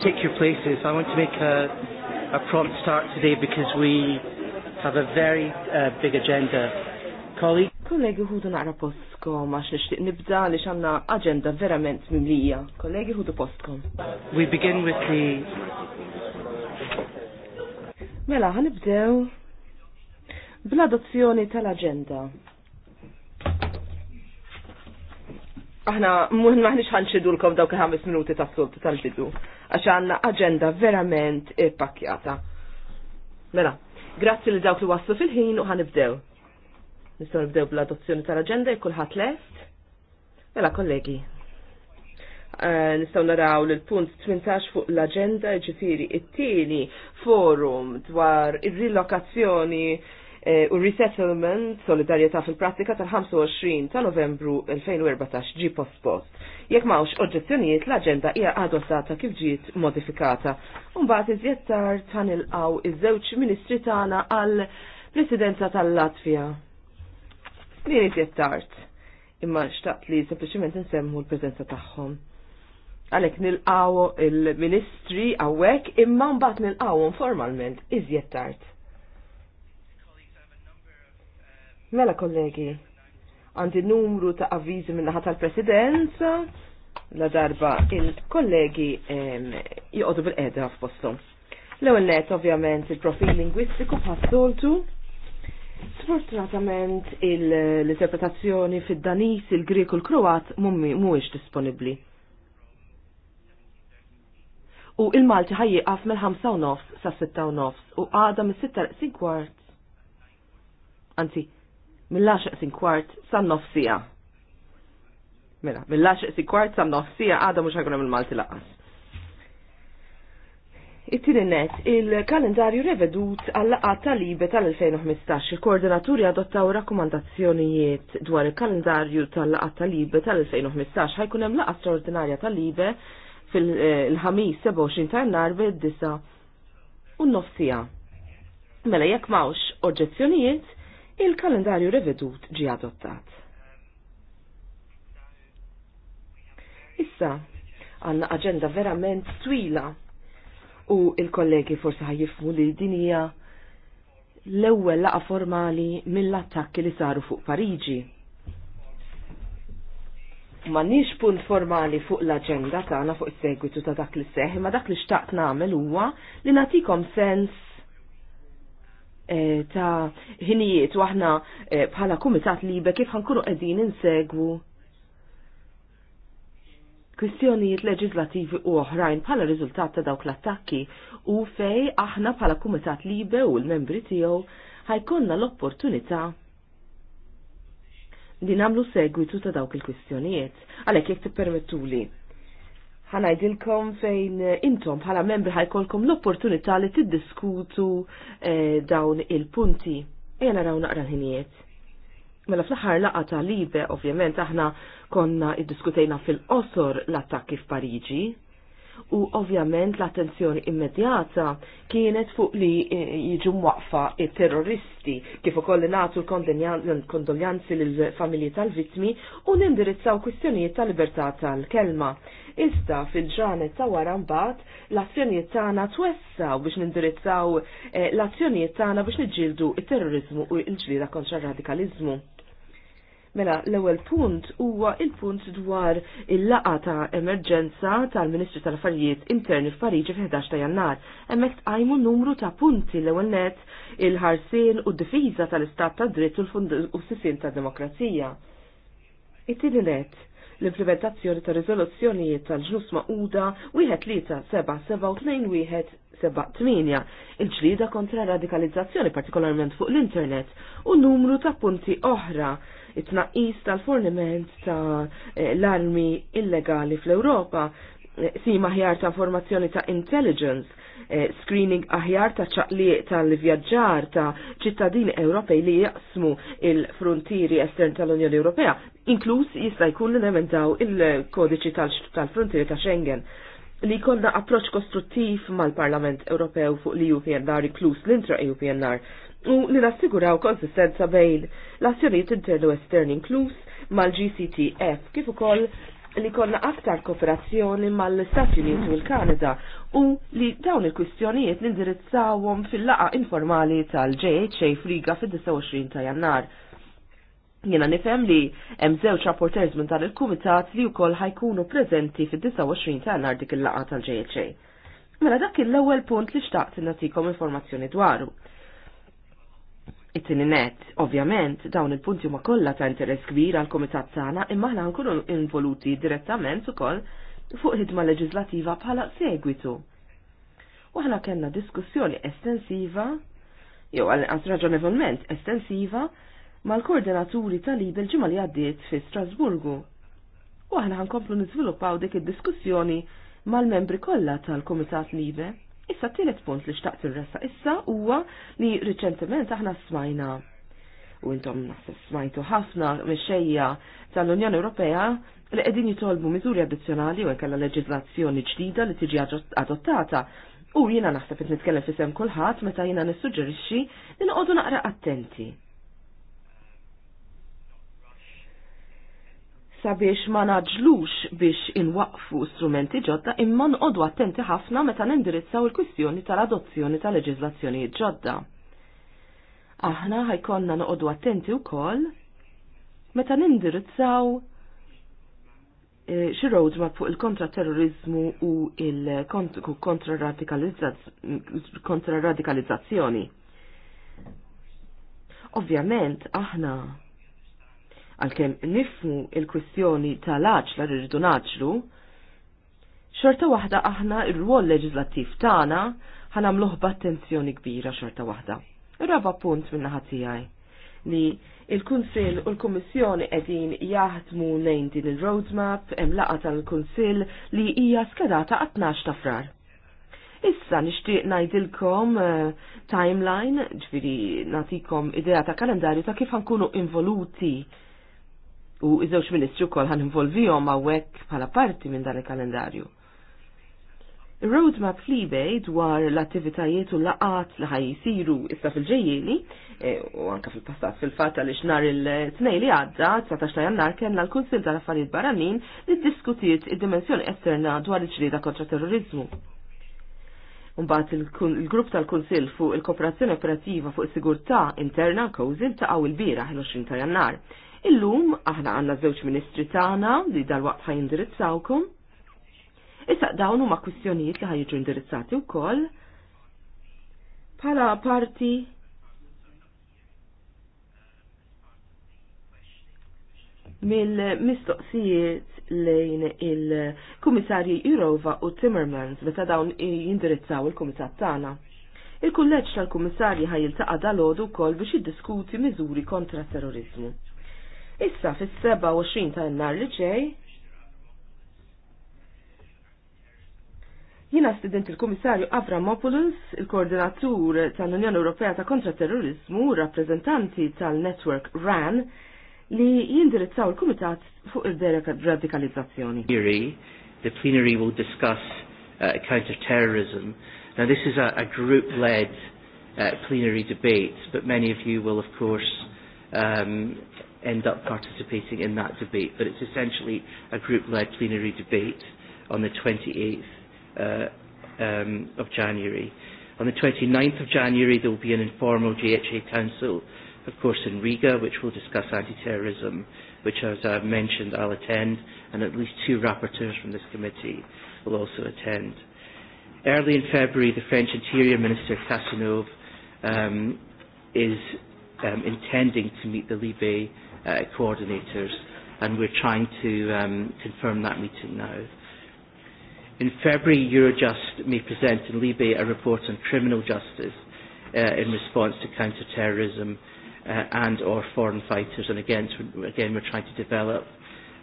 Take your places. I want to make a, a prompt start today because we have a very uh, big agenda. Colleagues. Kollegi ħudu naqra postkom għax nixtieq nibda li xanna agenda verament mimlija. Kollegi ħudu postkom. We begin with the Mela ħanibdew bl-adozzjoni tal-agenda. aħna muħn maħniċ ħanċidu l-kom dawk ħames minuti ta' sult tal-bidu, għax għanna agenda verament pakjata. Mela, grazzi li dawk li waslu fil-ħin u ħanibdew. Nistaw nibdew bl-adozzjoni tal-agenda, kullħat left. Mela, kollegi, eh, nistaw naraw l punt 18 fuq l-agenda ġifiri it-tieni forum dwar ir-rilokazzjoni Eh, u resettlement solidarjetà fil-prattika tal-25 ta' novembru 2014 ġi post-post. Jekk mawx oġġezzjonijiet l-agenda hija adottata kif ġiet modifikata. Mbagħad iżjed tard tanilqaw iż-żewġ ministri tagħna għal presidenza tal latvija Din iżjed tard. Imma xtaqt li sempliċiment nsemmu l-preżenza tagħhom. Għalhekk nilqaw il-ministri hawnhekk imma mbagħad nilqawhom formalment iżjed tard Mela kollegi, għandi numru ta' avvizi minnaħat tal-presidenza, la darba il-kollegi jgħodu bil-edha f'postom. L-ewel net, ovvjament, il-profil lingwistiku bħas-soltu, sfortunatament l-interpretazzjoni fid-Danis, il-Grek u l-Kroat mhuwiex disponibbli. U il-Malti ħajjiqaf mill-5 nofs sa' 6 nofs u għada mis-6 kwart. Anzi, mill-10 sin kwart sa' nofsija. Mela, mill-10 sin kwart sa' nofsija għada mux ħajkun il malti laqas. It-tieni net, il-kalendarju revedut għall-laqgħa tal-Libe tal-2015. Il-koordinaturi adottaw rakkomandazzjonijiet dwar il-kalendarju tal-laqgħa tal ibe tal-2015 ħajkun hemm laqgħa straordinarja tal-Libe fil-ħamis 27 ta' nar bid-disa u nofsija. Mela jekk m'hawnx oġġezzjonijiet, il-kalendarju revedut ġi adottat. Issa, għanna aġenda verament twila u il-kollegi forsi ħajifmu li dinija l-ewwel laqa formali mill-attakki li saru fuq Pariġi. Ma nix punt formali fuq l-agenda tagħna fuq is-segwitu ta' dak li seħ, ma dak li xtaqt nagħmel huwa li nagħtikom sens Eh, ta' ħinijiet u aħna eh, bħala kumitat libe kif ħankunu qegħdin insegwu kwistjonijiet leġislativi u oħrajn bħala riżultat ta' dawk l-attakki u fej aħna bħala kumitat libe u l-membri tiegħu ħajkonna l-opportunità li namlu segwitu ta' dawk il-kwistjonijiet. Għalhekk jekk tippermettuli ħanajdilkom fejn eh, intom bħala membri ħajkolkom l-opportunità li tiddiskutu eh, dawn il-punti. Ejna raw naqra ħinijiet. Mela fl-aħħar laqa ta' Libe, ovvjament aħna konna iddiskutejna fil-qosor l-attakki f'Pariġi, u ovvjament l-attenzjoni immedjata kienet fuq li eh, jiġu mwaqfa terroristi kif ukoll li nagħtu l-kondoljanzi lill familji tal-vittmi u nindirizzaw kwistjonijiet ta' libertà tal-kelma. Iżda fil-ġranet ta' wara mbagħad l-azzjonijiet tagħna twessaw biex nindirizzaw eh, l-azzjonijiet tagħna biex niġġieldu it-terrorizmu u l-ġlida kontra r radikaliżmu Mela, l-ewwel punt huwa il-punt dwar il-laqa ta' emerġenza tal-Ministru tal-Affarijiet Interni f'Pariġi f'11 ta' Jannar. Hemmhekk tqajmu numru ta' punti l-ewwel net il-ħarsien u d-difiża tal-Istat ta' dritt u s-sisin ta' demokrazija. It-tieni net l-implementazzjoni ta' riżoluzzjonijiet tal-ġnus ma'uda wieħed lieta seba' seba' u tnejn wieħed seba' tminja il-ġlida kontra radikalizzazzjoni partikolarment fuq l-internet u numru ta' punti oħra it-tnaqqis tal-forniment ta' eh, l-armi illegali fl-Europa, eh, sima aħjar ta' formazzjoni ta' intelligence, eh, screening aħjar ta' ċaqliq tal-vjaġġar ta' ċittadini Ewropej li jaqsmu il-frontieri estern tal-Unjoni Ewropea, inkluż jista' jkun li nemendaw il-kodiċi tal-frontieri ta' Schengen li kollna approċ kostruttiv mal-Parlament Ewropew fuq li UPNR inkluż l-intra e UPNR u li nassiguraw konsistenza bejn l-azzjonijiet internu esterni inkluż mal-GCTF kif ukoll li konna aktar kooperazzjoni mal-Stati Uniti u l-Kanada u li dawn il-kwistjonijiet nindirizzawhom fil-laqa informali tal-JHA Friga fid-29 ta' Jannar. Jena nifhem li hemm żewġ rapporters minn dan il-kumitat li wkoll ħajkunu preżenti fid-29 ta' Jannar dik il-laqa tal-JHA. Mela dak il-ewwel punt li xtaqt nagħtikom informazzjoni dwaru. It-tini net, ovvjament, dawn il-punti ma' kollha ta' interess kbir għal komitat tagħna imma aħna nkunu involuti direttament ukoll fuq ħidma leġislativa bħala segwitu. U aħna kellna diskussjoni estensiva, jew għal raġonevolment estensiva, mal-koordinaturi tal-lib ġimgħa li għaddiet fi Strasburgu. U aħna ħankomplu niżviluppaw dik id-diskussjoni mal-membri kollha tal-Kumitat Libe. Issa t-tielet punt li xtaqt il-ressa issa huwa li riċentement aħna smajna u intom naħseb smajtu ħafna mixejja tal-Unjoni Ewropea li qegħdin jitolbu miżuri addizzjonali u kella leġiżlazzjoni ġdida li tiġi adottata u jiena naħseb qed nitkellem fisem kulħadd meta jiena nissuġġerixxi li noqogħdu naqra attenti sabiex ma naġlux biex inwaqfu strumenti ġodda imma nqodu attenti ħafna meta nindirizzaw il-kwistjoni tal-adozzjoni tal leġizlazzjoni ġodda. Aħna ħajkonna noqodu attenti wkoll meta nindirizzaw e, xi roadmap fuq il-kontraterrorizmu u il radikalizzazzjoni Ovvjament aħna Għalkemm nifmu il-kwistjoni tal la rridu naċlu, xorta waħda aħna il rwol leġislattiv tagħna ħanamluh b'attenzjoni kbira xorta waħda. Raba punt minna ħatijaj li il-Kunsil u l-Kummissjoni qegħdin jaħdmu lejn din il-roadmap hemm laqa tal-Kunsil li hija skedata għat 12 ta' frar. Issa nixtieq ngħidilkom uh, timeline, ġifieri natikom idea ta' kalendarju ta' kif ħankunu involuti u iż-żewġ ministri wkoll ħan involvihom hawnhekk bħala parti minn dan il-kalendarju. Roadmap Flibej dwar l-attivitajiet u laqat li ħaj jisiru issa fil ġejjeli e, u anka fil-passat fil-fat li xnar il-tnej li għadda, 19 ta' jannar kena l-Kunsil tal-Affarijiet Barranin li diskutiet id-dimensjoni esterna dwar il-ġrida kontra terrorizmu. Mbagħad il-grupp tal-Kunsil fuq il-Kooperazzjoni Operattiva fuq is-Sigurtà Interna Kowzil ta' il bira il-20 ta' jannar. Illum aħna għanna żewġ ministri tagħna li dal-waqt ħajindirizzawkom. Issa dawn huma kwistjonijiet li ħajġu indirizzati wkoll bħala parti mill-mistoqsijiet lejn il-Kummissarji Jurova u Timmermans meta dawn jindirizzaw il-Kumitat tagħna. Il-kulleġġ tal-Kummissarji ħajiltaqa' dal-għodu wkoll biex jiddiskuti miżuri kontra terrorizmu. Issa fis-27 ta' nar li ġej, Jina student il-Komissarju Avramopoulos, il-Koordinatur tal-Unjoni Ewropea ta' Kontraterrorizmu, rappresentanti tal-Network RAN, li jindirizzaw il-Kumitat fuq il-deradikalizzazzjoni. The plenary will discuss uh, counter-terrorism. Now this is a, a group-led uh, plenary debate, but many of you will of course um, end up participating in that debate. But it's essentially a group-led plenary debate on the 28th uh, um, of January. On the 29th of January, there will be an informal GHA Council, of course, in Riga, which will discuss anti-terrorism, which, as I've mentioned, I'll attend, and at least two rapporteurs from this committee will also attend. Early in February, the French Interior Minister, Casanova, um, is um, intending to meet the Libe uh, coordinators, and we're trying to um, confirm that meeting now. In February, Eurojust may present in Libe a report on criminal justice uh, in response to counter-terrorism uh, and or foreign fighters, and again, again we're trying to develop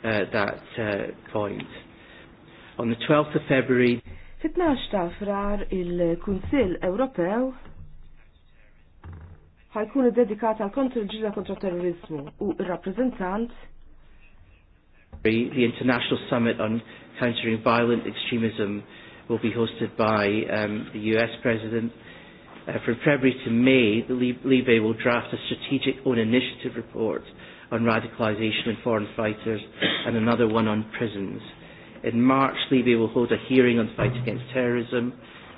uh, that uh, point. On the 12th of February, 12 ta' frar il kunsil Ewropew ħajkunu dedikata għal kontra l-ġilla kontra terrorizmu u il rappresentant The International Summit on Countering Violent Extremism will be hosted by um, the US President. Uh, from February to May, the Libe will draft a strategic own initiative report on radicalisation and foreign fighters and another one on prisons. In March, Libe will hold a hearing on the fight against terrorism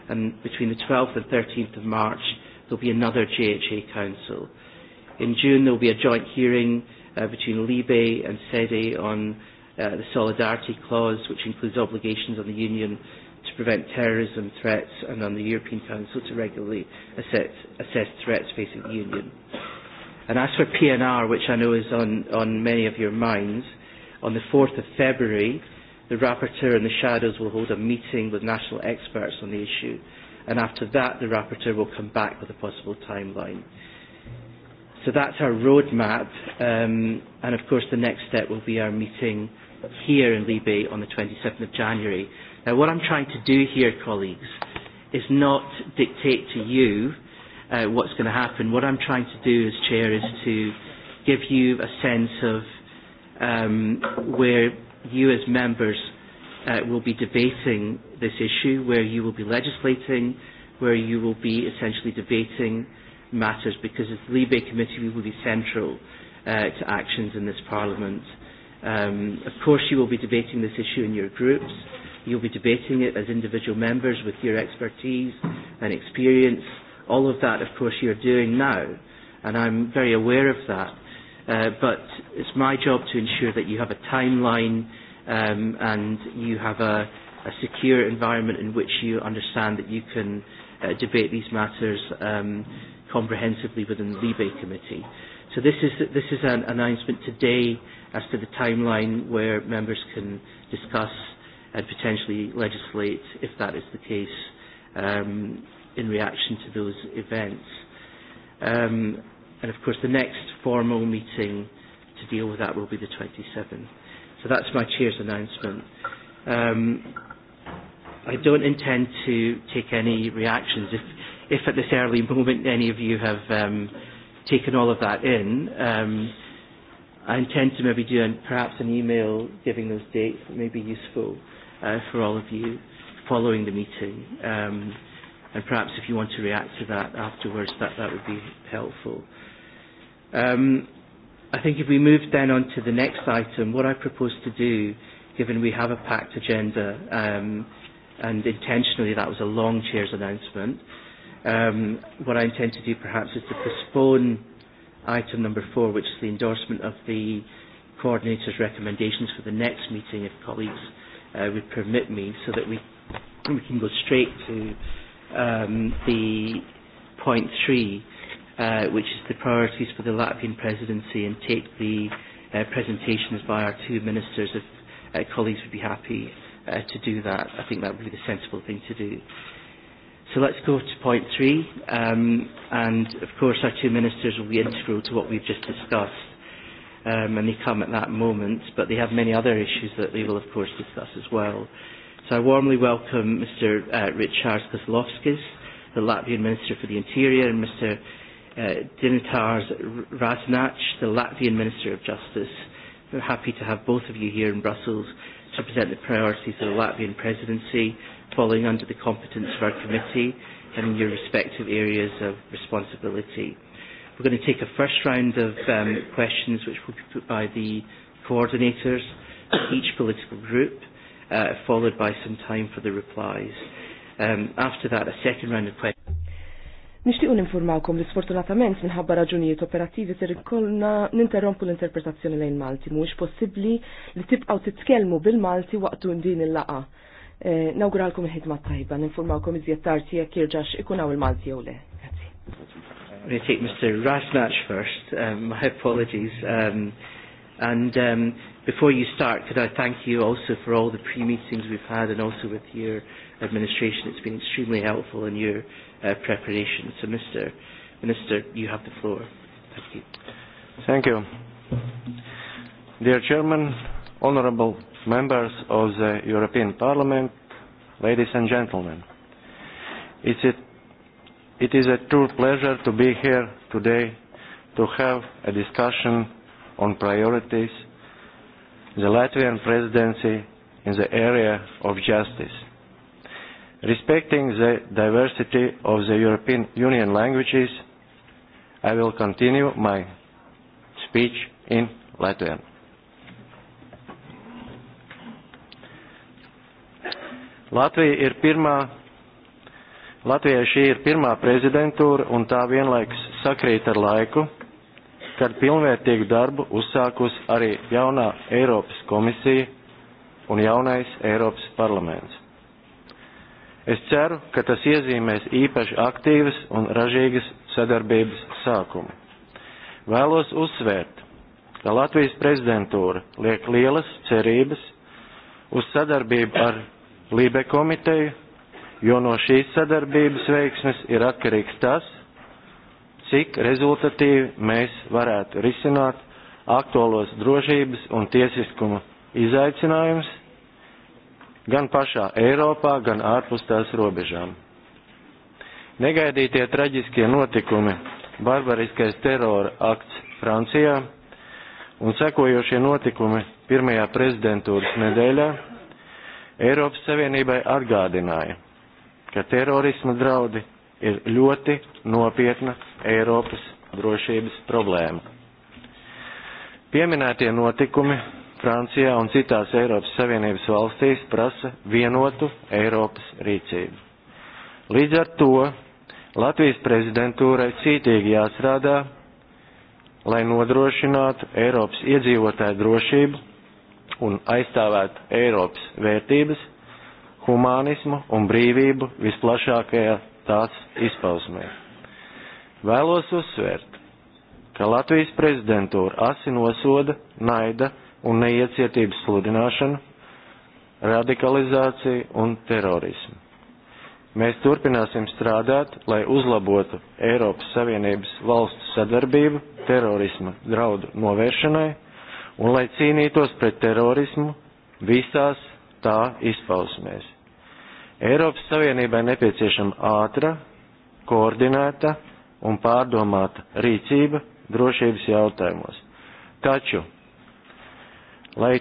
and between the 12th and 13th of March there'll be another JHA Council. In June there'll be a joint hearing uh, between Libe and SEDE on uh, the Solidarity Clause, which includes obligations on the Union to prevent terrorism threats and on the European Council to regularly assess, assess threats facing the Union. And as for PNR, which I know is on, on many of your minds, on the 4th of February, the Rapporteur and the Shadows will hold a meeting with national experts on the issue and after that the rapporteur will come back with a possible timeline. So that's our roadmap, um, and of course the next step will be our meeting here in Libe on the 27th of January. Now what I'm trying to do here, colleagues, is not dictate to you uh, what's going to happen. What I'm trying to do as chair is to give you a sense of um, where you as members uh, will be debating this issue, where you will be legislating, where you will be essentially debating matters, because as the Libe Committee we will be central uh, to actions in this Parliament. Um, of course you will be debating this issue in your groups, you will be debating it as individual members with your expertise and experience. All of that, of course, you are doing now, and I'm very aware of that. Uh, but it's my job to ensure that you have a timeline um, and you have a, a secure environment in which you understand that you can uh, debate these matters um, comprehensively within the Libe Committee. So this is, this is an announcement today as to the timeline where members can discuss and potentially legislate, if that is the case, um, in reaction to those events. Um, and of course the next formal meeting to deal with that will be the 27th that's my chair's announcement. Um, I don't intend to take any reactions. If, if at this early moment any of you have um, taken all of that in, um, I intend to maybe do an, perhaps an email giving those dates that may be useful uh, for all of you following the meeting. Um, and perhaps if you want to react to that afterwards, that, that would be helpful. Um, I think if we move then on to the next item, what I propose to do, given we have a packed agenda, um, and intentionally that was a long chair's announcement, um, what I intend to do perhaps is to postpone item number four, which is the endorsement of the coordinator's recommendations for the next meeting, if colleagues uh, would permit me, so that we, we can go straight to um, the point three uh, which is the priorities for the Latvian presidency, and take the uh, presentations by our two ministers if uh, colleagues would be happy uh, to do that. I think that would be the sensible thing to do. So let's go to point three, um, and of course our two ministers will be integral to what we've just discussed, um, and they come at that moment, but they have many other issues that they will of course discuss as well. So I warmly welcome Mr. Uh, Richard Kozlovskis, the Latvian Minister for the Interior, and Mr uh, Dimitar Radnac, the Latvian Minister of Justice. We're happy to have both of you here in Brussels to present the priorities of the Latvian presidency falling under the competence of our committee and in your respective areas of responsibility. We're going to take a first round of um, questions which will be put by the coordinators of each political group, uh, followed by some time for the replies. Um, after that, a second round of questions Nishtiqu ninformawkom li sfortunatament minħabba raġunijiet operattivi ser inkolna ninterrompu l-interpretazzjoni lejn Malti. Mhuwiex possibbli li tibqgħu titkellmu bil-Malti waqtu din il-laqa. E, Nawguralkom il-ħidma tajba, ninformawkom iżjed tarti jekk jirġax ikun hawn il-Malti jew le. Grazzi. take Mr. Rasnach first. Um, my apologies. Um, and um, before you start, could I thank you also for all the pre-meetings we've had and also with your administration. It's been extremely helpful and your uh, preparation. So, Mr. Minister, you have the floor. Thank you. Thank you. Dear Chairman, honourable members of the European Parliament, ladies and gentlemen, it's a, it is a true pleasure to be here today to have a discussion on priorities the Latvian presidency in the area of justice. Respecting the diversity of the European Union languages, I will continue my speech in Latvian. Latvija ir pirmā, Latvijai šī ir pirmā prezidentūra un tā vienlaiks sakrīt ar laiku, kad pilnvērtīgu darbu uzsākus arī jaunā Eiropas komisija un jaunais Eiropas parlaments. Es ceru, ka tas iezīmēs īpaši aktīvas un ražīgas sadarbības sākumu. Vēlos uzsvērt, ka Latvijas prezidentūra liek lielas cerības uz sadarbību ar Lībe komiteju, jo no šīs sadarbības veiksmes ir atkarīgs tas, cik rezultatīvi mēs varētu risināt aktuālos drošības un tiesiskuma izaicinājumus gan pašā Eiropā, gan ārpus tās robežām. Negaidītie traģiskie notikumi, barbariskais terora akts Francijā un sekojošie notikumi pirmajā prezidentūras nedēļā Eiropas Savienībai atgādināja, ka terorisma draudi ir ļoti nopietna Eiropas drošības problēma. Pieminētie notikumi Francijā un citās Eiropas Savienības valstīs prasa vienotu Eiropas rīcību. Līdz ar to Latvijas prezidentūrai cītīgi jāstrādā, lai nodrošinātu Eiropas iedzīvotāju drošību un aizstāvētu Eiropas vērtības, humanismu un brīvību visplašākajā tās izpausmē. Vēlos uzsvērt, ka Latvijas prezidentūra asi nosoda naida un neiecietības sludināšanu, radikalizāciju un terorismu. Mēs turpināsim strādāt, lai uzlabotu Eiropas Savienības valstu sadarbību terorisma draudu novēršanai un lai cīnītos pret terorismu visās tā izpausmēs. Eiropas Savienībai nepieciešama ātra, koordinēta un pārdomāta rīcība drošības jautājumos. Taču lai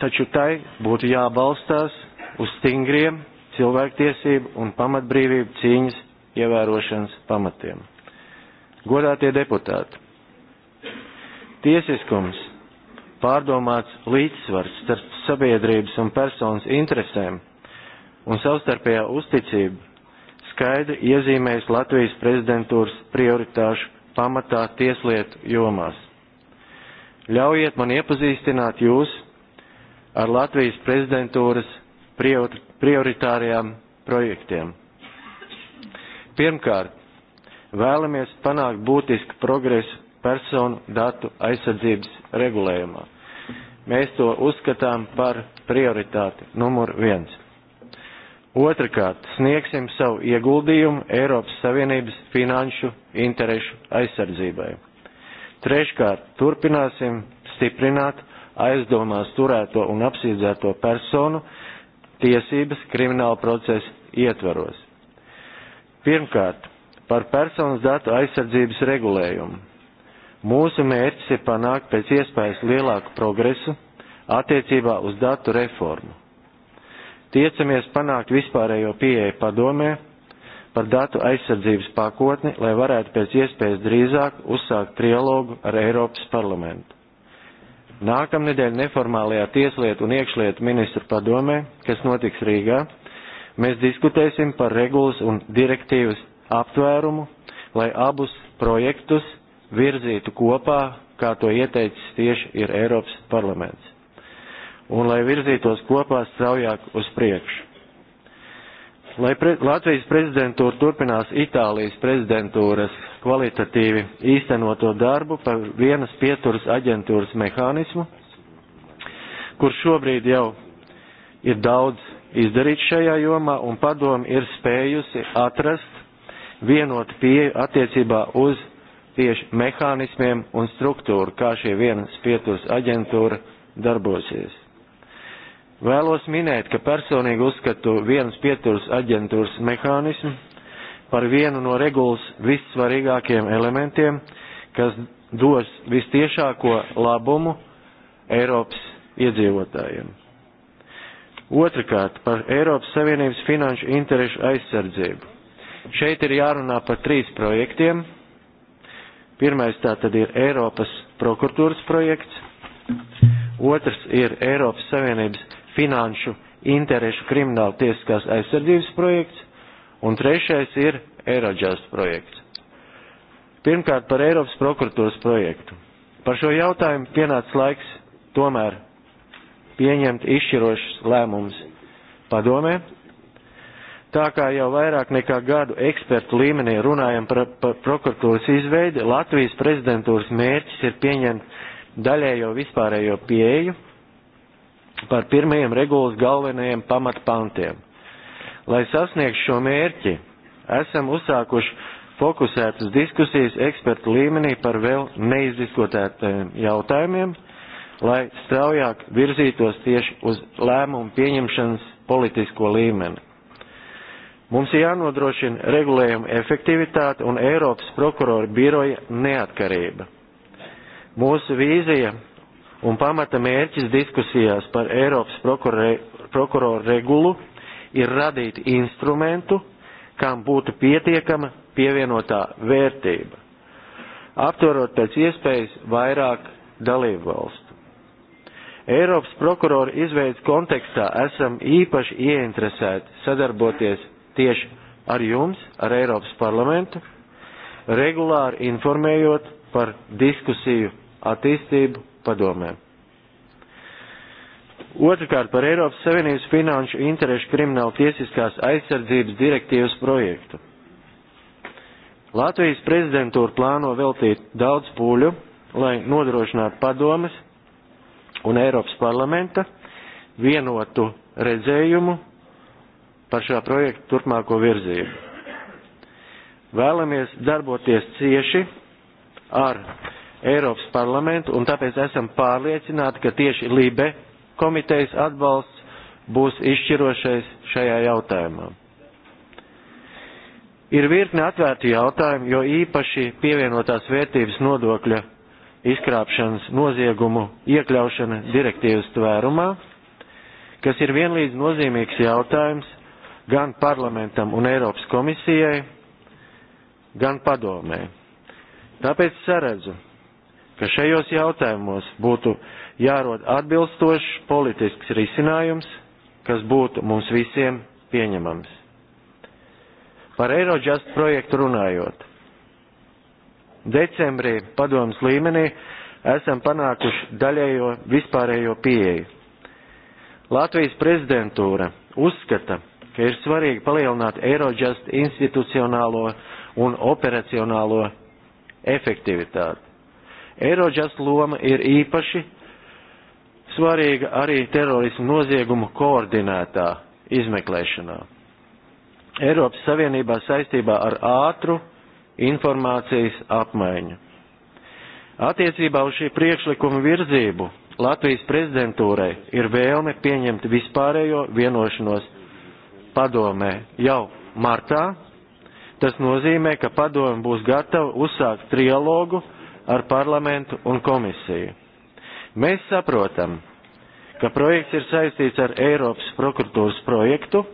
taču tai būtu jābalstās uz stingriem cilvēktiesību un pamatbrīvību cīņas ievērošanas pamatiem. Godātie deputāti, tiesiskums pārdomāts līdzsvars starp sabiedrības un personas interesēm un savstarpējā uzticība skaidri iezīmējas Latvijas prezidentūras prioritāšu pamatā tieslietu jomās. Ļaujiet man iepazīstināt jūs ar Latvijas prezidentūras prioritārajām projektiem. Pirmkārt, vēlamies panākt būtisku progresu personu datu aizsardzības regulējumā. Mēs to uzskatām par prioritāti numur viens. Otrakārt, sniegsim savu ieguldījumu Eiropas Savienības finanšu interešu aizsardzībai. Treškārt, turpināsim stiprināt aizdomās turēto un apsīdzēto personu tiesības krimināla procesa ietvaros. Pirmkārt, par personas datu aizsardzības regulējumu. Mūsu mērķis ir panākt pēc iespējas lielāku progresu attiecībā uz datu reformu. Tiecamies panākt vispārējo pieeju padomē par datu aizsardzības pakotni, lai varētu pēc iespējas drīzāk uzsākt trialogu ar Eiropas parlamentu. Nākamnedēļ neformālajā tieslietu un iekšlietu ministru padomē, kas notiks Rīgā, mēs diskutēsim par regulas un direktīvas aptvērumu, lai abus projektus virzītu kopā, kā to ieteicis tieši ir Eiropas parlaments, un lai virzītos kopā straujāk uz priekšu. Lai pre Latvijas prezidentūra turpinās Itālijas prezidentūras kvalitatīvi īstenoto darbu par vienas pieturas aģentūras mehānismu, kur šobrīd jau ir daudz izdarīts šajā jomā un padomi ir spējusi atrast vienotu pieeju attiecībā uz tieši mehānismiem un struktūru, kā šie vienas pieturas aģentūra darbosies. Vēlos minēt, ka personīgi uzskatu vienas pieturas aģentūras mehānismu par vienu no regulas vissvarīgākiem elementiem, kas dos vistiešāko labumu Eiropas iedzīvotājiem. Otrakārt, par Eiropas Savienības finanšu interešu aizsardzību. Šeit ir jārunā par trīs projektiem. Pirmais tā tad ir Eiropas prokuratūras projekts, otrs ir Eiropas Savienības finanšu interešu kriminālu tieskās aizsardzības projekts, un trešais ir Eirodžast projekts. Pirmkārt par Eiropas prokuratūras projektu. Par šo jautājumu pienāca laiks tomēr pieņemt izšķirošus lēmumus padomē, Tā kā jau vairāk nekā gadu ekspertu līmenī runājam par, par prokuratūras izveidi, Latvijas prezidentūras mērķis ir pieņemt daļējo vispārējo pieeju par pirmajiem regulas galvenajiem pamatpantiem. Lai sasniegtu šo mērķi, esam uzsākuši fokusētas diskusijas ekspertu līmenī par vēl neizdiskutētajiem jautājumiem, lai straujāk virzītos tieši uz lēmumu pieņemšanas politisko līmeni. Mums ir jānodrošina regulējuma efektivitāte un Eiropas prokuroru biroja neatkarība. Mūsu vīzija un pamata mērķis diskusijās par Eiropas prokuroru regulu ir radīt instrumentu, kam būtu pietiekama pievienotā vērtība, aptverot pēc iespējas vairāk dalību valstu. Eiropas prokuroru izveids kontekstā esam īpaši ieinteresēti sadarboties tieši ar jums, ar Eiropas parlamentu, regulāri informējot par diskusiju attīstību padomē. Otrakārt par Eiropas Savienības finanšu interešu kriminālu tiesiskās aizsardzības direktīvas projektu. Latvijas prezidentūra plāno veltīt daudz pūļu, lai nodrošinātu padomas un Eiropas parlamenta vienotu redzējumu par šā projekta turpmāko virzību. Vēlamies darboties cieši ar Eiropas parlamentu, un tāpēc esam pārliecināti, ka tieši LIBE komitejas atbalsts būs izšķirošais šajā jautājumā. Ir virkni atvērti jautājumi, jo īpaši pievienotās vērtības nodokļa izkrāpšanas noziegumu iekļaušana direktīvas tvērumā, kas ir vienlīdz nozīmīgs jautājums gan parlamentam un Eiropas komisijai, gan padomē. Tāpēc saredzu, ka šajos jautājumos būtu jārod atbilstošs politisks risinājums, kas būtu mums visiem pieņemams. Par Eurojust projektu runājot. Decembrī padomas līmenī esam panākuši daļējo vispārējo pieeju. Latvijas prezidentūra uzskata, ka ir svarīgi palielināt Eurojust institucionālo un operacionālo efektivitāti. Eiroġas loma ir īpaši svarīga arī terorismu noziegumu koordinētā izmeklēšanā. Eiropas Savienībā saistībā ar ātru informācijas apmaiņu. Attiecībā uz šī priekšlikuma virzību Latvijas prezidentūrai ir vēlme pieņemt vispārējo vienošanos padomē jau martā. Tas nozīmē, ka padome būs gatava uzsākt trialogu ar parlamentu un komisiju. Mēs saprotam, ka projekts ir saistīts ar Eiropas prokuratūras projektu,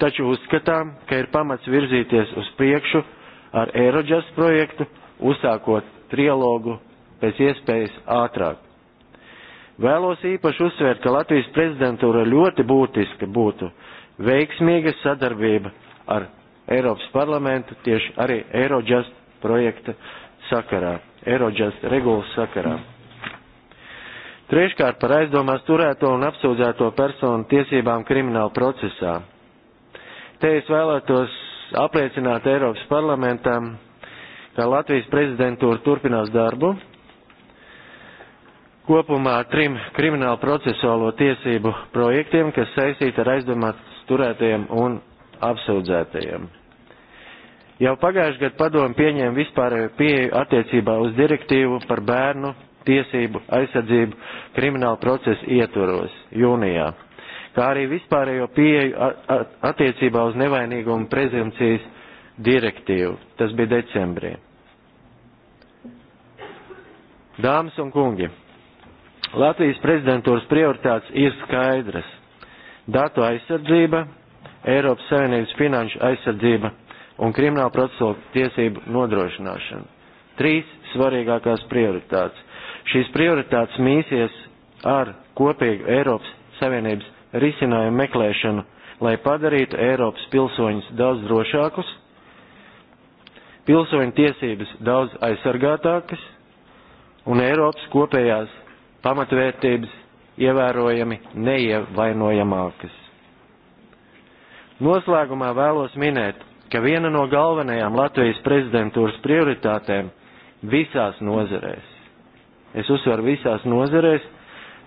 taču uzskatām, ka ir pamats virzīties uz priekšu ar Eiroģas projektu, uzsākot trialogu pēc iespējas ātrāk. Vēlos īpaši uzsvērt, ka Latvijas prezidentūra ļoti būtiska būtu veiksmīga sadarbība ar Eiropas parlamentu tieši arī Eiroģas projekta sakarā, Eirožas regulas sakarā. Treškārt par aizdomās turēto un apsūdzēto personu tiesībām krimināla procesā. Te es vēlētos apliecināt Eiropas parlamentam, ka Latvijas prezidentūra turpinās darbu kopumā trim kriminālu procesuālo tiesību projektiem, kas saistīti ar aizdomās turētajiem un apsūdzētajiem. Jau pagājuši gadu padomu pieņēma vispārēju pieeju attiecībā uz direktīvu par bērnu tiesību aizsardzību kriminālu procesu ietvaros jūnijā, kā arī vispārējo pieeju attiecībā uz nevainīgumu prezumcijas direktīvu. Tas bija decembrī. Dāmas un kungi, Latvijas prezidentūras prioritātes ir skaidras. Datu aizsardzība, Eiropas Savienības finanšu aizsardzība un krimināla procesu tiesību nodrošināšanu. Trīs svarīgākās prioritātes. Šīs prioritātes mīsies ar kopīgu Eiropas Savienības risinājumu meklēšanu, lai padarītu Eiropas pilsoņus daudz drošākus, pilsoņu tiesības daudz aizsargātākas un Eiropas kopējās pamatvērtības ievērojami neievainojamākas. Noslēgumā vēlos minēt, ka viena no galvenajām Latvijas prezidentūras prioritātēm visās nozerēs, es uzsveru visās nozerēs,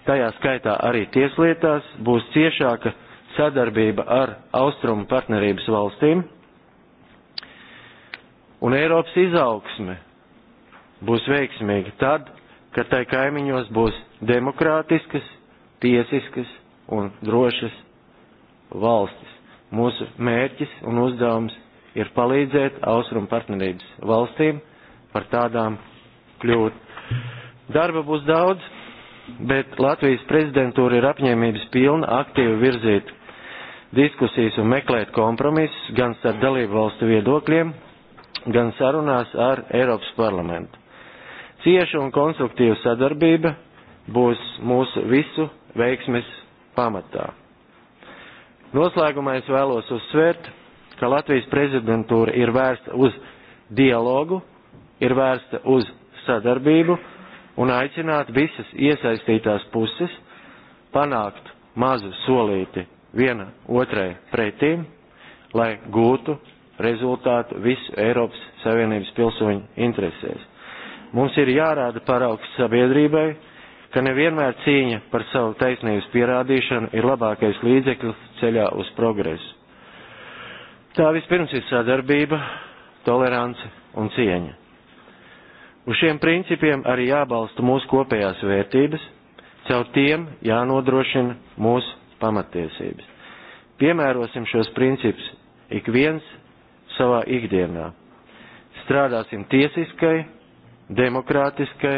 tajā skaitā arī tieslietās, būs ciešāka sadarbība ar austrumu partnerības valstīm, un Eiropas izaugsme būs veiksmīga tad, kad tai kaimiņos būs demokrātiskas, tiesiskas un drošas valstis. Mūsu mērķis un uzdevums ir palīdzēt austrumu partnerības valstīm par tādām kļūt. Darba būs daudz, bet Latvijas prezidentūra ir apņēmības pilna aktīvi virzīt diskusijas un meklēt kompromisus gan starp dalību valstu viedokļiem, gan sarunās ar Eiropas parlamentu. Cieša un konstruktīva sadarbība būs mūsu visu veiksmes pamatā. Noslēgumā es vēlos uzsvērt, ka Latvijas prezidentūra ir vērsta uz dialogu, ir vērsta uz sadarbību un aicināt visas iesaistītās puses panākt mazu solīti viena otrai pretīm, lai gūtu rezultātu visu Eiropas Savienības pilsoņu interesēs. Mums ir jārāda paraugs sabiedrībai, ka nevienmēr cīņa par savu taisnības pierādīšanu ir labākais līdzeklis ceļā uz progresu. Tā vispirms ir sadarbība, tolerance un cieņa. Uz šiem principiem arī jābalsta mūsu kopējās vērtības, caur tiem jānodrošina mūsu pamatiesības. Piemērosim šos principus ik viens savā ikdienā. Strādāsim tiesiskai, demokrātiskai,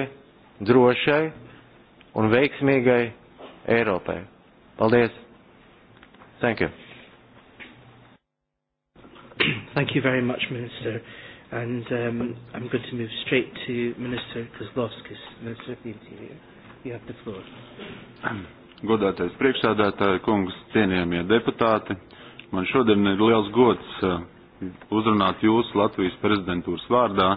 drošai un veiksmīgai Eiropai. Paldies! Thank you. Thank you very much, Minister. And um, I'm going to move straight to Minister Kozlovskis, Minister of the Interior. You have the floor. Godātais priekšsādātāji, kungs, cienījamie deputāti, man šodien ir liels gods uh, uzrunāt jūs Latvijas prezidentūras vārdā.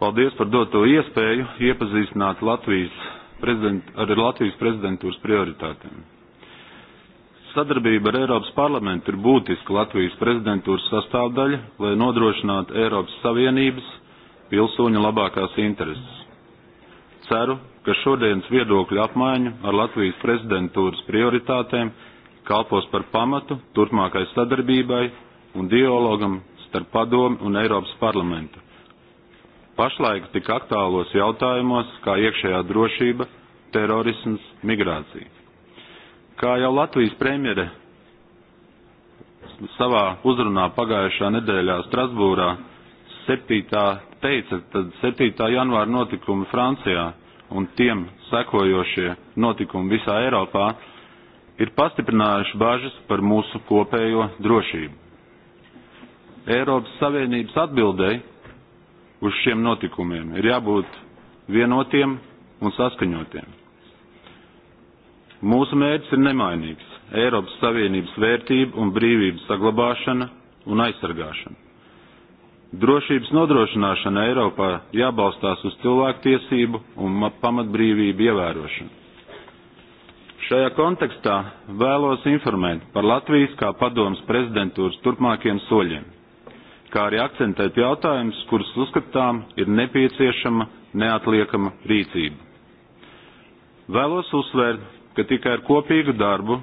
Paldies par doto iespēju iepazīstināt Latvijas prezident, ar Latvijas prezidentūras prioritātēm sadarbība ar Eiropas parlamentu ir būtiska Latvijas prezidentūras sastāvdaļa, lai nodrošinātu Eiropas Savienības pilsoņu labākās intereses. Ceru, ka šodienas viedokļu apmaiņu ar Latvijas prezidentūras prioritātēm kalpos par pamatu turpmākai sadarbībai un dialogam starp padomu un Eiropas parlamentu. Pašlaik tik aktuālos jautājumos kā iekšējā drošība, terorisms, migrācija kā jau Latvijas premjere savā uzrunā pagājušā nedēļā Strasbūrā 7. teica, tad 7. janvāra notikumi Francijā un tiem sekojošie notikumi visā Eiropā ir pastiprinājuši bažas par mūsu kopējo drošību. Eiropas Savienības atbildēji uz šiem notikumiem ir jābūt vienotiem un saskaņotiem. Mūsu mērķis ir nemainīgs Eiropas Savienības vērtība un brīvības saglabāšana un aizsargāšana. Drošības nodrošināšana Eiropā jābalstās uz cilvēktiesību un pamatbrīvību ievērošanu. Šajā kontekstā vēlos informēt par Latvijas kā padomas prezidentūras turpmākiem soļiem, kā arī akcentēt jautājumus, kurus uzskatām ir nepieciešama neatliekama rīcība. Vēlos uzsvērt, ka tikai ar kopīgu darbu,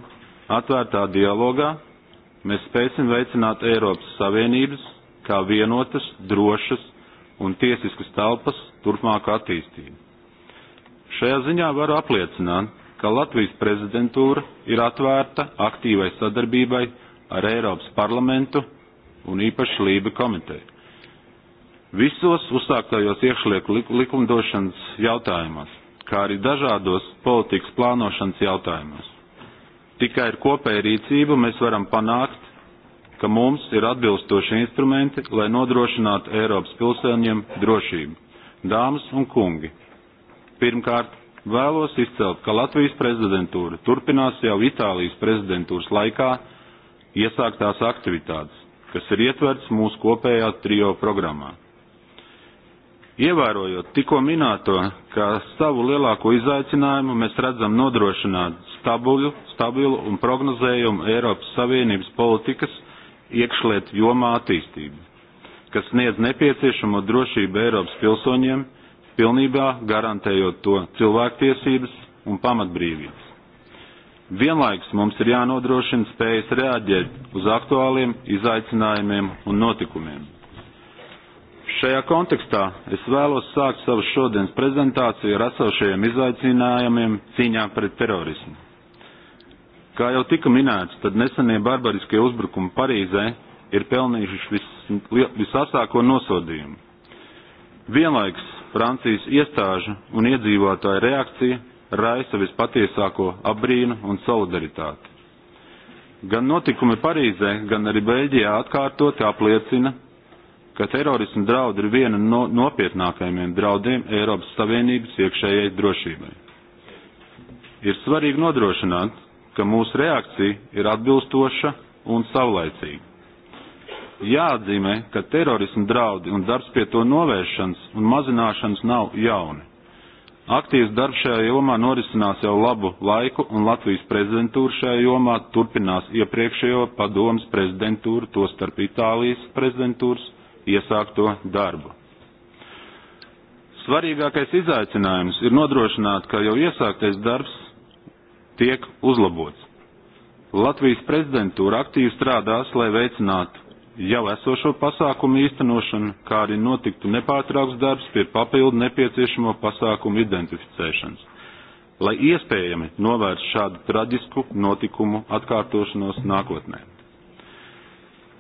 atvērtā dialogā, mēs spēsim veicināt Eiropas Savienības kā vienotas, drošas un tiesiskas telpas turpmāku attīstību. Šajā ziņā varu apliecināt, ka Latvijas prezidentūra ir atvērta aktīvai sadarbībai ar Eiropas parlamentu un īpaši Lība komiteju. Visos uzsāktajos iekšlieku likumdošanas jautājumos kā arī dažādos politikas plānošanas jautājumos. Tikai ar kopēju rīcību mēs varam panākt, ka mums ir atbilstoši instrumenti, lai nodrošinātu Eiropas pilsēņiem drošību. Dāmas un kungi, pirmkārt, vēlos izcelt, ka Latvijas prezidentūra turpinās jau Itālijas prezidentūras laikā iesāktās aktivitātes, kas ir ietverts mūsu kopējā trio programmā. Ievērojot tikko minēto, ka savu lielāko izaicinājumu mēs redzam nodrošināt stabuļu stabilu un prognozējumu Eiropas Savienības politikas iekšlietu jomā attīstību, kas sniedz nepieciešamo drošību Eiropas pilsoņiem, pilnībā garantējot to cilvēktiesības un pamatbrīvības. Vienlaiks mums ir jānodrošina spējas reaģēt uz aktuāliem izaicinājumiem un notikumiem Šajā kontekstā es vēlos sākt savu šodienas prezentāciju ar esošajiem izaicinājumiem cīņā pret terorismu. Kā jau tika minēts, tad nesenie barbariskie uzbrukumi Parīzē ir pelnījuši vis, visasāko nosodījumu. Vienlaiks Francijas iestāžu un iedzīvotāju reakcija raisa vispatiesāko apbrīnu un solidaritāti. Gan notikumi Parīzē, gan arī Beļģijā atkārtoti apliecina, ka terorismu draudi ir viena no nopietnākajiem draudiem Eiropas Savienības iekšējai drošībai. Ir svarīgi nodrošināt, ka mūsu reakcija ir atbilstoša un savlaicīga. Jāatzīmē, ka terorismu draudi un darbs pie to novēršanas un mazināšanas nav jauni. Aktīvs darbs šajā jomā norisinās jau labu laiku, un Latvijas prezidentūra šajā jomā turpinās iepriekšējo padomas prezidentūru, tostarp Itālijas prezidentūras iesākto darbu. Svarīgākais izaicinājums ir nodrošināt, ka jau iesāktais darbs tiek uzlabots. Latvijas prezidentūra aktīvi strādās, lai veicinātu jau esošo pasākumu īstenošanu, kā arī notiktu nepārtraukts darbs pie papildu nepieciešamo pasākumu identificēšanas, lai iespējami novērst šādu traģisku notikumu atkārtošanos nākotnē.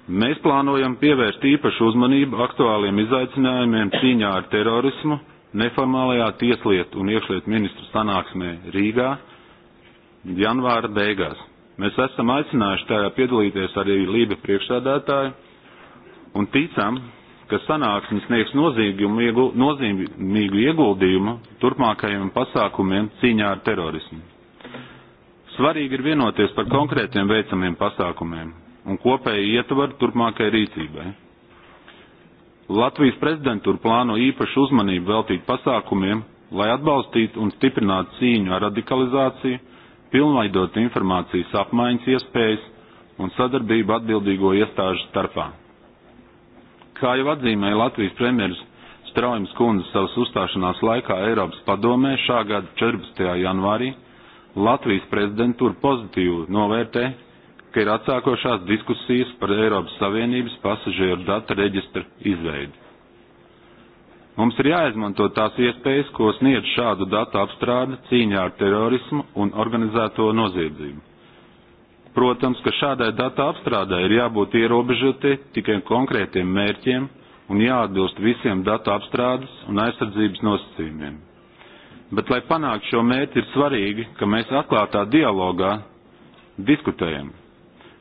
Mēs plānojam pievērst īpašu uzmanību aktuāliem izaicinājumiem cīņā ar terorismu neformālajā tieslietu un iekšlietu ministru sanāksmē Rīgā janvāra beigās. Mēs esam aicinājuši tajā piedalīties arī Lība priekšsādātāju un ticam, ka sanāksmes sniegs nozīmīgu ieguldījumu turpmākajiem pasākumiem cīņā ar terorismu. Svarīgi ir vienoties par konkrētiem veicamiem pasākumiem, un kopēju ietvaru turpmākai rīcībai. Latvijas prezidentūra plāno īpašu uzmanību veltīt pasākumiem, lai atbalstītu un stiprinātu cīņu ar radikalizāciju, pilnveidot informācijas apmaiņas iespējas un sadarbību atbildīgo iestāžu starpā. Kā jau atzīmēja Latvijas premjeras Straujums kundze savas uzstāšanās laikā Eiropas padomē šā gada 14. janvārī, Latvijas prezidentūra pozitīvi novērtē ka ir atsākošās diskusijas par Eiropas Savienības pasažieru datu reģistra izveidi. Mums ir jāizmanto tās iespējas, ko sniedz šādu datu apstrāde cīņā ar terorismu un organizēto noziedzību. Protams, ka šādai datu apstrādē ir jābūt ierobežoti tikai konkrētiem mērķiem un jāatbilst visiem datu apstrādes un aizsardzības nosacījumiem. Bet, lai panāktu šo mērķi, ir svarīgi, ka mēs atklātā dialogā diskutējam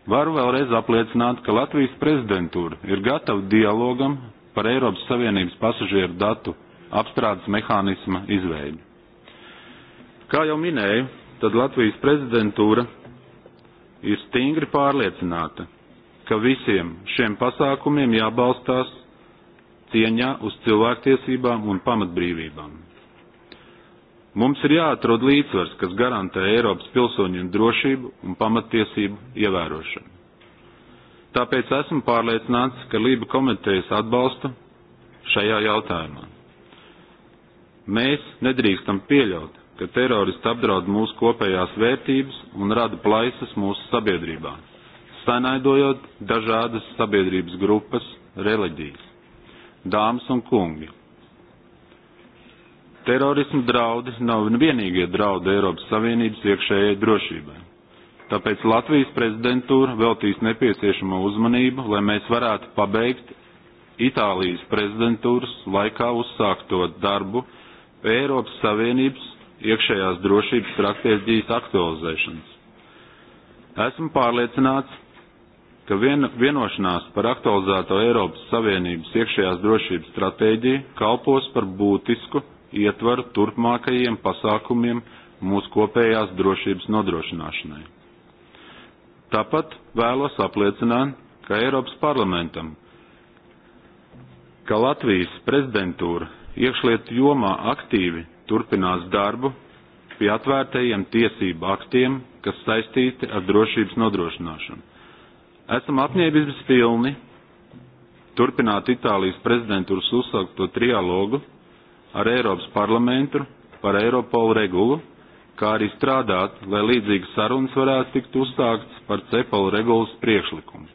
Varu vēlreiz apliecināt, ka Latvijas prezidentūra ir gatava dialogam par Eiropas Savienības pasažieru datu apstrādes mehānisma izveidi. Kā jau minēju, tad Latvijas prezidentūra ir stingri pārliecināta, ka visiem šiem pasākumiem jābalstās cieņā uz cilvēktiesībām un pamatbrīvībām. Mums ir jāatrod līdzsvars, kas garantē Eiropas pilsoņiem drošību un pamatiesību ievērošanu. Tāpēc esmu pārliecināts, ka Lība komitejas atbalsta šajā jautājumā. Mēs nedrīkstam pieļaut, ka teroristi apdraud mūsu kopējās vērtības un rada plaisas mūsu sabiedrībā, sanaidojot dažādas sabiedrības grupas reliģijas. Dāmas un kungi! Terorismu draudi nav vienīgie draudi Eiropas Savienības iekšējai drošībai. Tāpēc Latvijas prezidentūra veltīs nepieciešamo uzmanību, lai mēs varētu pabeigt Itālijas prezidentūras laikā uzsākto darbu Eiropas Savienības iekšējās drošības stratēģijas aktualizēšanas. Esmu pārliecināts, ka vien, vienošanās par aktualizēto Eiropas Savienības iekšējās drošības stratēģiju kalpos par būtisku ietver turpmākajiem pasākumiem mūsu kopējās drošības nodrošināšanai. Tāpat vēlos apliecināt, ka Eiropas parlamentam, ka Latvijas prezidentūra iekšlietu jomā aktīvi turpinās darbu pie atvērtajiem tiesību aktiem, kas saistīti ar drošības nodrošināšanu. Esam apņēmības pilni turpināt Itālijas prezidentūras uzsākto trialogu ar Eiropas parlamentu par Eiropolu regulu, kā arī strādāt, lai līdzīgas sarunas varētu tikt uzsāktas par cepalu regulas priekšlikumu.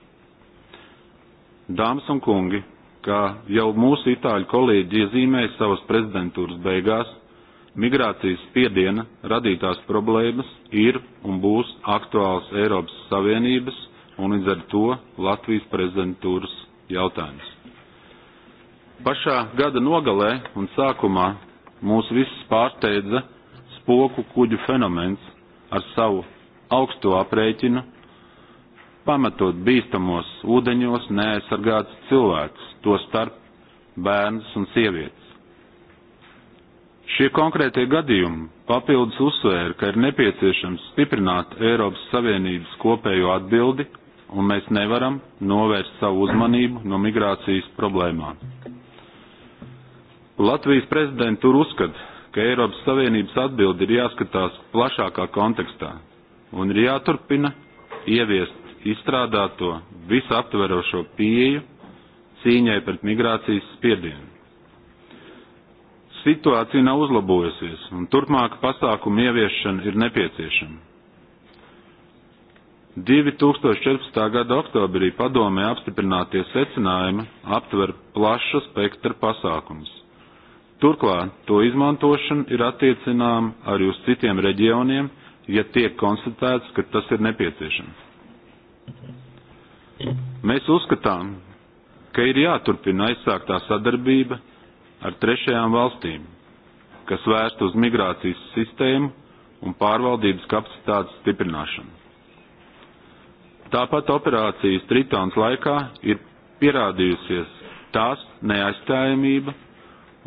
Dāmas un kungi, kā jau mūsu itāļu kolēģi iezīmēja savas prezidentūras beigās, migrācijas spiediena radītās problēmas ir un būs aktuāls Eiropas Savienības un līdz ar to Latvijas prezidentūras jautājums. Pašā gada nogalē un sākumā mūs visus pārsteidza spoku kuģu fenomens ar savu augsto aprēķinu, pamatot bīstamos ūdeņos neaizsargāts cilvēks, to starp bērns un sievietes. Šie konkrētie gadījumi papildus uzsvēra, ka ir nepieciešams stiprināt Eiropas Savienības kopējo atbildi, un mēs nevaram novērst savu uzmanību no migrācijas problēmām. Latvijas tur uzskata, ka Eiropas Savienības atbildi ir jāskatās plašākā kontekstā un ir jāturpina ieviest izstrādāto visaptverošo pieeju cīņai pret migrācijas spiedienu. Situācija nav uzlabojusies un turpmāka pasākuma ieviešana ir nepieciešama. 2014. gada oktobrī padomē apstiprinātie secinājumi aptver plaša spektra pasākums Turklāt to izmantošana ir attiecinām arī uz citiem reģioniem, ja tiek konstatēts, ka tas ir nepieciešams. Mēs uzskatām, ka ir jāturpina aizsāktā sadarbība ar trešajām valstīm, kas vērst uz migrācijas sistēmu un pārvaldības kapacitātes stiprināšanu. Tāpat operācijas Tritons laikā ir pierādījusies tās neaizstājamība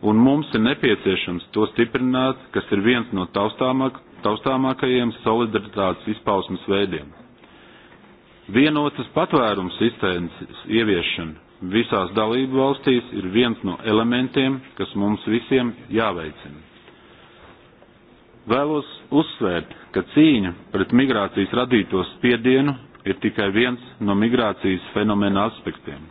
un mums ir nepieciešams to stiprināt, kas ir viens no taustāmāk, taustāmākajiem solidaritātes izpausmes veidiem. Vienotas patvērums sistēmas ieviešana visās dalību valstīs ir viens no elementiem, kas mums visiem jāveicina. Vēlos uzsvērt, ka cīņa pret migrācijas radītos spiedienu ir tikai viens no migrācijas fenomena aspektiem.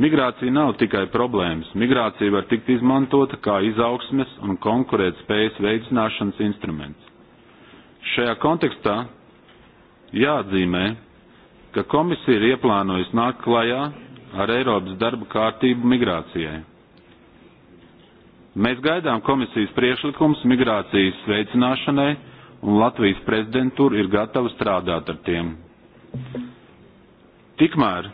Migrācija nav tikai problēmas. Migrācija var tikt izmantota kā izaugsmes un konkurētspējas veicināšanas instruments. Šajā kontekstā jāatzīmē, ka komisija ir ieplānojusi nākt klajā ar Eiropas darba kārtību migrācijai. Mēs gaidām komisijas priešlikums migrācijas veicināšanai, un Latvijas prezidentūra ir gatava strādāt ar tiem. Tikmēr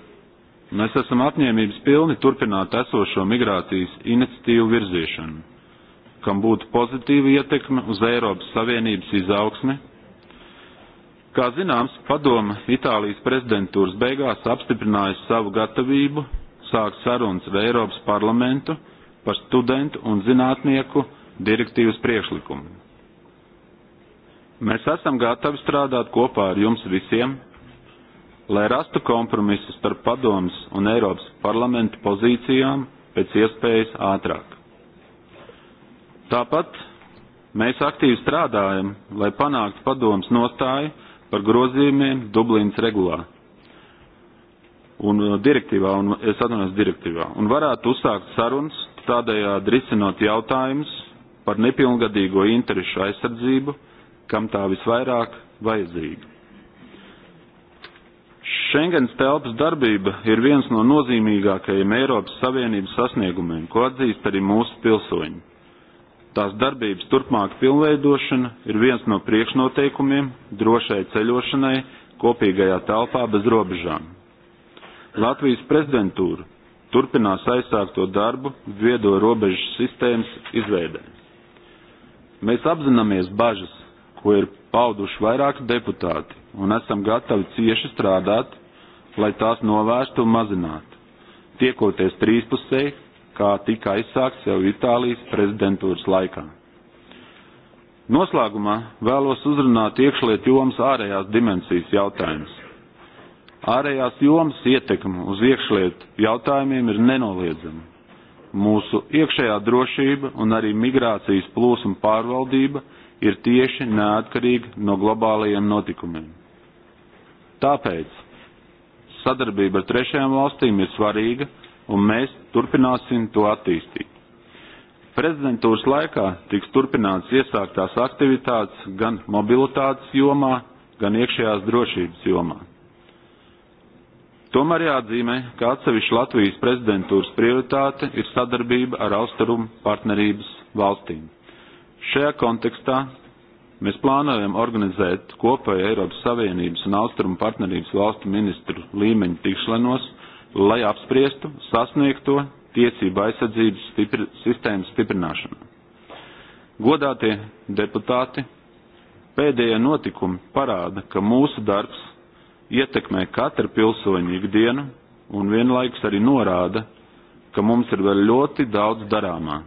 Mēs esam apņēmības pilni turpināt esošo migrācijas iniciatīvu virzīšanu, kam būtu pozitīva ietekme uz Eiropas Savienības izaugsmi. Kā zināms, padoma Itālijas prezidentūras beigās apstiprinājusi savu gatavību sākt sarunas ar Eiropas parlamentu par studentu un zinātnieku direktīvas priekšlikumu. Mēs esam gatavi strādāt kopā ar jums visiem lai rastu kompromisu starp padomus un Eiropas parlamenta pozīcijām pēc iespējas ātrāk. Tāpat mēs aktīvi strādājam, lai panāktu padomus nostāju par grozījumiem Dublīnas regulā un uh, direktīvā, un es atvainojos direktīvā, un varētu uzsākt sarunas, tādējādi risinot jautājumus par nepilngadīgo interešu aizsardzību, kam tā visvairāk vajadzīga. Schengens telpas darbība ir viens no nozīmīgākajiem Eiropas Savienības sasniegumiem, ko atzīst arī mūsu pilsoņi. Tās darbības turpmāka pilnveidošana ir viens no priekšnoteikumiem drošai ceļošanai kopīgajā telpā bez robežām. Latvijas prezidentūra turpinās aizsākto darbu viedo robežu sistēmas izveidē. Mēs apzināmies bažas, ko ir pauduši vairāki deputāti un esam gatavi cieši strādāt, lai tās novērstu un mazinātu. Tiekoties trīspusē, kā tika aizsākts jau Itālijas prezidentūras laikā. Noslēgumā vēlos uzrunāt iekšliet jomas ārējās dimensijas jautājumus. Ārējās jomas ietekme uz iekšliet jautājumiem ir nenoliedzama. Mūsu iekšējā drošība un arī migrācijas plūsma pārvaldība ir tieši neatkarīga no globālajiem notikumiem. Tāpēc sadarbība ar trešajām valstīm ir svarīga un mēs turpināsim to attīstīt. Prezidentūras laikā tiks turpināts iesāktās aktivitātes gan mobilitātes jomā, gan iekšējās drošības jomā. Tomēr jāatzīmē, ka atsevišķa Latvijas prezidentūras prioritāte ir sadarbība ar austrumu partnerības valstīm. Šajā kontekstā Mēs plānojam organizēt kopēju Eiropas Savienības un Austrumu partnerības valstu ministru līmeņu tikšanos, lai apspriestu sasniegto tiesību aizsardzības stipri, sistēmas stiprināšanu. Godātie deputāti, pēdējie notikumi parāda, ka mūsu darbs ietekmē katru pilsoņu ikdienu un vienlaikus arī norāda, ka mums ir vēl ļoti daudz darāmā.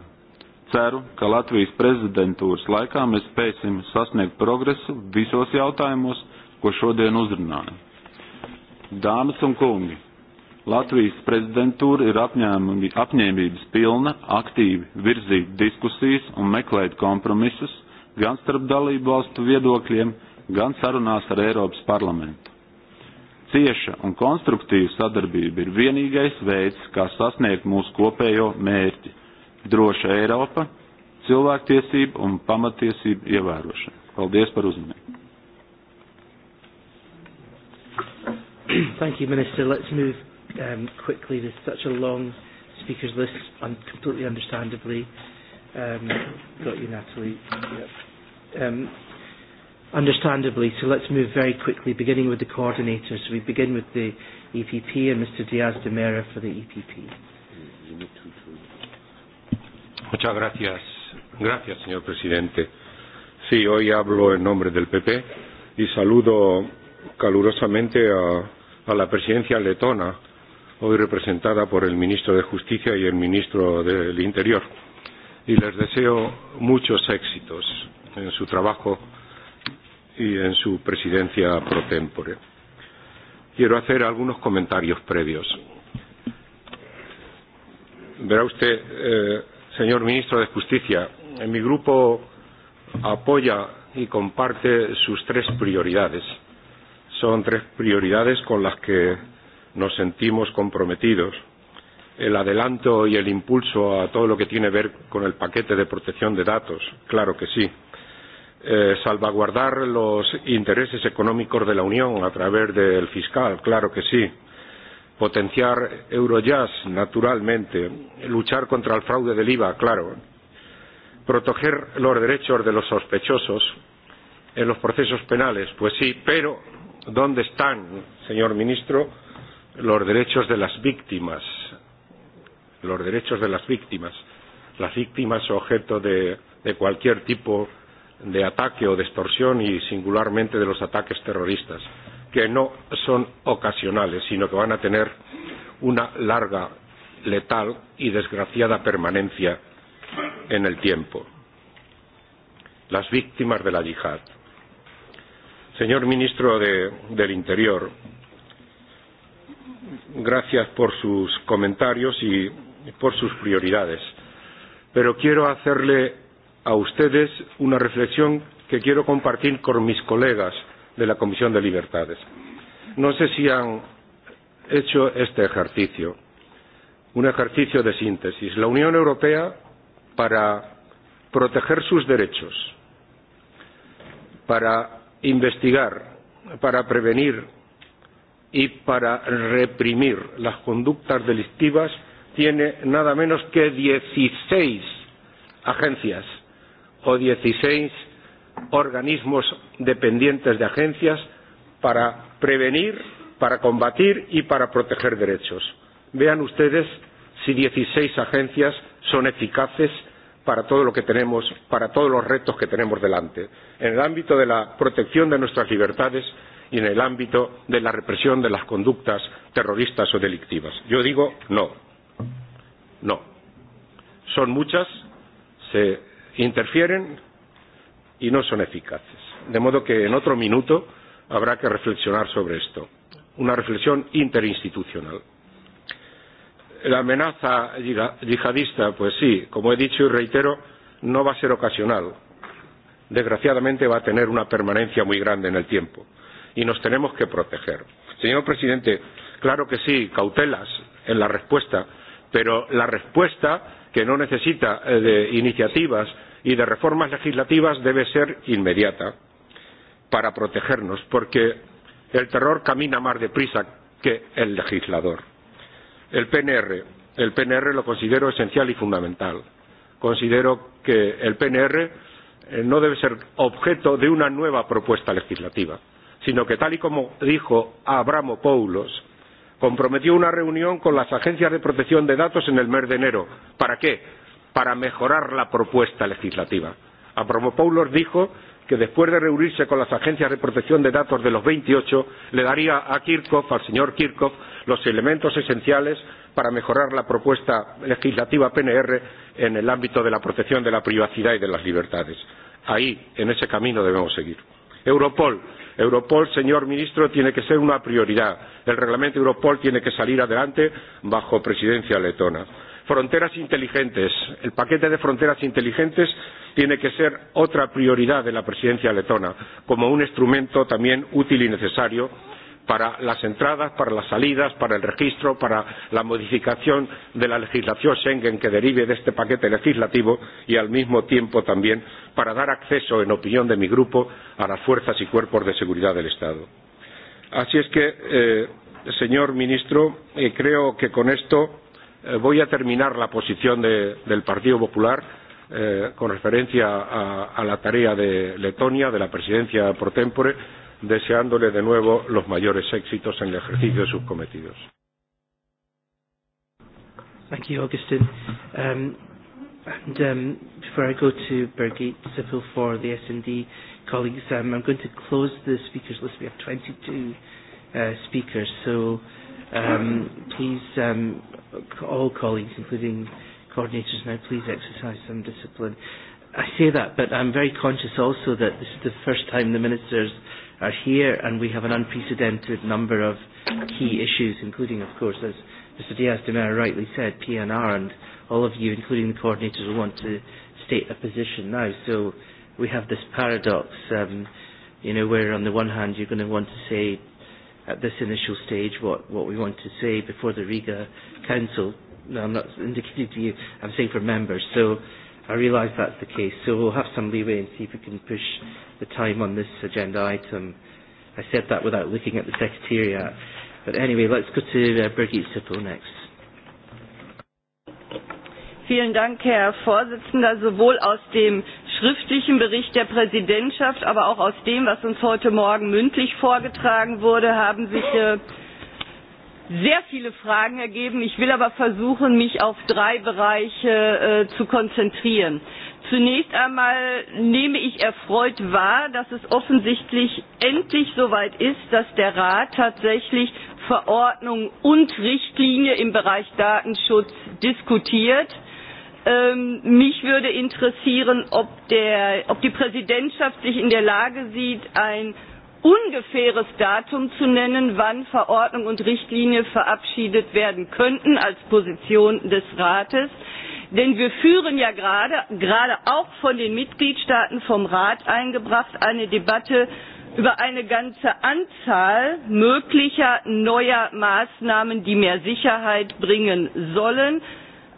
Ceru, ka Latvijas prezidentūras laikā mēs spēsim sasniegt progresu visos jautājumos, ko šodien uzrunājam. Dāmas un kungi, Latvijas prezidentūra ir apņēmības pilna aktīvi virzīt diskusijas un meklēt kompromisus gan starp dalību valstu viedokļiem, gan sarunās ar Eiropas parlamentu. Cieša un konstruktīva sadarbība ir vienīgais veids, kā sasniegt mūsu kopējo mērķi droša Eiropa, cilvēku cilvēktiesība un pamatiesība ievērošana. Paldies par uzmanību. Thank you, Minister. Let's move um, quickly. There's such a long speakers list, un completely understandably. Um, got you, Natalie. Yep. Um, understandably, so let's move very quickly, beginning with the coordinator. So we begin with the EPP and Mr. Diaz de Mera for the EPP. Mm -hmm. Muchas gracias. Gracias, señor presidente. Sí, hoy hablo en nombre del PP y saludo calurosamente a, a la presidencia letona, hoy representada por el ministro de Justicia y el ministro del Interior. Y les deseo muchos éxitos en su trabajo y en su presidencia pro tempore. Quiero hacer algunos comentarios previos. Verá usted, eh, señor ministro de Justicia. Eh, mi grupo apoya y comparte sus tres prioridades. Son tres prioridades con las que nos sentimos comprometidos. El adelanto y el impulso a todo lo que tiene que ver con el paquete de protección de datos, claro que sí. Eh, salvaguardar los intereses económicos de la Unión a través del fiscal, claro que sí potenciar Eurojust, naturalmente, luchar contra el fraude del IVA, claro, proteger los derechos de los sospechosos en los procesos penales, pues sí, pero ¿dónde están, señor ministro, los derechos de las víctimas? Los derechos de las víctimas. Las víctimas objeto de, de cualquier tipo de ataque o de extorsión y singularmente de los ataques terroristas que no son ocasionales, sino que van a tener una larga, letal y desgraciada permanencia en el tiempo. Las víctimas de la yihad. Señor ministro de, del Interior, gracias por sus comentarios y por sus prioridades. Pero quiero hacerle a ustedes una reflexión que quiero compartir con mis colegas de la Comisión de Libertades. No sé si han hecho este ejercicio, un ejercicio de síntesis. La Unión Europea, para proteger sus derechos, para investigar, para prevenir y para reprimir las conductas delictivas, tiene nada menos que 16 agencias o 16 organismos dependientes de agencias para prevenir, para combatir y para proteger derechos. Vean ustedes si 16 agencias son eficaces para todo lo que tenemos, para todos los retos que tenemos delante, en el ámbito de la protección de nuestras libertades y en el ámbito de la represión de las conductas terroristas o delictivas. Yo digo no, no. Son muchas, se interfieren, y no son eficaces. De modo que en otro minuto habrá que reflexionar sobre esto. Una reflexión interinstitucional. La amenaza yihadista, pues sí, como he dicho y reitero, no va a ser ocasional. Desgraciadamente va a tener una permanencia muy grande en el tiempo y nos tenemos que proteger. Señor presidente, claro que sí, cautelas en la respuesta, pero la respuesta que no necesita eh, de iniciativas y de reformas legislativas debe ser inmediata para protegernos, porque el terror camina más deprisa que el legislador. El PNR, el PNR lo considero esencial y fundamental. Considero que el PNR eh, no debe ser objeto de una nueva propuesta legislativa, sino que tal y como dijo Abramo Poulos, comprometió una reunión con las agencias de protección de datos en el mes de enero. ¿Para qué? para mejorar la propuesta legislativa. Abramopoulos dijo que después de reunirse con las agencias de protección de datos de los 28, le daría a Kirchhoff, al señor Kirchhoff, los elementos esenciales para mejorar la propuesta legislativa PNR en el ámbito de la protección de la privacidad y de las libertades. Ahí, en ese camino debemos seguir. Europol. Europol, señor ministro, tiene que ser una prioridad. El reglamento Europol tiene que salir adelante bajo presidencia letona. Fronteras inteligentes. El paquete de fronteras inteligentes tiene que ser otra prioridad de la presidencia letona, como un instrumento también útil y necesario para las entradas, para las salidas, para el registro, para la modificación de la legislación Schengen que derive de este paquete legislativo y al mismo tiempo también para dar acceso, en opinión de mi grupo, a las fuerzas y cuerpos de seguridad del Estado. Así es que, eh, señor ministro, eh, creo que con esto Eh, voy a terminar la posición de, del Partido Popular eh, con referencia a, a la tarea de Letonia, de la presidencia pro tempore, deseándole de nuevo los mayores éxitos en el ejercicio de sus cometidos. Thank you, Augustin. Um, and um, before I go to Birgit Sippel for the S&D colleagues, um, I'm going to close the speakers list. We have 22 uh, speakers, so Um, please, um, all colleagues, including coordinators now, please exercise some discipline. I say that, but I'm very conscious also that this is the first time the ministers are here and we have an unprecedented number of key issues, including, of course, as Mr Diaz de Mera rightly said, PNR, and all of you, including the coordinators, will want to state a position now. So we have this paradox, um, you know, where on the one hand you're going to want to say at this initial stage what, what we want to say before the Riga Council. No, I'm not indicating to you, I'm saying for members. So I realise that's the case. So we'll have some leeway and see if we can push the time on this agenda item. I said that without looking at the Secretariat. But anyway, let's go to uh, Birgit Sippel next. Vielen Dank, Herr Vorsitzender. Sowohl aus dem schriftlichen Bericht der Präsidentschaft, aber auch aus dem, was uns heute Morgen mündlich vorgetragen wurde, haben sich äh, sehr viele Fragen ergeben. Ich will aber versuchen, mich auf drei Bereiche äh, zu konzentrieren. Zunächst einmal nehme ich erfreut wahr, dass es offensichtlich endlich soweit ist, dass der Rat tatsächlich Verordnung und Richtlinie im Bereich Datenschutz diskutiert. Äh, Ähm, mich würde interessieren, ob, der, ob die Präsidentschaft sich in der Lage sieht, ein ungefähres Datum zu nennen, wann Verordnung und Richtlinie verabschiedet werden könnten als Position des Rates. Denn wir führen ja gerade, gerade auch von den Mitgliedstaaten vom Rat eingebracht, eine Debatte über eine ganze Anzahl möglicher neuer Maßnahmen, die mehr Sicherheit bringen sollen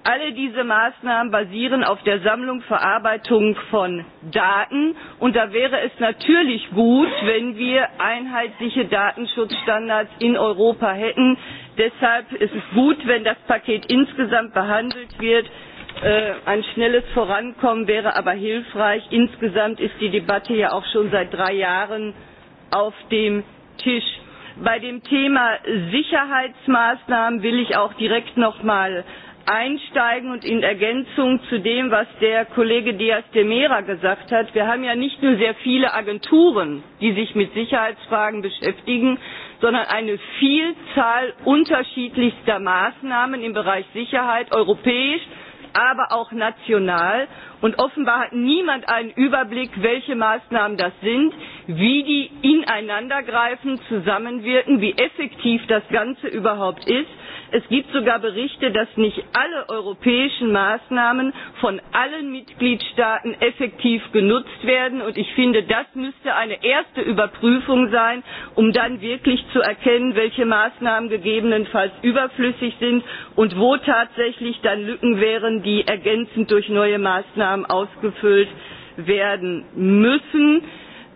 Alle diese Maßnahmen basieren auf der Sammlung, Verarbeitung von Daten. Und da wäre es natürlich gut, wenn wir einheitliche Datenschutzstandards in Europa hätten. Deshalb ist es gut, wenn das Paket insgesamt behandelt wird. Äh, ein schnelles Vorankommen wäre aber hilfreich. Insgesamt ist die Debatte ja auch schon seit drei Jahren auf dem Tisch. Bei dem Thema Sicherheitsmaßnahmen will ich auch direkt noch mal einsteigen und in Ergänzung zu dem, was der Kollege Diaz de Mera gesagt hat. Wir haben ja nicht nur sehr viele Agenturen, die sich mit Sicherheitsfragen beschäftigen, sondern eine Vielzahl unterschiedlichster Maßnahmen im Bereich Sicherheit, europäisch, aber auch national. Und offenbar hat niemand einen Überblick, welche Maßnahmen das sind, wie die ineinandergreifen, zusammenwirken, wie effektiv das Ganze überhaupt ist. Es gibt sogar Berichte, dass nicht alle europäischen Maßnahmen von allen Mitgliedstaaten effektiv genutzt werden. Und ich finde, das müsste eine erste Überprüfung sein, um dann wirklich zu erkennen, welche Maßnahmen gegebenenfalls überflüssig sind und wo tatsächlich dann Lücken wären, die ergänzend durch neue Maßnahmen ausgefüllt werden müssen.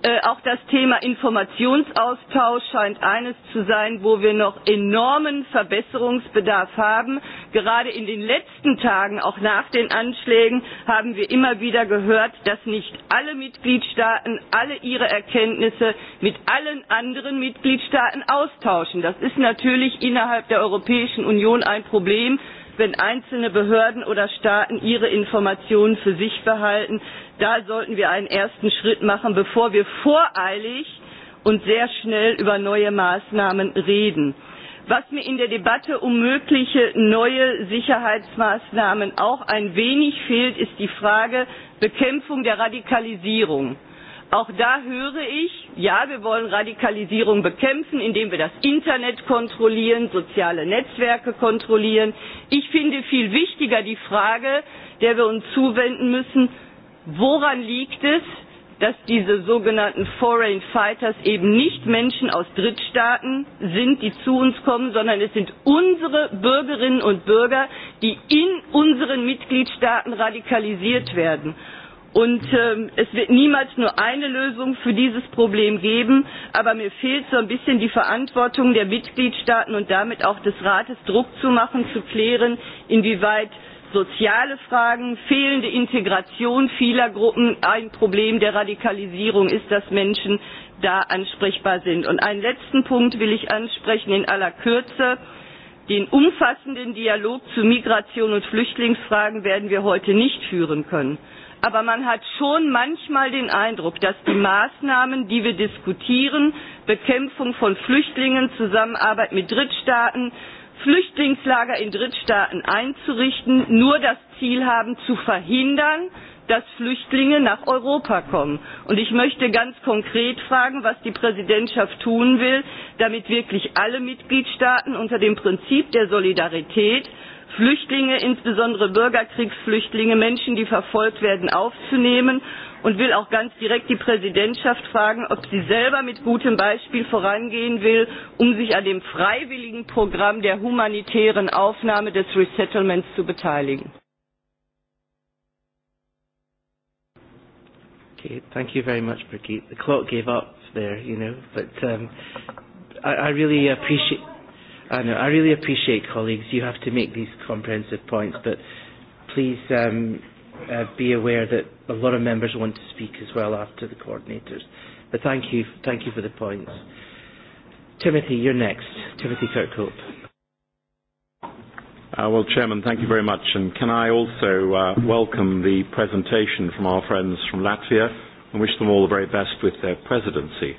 Äh, auch das Thema Informationsaustausch scheint eines zu sein, wo wir noch enormen Verbesserungsbedarf haben. Gerade in den letzten Tagen, auch nach den Anschlägen, haben wir immer wieder gehört, dass nicht alle Mitgliedstaaten alle ihre Erkenntnisse mit allen anderen Mitgliedstaaten austauschen. Das ist natürlich innerhalb der Europäischen Union ein Problem wenn einzelne Behörden oder Staaten ihre Informationen für sich behalten da sollten wir einen ersten Schritt machen, bevor wir voreilig und sehr schnell über neue Maßnahmen reden. Was mir in der Debatte um mögliche neue Sicherheitsmaßnahmen auch ein wenig fehlt, ist die Frage Bekämpfung der Radikalisierung. Auch da höre ich, ja, wir wollen Radikalisierung bekämpfen, indem wir das Internet kontrollieren, soziale Netzwerke kontrollieren. Ich finde viel wichtiger die Frage, der wir uns zuwenden müssen, Woran liegt es, dass diese sogenannten Foreign Fighters eben nicht Menschen aus Drittstaaten sind, die zu uns kommen, sondern es sind unsere Bürgerinnen und Bürger, die in unseren Mitgliedstaaten radikalisiert werden. Und ähm, es wird niemals nur eine Lösung für dieses Problem geben, aber mir fehlt so ein bisschen die Verantwortung der Mitgliedstaaten und damit auch des Rates, Druck zu machen, zu klären, inwieweit soziale Fragen, fehlende Integration vieler Gruppen ein Problem der Radikalisierung ist, dass Menschen da ansprechbar sind. Und einen letzten Punkt will ich ansprechen in aller Kürze. Den umfassenden Dialog zu Migration und Flüchtlingsfragen werden wir heute nicht führen können. Aber man hat schon manchmal den Eindruck, dass die Maßnahmen, die wir diskutieren, Bekämpfung von Flüchtlingen, Zusammenarbeit mit Drittstaaten, Flüchtlingslager in Drittstaaten einzurichten, nur das Ziel haben, zu verhindern, dass Flüchtlinge nach Europa kommen. Und ich möchte ganz konkret fragen, was die Präsidentschaft tun will, damit wirklich alle Mitgliedstaaten unter dem Prinzip der Solidarität Flüchtlinge, insbesondere Bürgerkriegsflüchtlinge, Menschen, die verfolgt werden, aufzunehmen und will auch ganz direkt die Präsidentschaft fragen, ob sie selber mit gutem Beispiel vorangehen will, um sich an dem freiwilligen Programm der humanitären Aufnahme des Resettlements zu beteiligen. Okay, thank you very much, Brigitte. The clock gave up there, you know, but um, I, I really appreciate. I know, I really appreciate, colleagues, you have to make these comprehensive points, but please um, uh, be aware that a lot of members want to speak as well after the coordinators. But thank you, thank you for the points. Timothy, you're next. Timothy Kirkhope. Uh, well, Chairman, thank you very much. And can I also uh, welcome the presentation from our friends from Latvia and wish them all the very best with their presidency.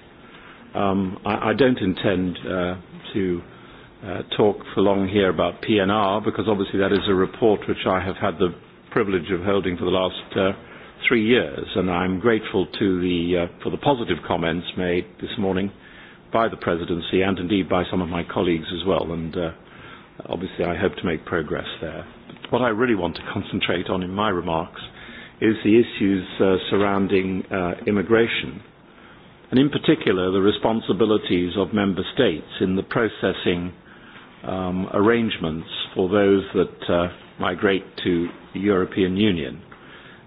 Um, I, I don't intend uh, to uh, talk for long here about PNR because obviously that is a report which I have had the privilege of holding for the last uh, three years, and I'm grateful to the, uh, for the positive comments made this morning by the presidency and indeed by some of my colleagues as well, and uh, obviously I hope to make progress there. But what I really want to concentrate on in my remarks is the issues uh, surrounding uh, immigration, and in particular the responsibilities of member states in the processing um, arrangements for those that uh, migrate to the European Union.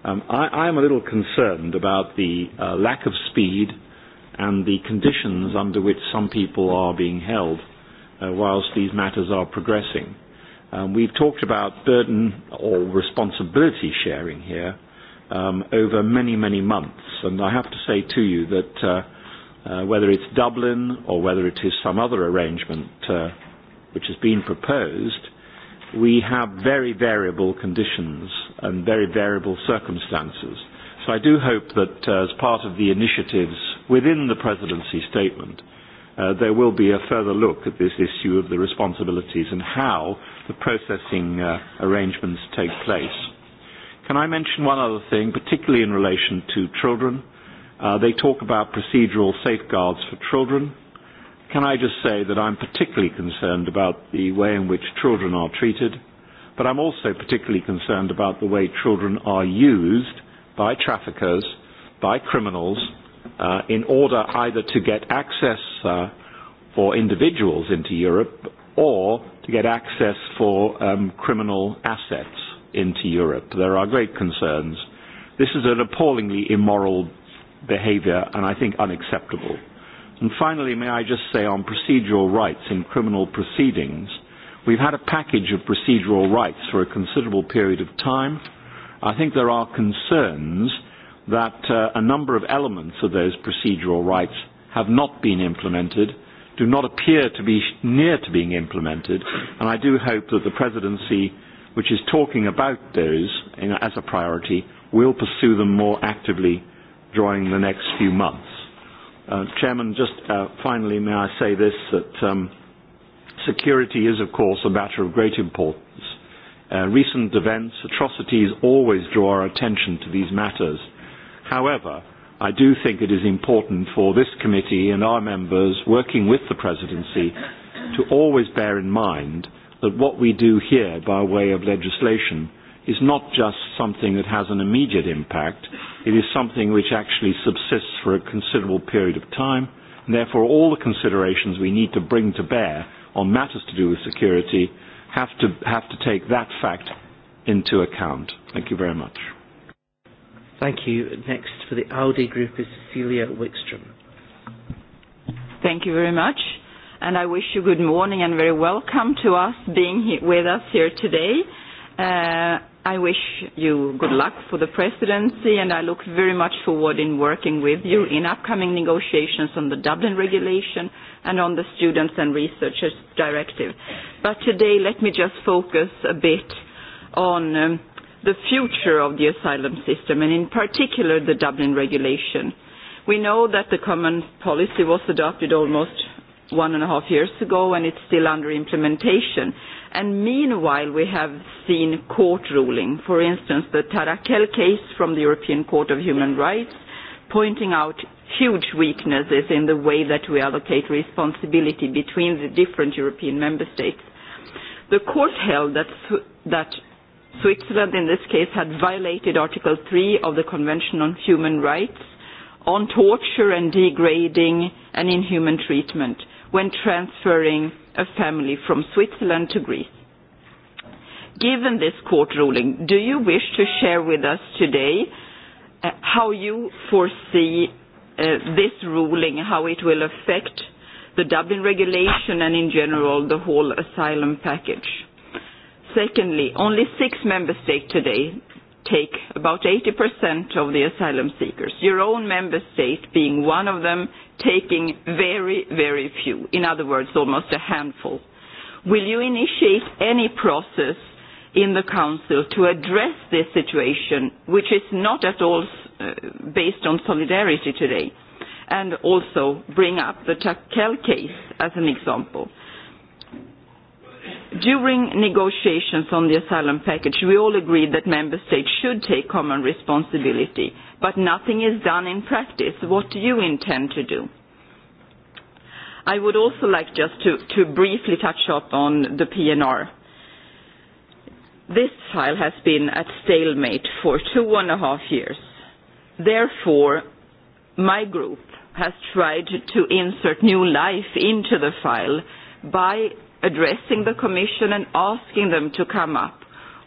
Um, I, I'm a little concerned about the uh, lack of speed and the conditions under which some people are being held uh, whilst these matters are progressing. Um, we've talked about burden or responsibility sharing here um, over many, many months, and I have to say to you that uh, uh, whether it's Dublin or whether it is some other arrangement uh, which has been proposed, we have very variable conditions and very variable circumstances. So I do hope that uh, as part of the initiatives within the presidency statement, uh, there will be a further look at this issue of the responsibilities and how the processing uh, arrangements take place. Can I mention one other thing, particularly in relation to children? Uh, they talk about procedural safeguards for children. Can I just say that I'm particularly concerned about the way in which children are treated, but I'm also particularly concerned about the way children are used by traffickers, by criminals, uh, in order either to get access uh, for individuals into Europe or to get access for um, criminal assets into Europe. There are great concerns. This is an appallingly immoral behaviour and I think unacceptable. And finally, may I just say on procedural rights in criminal proceedings, we've had a package of procedural rights for a considerable period of time. I think there are concerns that uh, a number of elements of those procedural rights have not been implemented, do not appear to be near to being implemented, and I do hope that the presidency, which is talking about those in, as a priority, will pursue them more actively during the next few months. Uh, Chairman, just uh, finally, may I say this, that um, security is, of course, a matter of great importance. Uh, recent events, atrocities always draw our attention to these matters. However, I do think it is important for this committee and our members working with the presidency to always bear in mind that what we do here by way of legislation is not just something that has an immediate impact, it is something which actually subsists for a considerable period of time, and therefore all the considerations we need to bring to bear on matters to do with security have to, have to take that fact into account. Thank you very much. Thank you. Next for the Audi Group is Cecilia Wickstrom. Thank you very much. And I wish you good morning and very welcome to us being he with us here today. Uh, I wish you good luck for the presidency and I look very much forward in working with you in upcoming negotiations on the Dublin regulation and on the Students and Researchers Directive. But today let me just focus a bit on um, the future of the asylum system and in particular the Dublin regulation. We know that the common policy was adopted almost one and a half years ago and it's still under implementation. And meanwhile, we have seen court ruling, for instance, the Tarakel case from the European Court of Human Rights, pointing out huge weaknesses in the way that we allocate responsibility between the different European member states. The court held that, that Switzerland in this case had violated Article 3 of the Convention on Human Rights on torture and degrading and inhuman treatment when transferring a family from Switzerland to Greece. Given this court ruling, do you wish to share with us today uh, how you foresee uh, this ruling, how it will affect the Dublin regulation and in general the whole asylum package? Secondly, only six member states today, take about 80% of the asylum seekers, your own member state being one of them, taking very, very few, in other words, almost a handful. Will you initiate any process in the Council to address this situation, which is not at all uh, based on solidarity today, and also bring up the Takel case as an example? During negotiations on the asylum package, we all agreed that member states should take common responsibility, but nothing is done in practice. What do you intend to do? I would also like just to, to briefly touch up on the PNR. This file has been at stalemate for two and a half years. Therefore, my group has tried to insert new life into the file by addressing the Commission and asking them to come up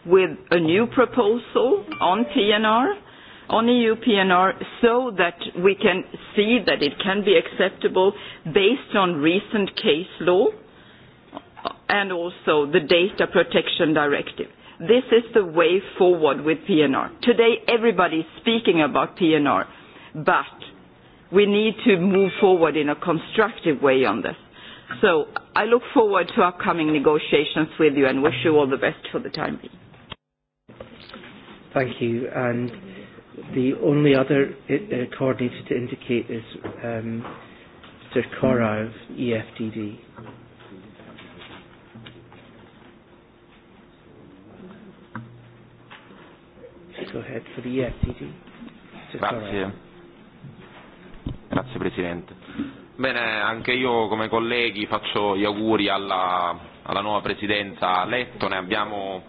with a new proposal on PNR, on EU PNR, so that we can see that it can be acceptable based on recent case law and also the Data Protection Directive. This is the way forward with PNR. Today everybody is speaking about PNR, but we need to move forward in a constructive way on this. So I look forward to upcoming negotiations with you and wish you all the best for the time being. Thank you. And the only other uh, uh coordinator to indicate is um, Mr. Korov, EFDD. Go ahead for the EFDD. Mr. Grazie. Grazie Presidente. Bene, anche io come colleghi faccio gli auguri alla, alla nuova presidenza Lettone. Abbiamo,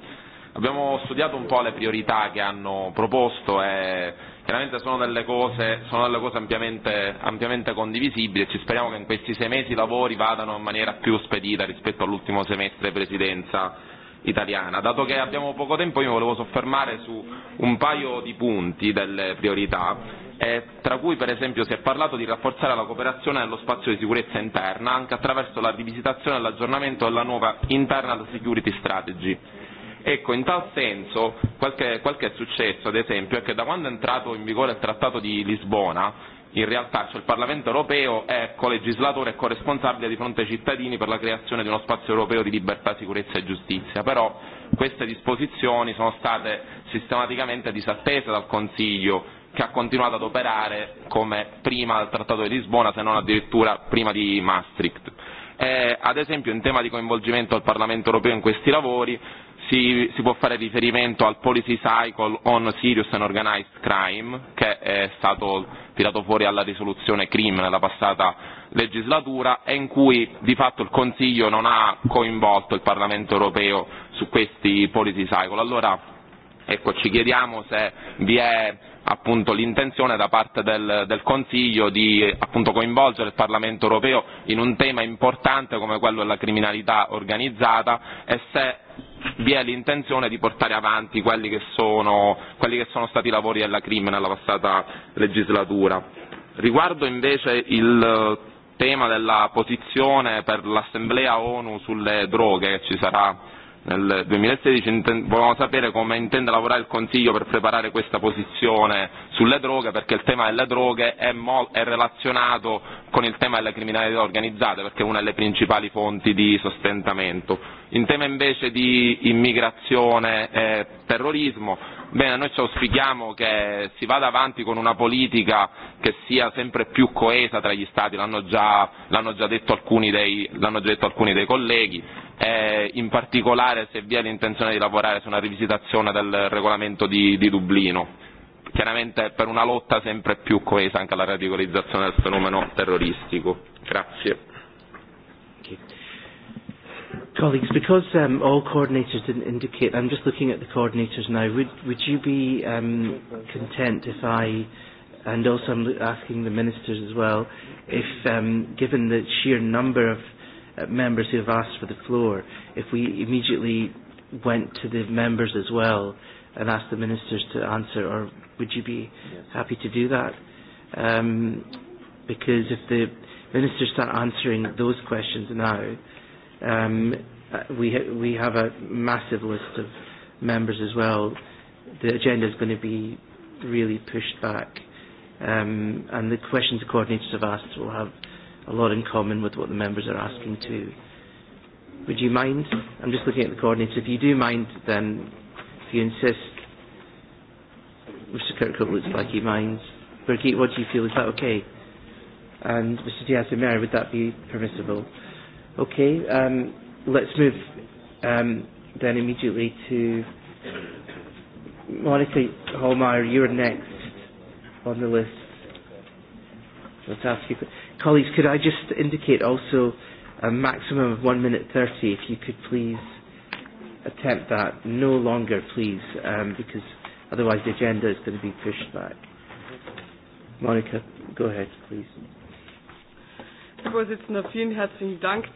abbiamo studiato un po' le priorità che hanno proposto e chiaramente sono delle cose, sono delle cose ampiamente, ampiamente condivisibili e ci speriamo che in questi sei mesi i lavori vadano in maniera più spedita rispetto all'ultimo semestre presidenza italiana. Dato che abbiamo poco tempo io volevo soffermare su un paio di punti delle priorità eh, tra cui per esempio si è parlato di rafforzare la cooperazione nello spazio di sicurezza interna anche attraverso la rivisitazione e l'aggiornamento della nuova Internal Security Strategy. Ecco, in tal senso, quel che, è successo, ad esempio, è che da quando è entrato in vigore il Trattato di Lisbona, in realtà cioè il Parlamento europeo è colegislatore e corresponsabile di fronte ai cittadini per la creazione di uno spazio europeo di libertà, sicurezza e giustizia, però queste disposizioni sono state sistematicamente disattese dal Consiglio che ha continuato ad operare come prima del Trattato di Lisbona, se non addirittura prima di Maastricht. Eh, ad esempio in tema di coinvolgimento al Parlamento europeo in questi lavori si, si può fare riferimento al Policy Cycle on Serious and Organized Crime che è stato tirato fuori alla risoluzione CRIM nella passata legislatura e in cui di fatto il Consiglio non ha coinvolto il Parlamento europeo su questi Policy Cycle. Allora ecco, ci chiediamo se vi è appunto l'intenzione da parte del, del Consiglio di appunto coinvolgere il Parlamento europeo in un tema importante come quello della criminalità organizzata e se vi è l'intenzione di portare avanti quelli che sono, quelli che sono stati i lavori della CRIM nella passata legislatura. Riguardo invece il eh, tema della posizione per l'Assemblea ONU sulle droghe che ci sarà nel 2016 volevamo sapere come intende lavorare il Consiglio per preparare questa posizione sulle droghe perché il tema delle droghe è, mo- è relazionato con il tema della criminalità organizzata perché è una delle principali fonti di sostentamento. In tema invece di immigrazione e terrorismo, bene, noi ci auspichiamo che si vada avanti con una politica che sia sempre più coesa tra gli Stati, l'hanno già, l'hanno già, detto, alcuni dei, l'hanno già detto alcuni dei colleghi eh, in particolare se vi è l'intenzione di lavorare su una rivisitazione del regolamento di, di Dublino, chiaramente per una lotta sempre più coesa anche alla radicalizzazione del fenomeno terroristico. Grazie. Colleagues, because um, all coordinators didn't indicate, I'm just looking at the coordinators now, would, would you be um, content if I and also I'm asking the ministers as well, if um, given the sheer number of Uh, members who have asked for the floor, if we immediately went to the members as well and asked the ministers to answer, or would you be yes. happy to do that? Um, because if the ministers start answering those questions now, um, uh, we, ha we have a massive list of members as well. The agenda is going to be really pushed back. Um, and the questions the coordinators have asked will have a lot in common with what the members are asking too. Would you mind? I'm just looking at the coordinates. If you do mind, then if you insist, Mr. Kirkhope looks like he minds. Birgit, what do you feel? Is that okay? And Mr. Diaz and Mary, would that be permissible? Okay, um, let's move um, then immediately to Monica Hallmeyer. You're next on the list. Let's ask you. Colleagues, could I just indicate also a maximum of 1 minute 30 if you could please attempt that no longer, please, um, because otherwise the agenda is going to be pushed back. Monica, go ahead, please. Herr Vorsitzender, vielen herzlichen Dank.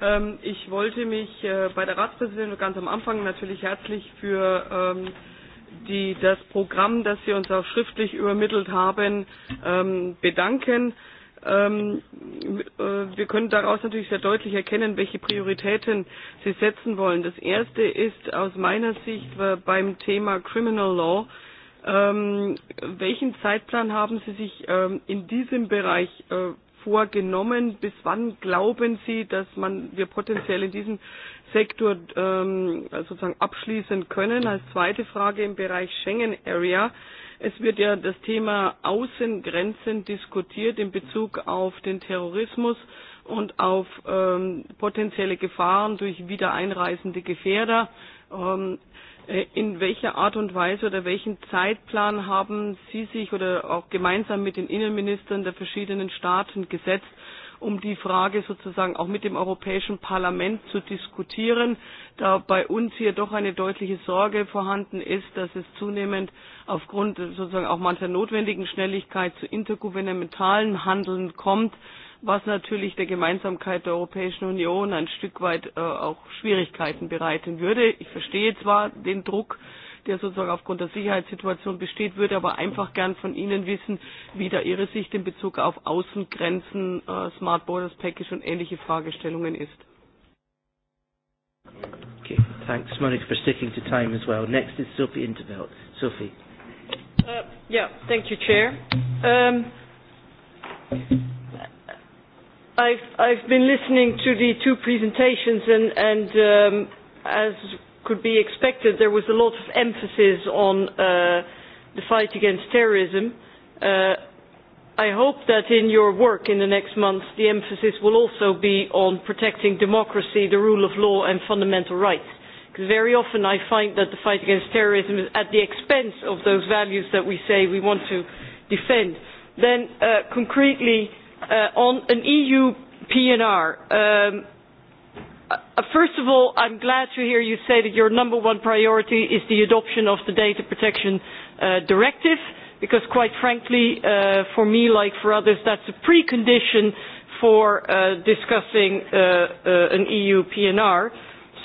Ähm, ich wollte mich äh, bei der Ratspräsidentin ganz am Anfang natürlich herzlich für ähm, die, das Programm, das Sie uns auch schriftlich übermittelt haben, ähm, bedanken. Ähm, äh, wir können daraus natürlich sehr deutlich erkennen, welche Prioritäten Sie setzen wollen. Das erste ist aus meiner Sicht äh, beim Thema Criminal Law. Ähm, welchen Zeitplan haben Sie sich ähm, in diesem Bereich äh, vorgenommen? Bis wann glauben Sie, dass man wir potenziell in diesem Sektor ähm, sozusagen abschließen können? Als zweite Frage im Bereich Schengen Area. Es wird ja das Thema Außengrenzen diskutiert in Bezug auf den Terrorismus und auf ähm, potenzielle Gefahren durch wiedereinreisende Gefährder. Ähm, äh, in welcher Art und Weise oder welchen Zeitplan haben Sie sich oder auch gemeinsam mit den Innenministern der verschiedenen Staaten gesetzt, um die Frage sozusagen auch mit dem Europäischen Parlament zu diskutieren, da bei uns hier doch eine deutliche Sorge vorhanden ist, dass es zunehmend aufgrund sozusagen auch mancher notwendigen Schnelligkeit zu intergouvernementalen Handeln kommt, was natürlich der Gemeinsamkeit der Europäischen Union ein Stück weit äh, auch Schwierigkeiten bereiten würde. Ich verstehe zwar den Druck, der sozusagen aufgrund der Sicherheitssituation besteht, würde aber einfach gern von Ihnen wissen, wie da Ihre Sicht in Bezug auf Außengrenzen, äh, Smart Borders Package und ähnliche Fragestellungen ist. Okay, thanks Monica for sticking to time as well. Next is Sophie Interveld. Sophie. Uh, yeah, thank you, Chair. Um, I've, I've been listening to the two presentations and, and um, as could be expected, there was a lot of emphasis on uh, the fight against terrorism. Uh, I hope that in your work in the next months, the emphasis will also be on protecting democracy, the rule of law, and fundamental rights. Because very often I find that the fight against terrorism is at the expense of those values that we say we want to defend. Then, uh, concretely, uh, on an EU PNR, um, uh, first of all, I'm glad to hear you say that your number one priority is the adoption of the Data Protection uh, Directive, because quite frankly, uh, for me, like for others, that's a precondition for uh, discussing uh, uh, an EU PNR.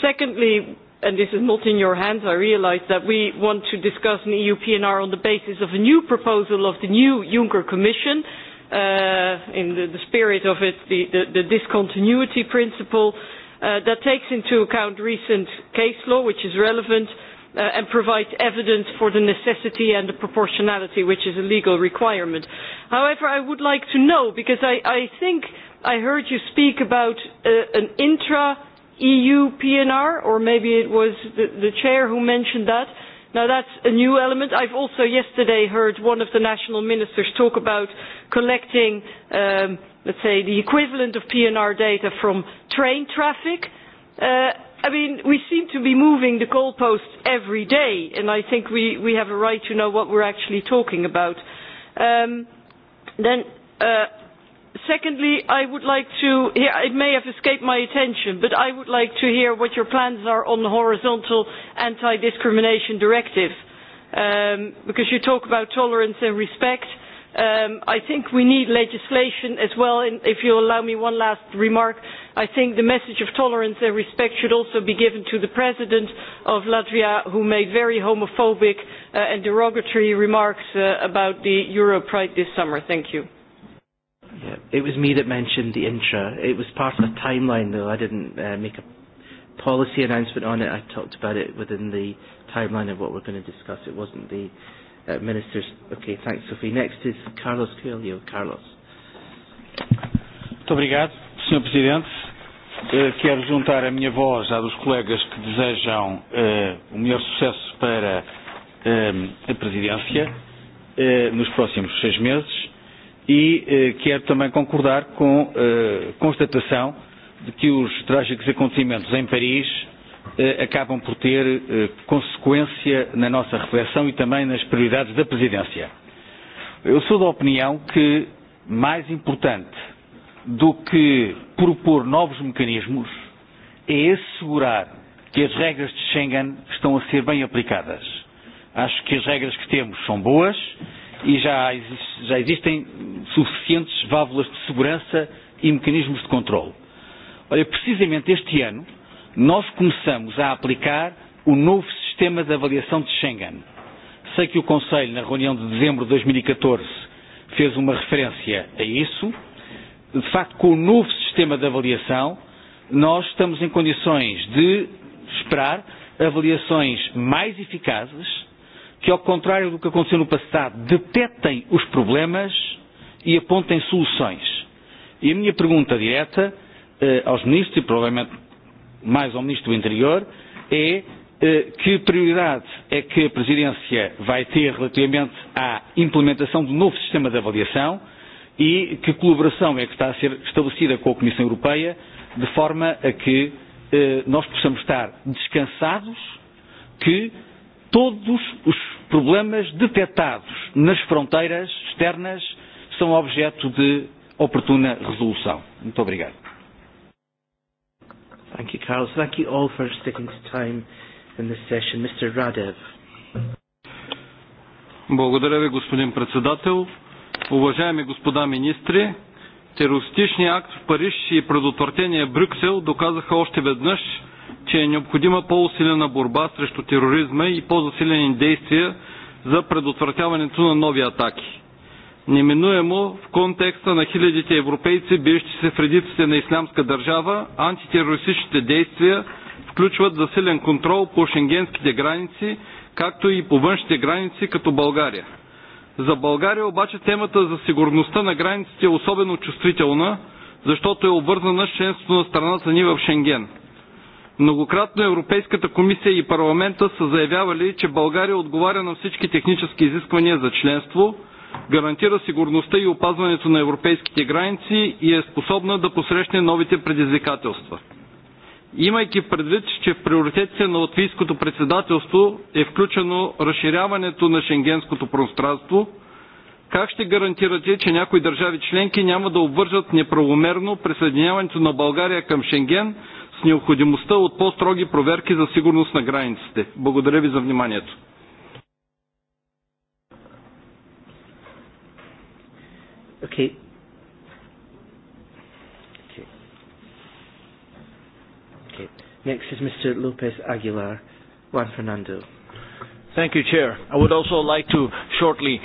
Secondly, and this is not in your hands, I realize that we want to discuss an EU PNR on the basis of a new proposal of the new Juncker Commission, uh, in the, the spirit of it, the, the, the discontinuity principle. Uh, uh, that takes into account recent case law, which is relevant, uh, and provides evidence for the necessity and the proportionality, which is a legal requirement. However, I would like to know, because I, I think I heard you speak about uh, an intra EU PNR, or maybe it was the, the chair who mentioned that. Now that's a new element. I've also yesterday heard one of the national ministers talk about collecting um, let's say, the equivalent of PNR data from train traffic. Uh, I mean, we seem to be moving the goalposts every day, and I think we, we have a right to know what we're actually talking about. Um, then, uh, secondly, I would like to hear, it may have escaped my attention, but I would like to hear what your plans are on the horizontal anti-discrimination directive, um, because you talk about tolerance and respect. Uh, Um, I think we need legislation as well, and if you allow me one last remark, I think the message of tolerance and respect should also be given to the president of Latvia, who made very homophobic uh, and derogatory remarks uh, about the Euro Pride this summer. Thank you. Yeah, it was me that mentioned the intra. It was part of a timeline, though. I didn't uh, make a policy announcement on it. I talked about it within the timeline of what we're going to discuss. It wasn't the uh, ministers. Okay, thanks, Sophie. Next is Carlos Coelho. Carlos. Muito obrigado, Sr. Presidente. Uh, quero juntar a minha voz à dos colegas que desejam uh, o melhor sucesso para uh, a Presidência uh, nos próximos seis meses e uh, quero também concordar com a uh, constatação de que os trágicos acontecimentos em Paris Eh, acabam por ter eh, consequência na nossa reflexão e também nas prioridades da Presidência. Eu sou da opinião que mais importante do que propor novos mecanismos é assegurar que as regras de Schengen estão a ser bem aplicadas. Acho que as regras que temos são boas e já, já existem suficientes válvulas de segurança e mecanismos de controle. Olha, precisamente este ano, nós começamos a aplicar o novo sistema de avaliação de Schengen. Sei que o Conselho, na reunião de dezembro de 2014, e fez uma referência a isso. De facto, com o novo sistema de avaliação, nós estamos em condições de esperar avaliações mais eficazes, que, ao contrário do que aconteceu no passado, detectem os problemas e apontem soluções. E a minha pergunta direta eh, aos ministros, e provavelmente mais ao Ministro do Interior, é eh, que prioridade é que a Presidência vai ter relativamente à implementação do novo sistema de avaliação e que colaboração é que está a ser estabelecida com a Comissão Europeia de forma a que eh, nós possamos estar descansados que todos os problemas detectados nas fronteiras externas são objeto de oportuna resolução. Muito obrigado. Thank you, Carlos. Thank you all for sticking to time in this session. Mr. Radev. Благодаря ви, господин председател. Уважаеми господа министри, терористичният акт в Париж и предотвратение Брюксел доказаха още веднъж, че е необходима по-усилена борба срещу тероризма и по-засилени действия за предотвратяването на нови атаки неминуемо в контекста на хилядите европейци, биещи се в редиците на ислямска държава, антитерористичните действия включват засилен контрол по шенгенските граници, както и по външните граници като България. За България обаче темата за сигурността на границите е особено чувствителна, защото е обвързана с членството на страната ни в Шенген. Многократно Европейската комисия и парламента са заявявали, че България отговаря на всички технически изисквания за членство – гарантира сигурността и опазването на европейските граници и е способна да посрещне новите предизвикателства. Имайки предвид, че в приоритетите на латвийското председателство е включено разширяването на шенгенското пространство, как ще гарантирате, че някои държави членки няма да обвържат неправомерно присъединяването на България към Шенген с необходимостта от по-строги проверки за сигурност на границите? Благодаря ви за вниманието. Okay. Okay. Okay. Next is Mr. Lopez Aguilar. Juan Fernando. Thank you, Chair. I would also like to shortly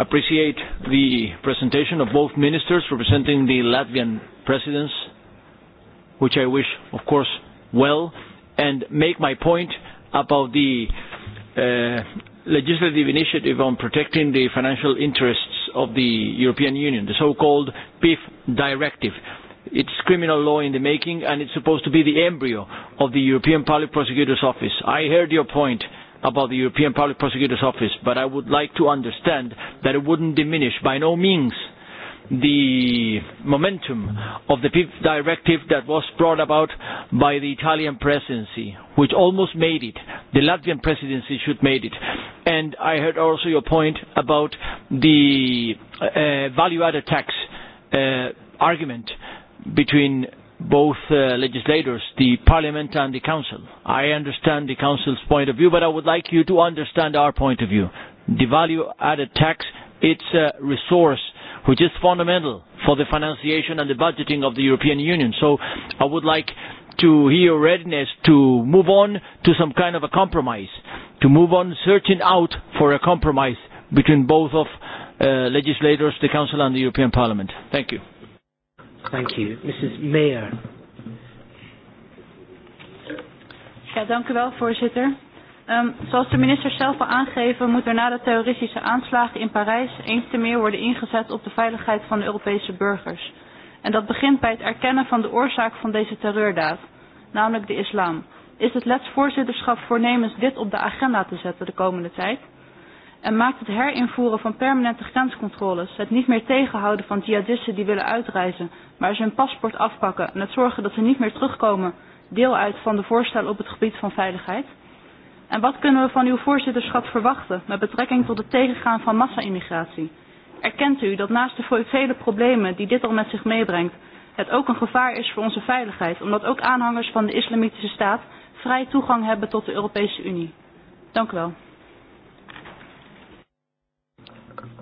appreciate the presentation of both ministers representing the Latvian presidents, which I wish, of course, well, and make my point about the uh, legislative initiative on protecting the financial interests of the European Union, the so-called PIF directive. It's criminal law in the making and it's supposed to be the embryo of the European Public Prosecutor's Office. I heard your point about the European Public Prosecutor's Office, but I would like to understand that it wouldn't diminish by no means the momentum of the PIF directive that was brought about by the Italian presidency, which almost made it. The Latvian presidency should made it. And I heard also your point about the uh, uh, value-added tax uh, argument between both uh, legislators, the Parliament and the Council. I understand the Council's point of view, but I would like you to understand our point of view. The value-added tax, it's a resource which is fundamental for the financiation and the budgeting of the European Union. So I would like to hear readiness to move on to some kind of a compromise, to move on searching out for a compromise between both of uh, legislators, the Council and the European Parliament. Thank you. Thank you. Mrs. Mayer. Ja, dank u wel, voorzitter. Um, zoals de minister zelf al aangeven, moet er na de terroristische aanslagen in Parijs eens te meer worden ingezet op de veiligheid van de Europese burgers. En dat begint bij het erkennen van de oorzaak van deze terreurdaad, namelijk de islam. Is het Lets voorzitterschap voornemens dit op de agenda te zetten de komende tijd? En maakt het herinvoeren van permanente grenscontroles, het niet meer tegenhouden van jihadisten die willen uitreizen, maar ze hun paspoort afpakken en het zorgen dat ze niet meer terugkomen, deel uit van de voorstellen op het gebied van veiligheid? En wat kunnen we van uw voorzitterschap verwachten met betrekking tot het tegengaan van massa-immigratie? Erkent u dat naast de vele problemen die dit al met zich meebrengt, het ook een gevaar is voor onze veiligheid, omdat ook aanhangers van de islamitische staat vrij toegang hebben tot de Europese Unie? Dank u wel.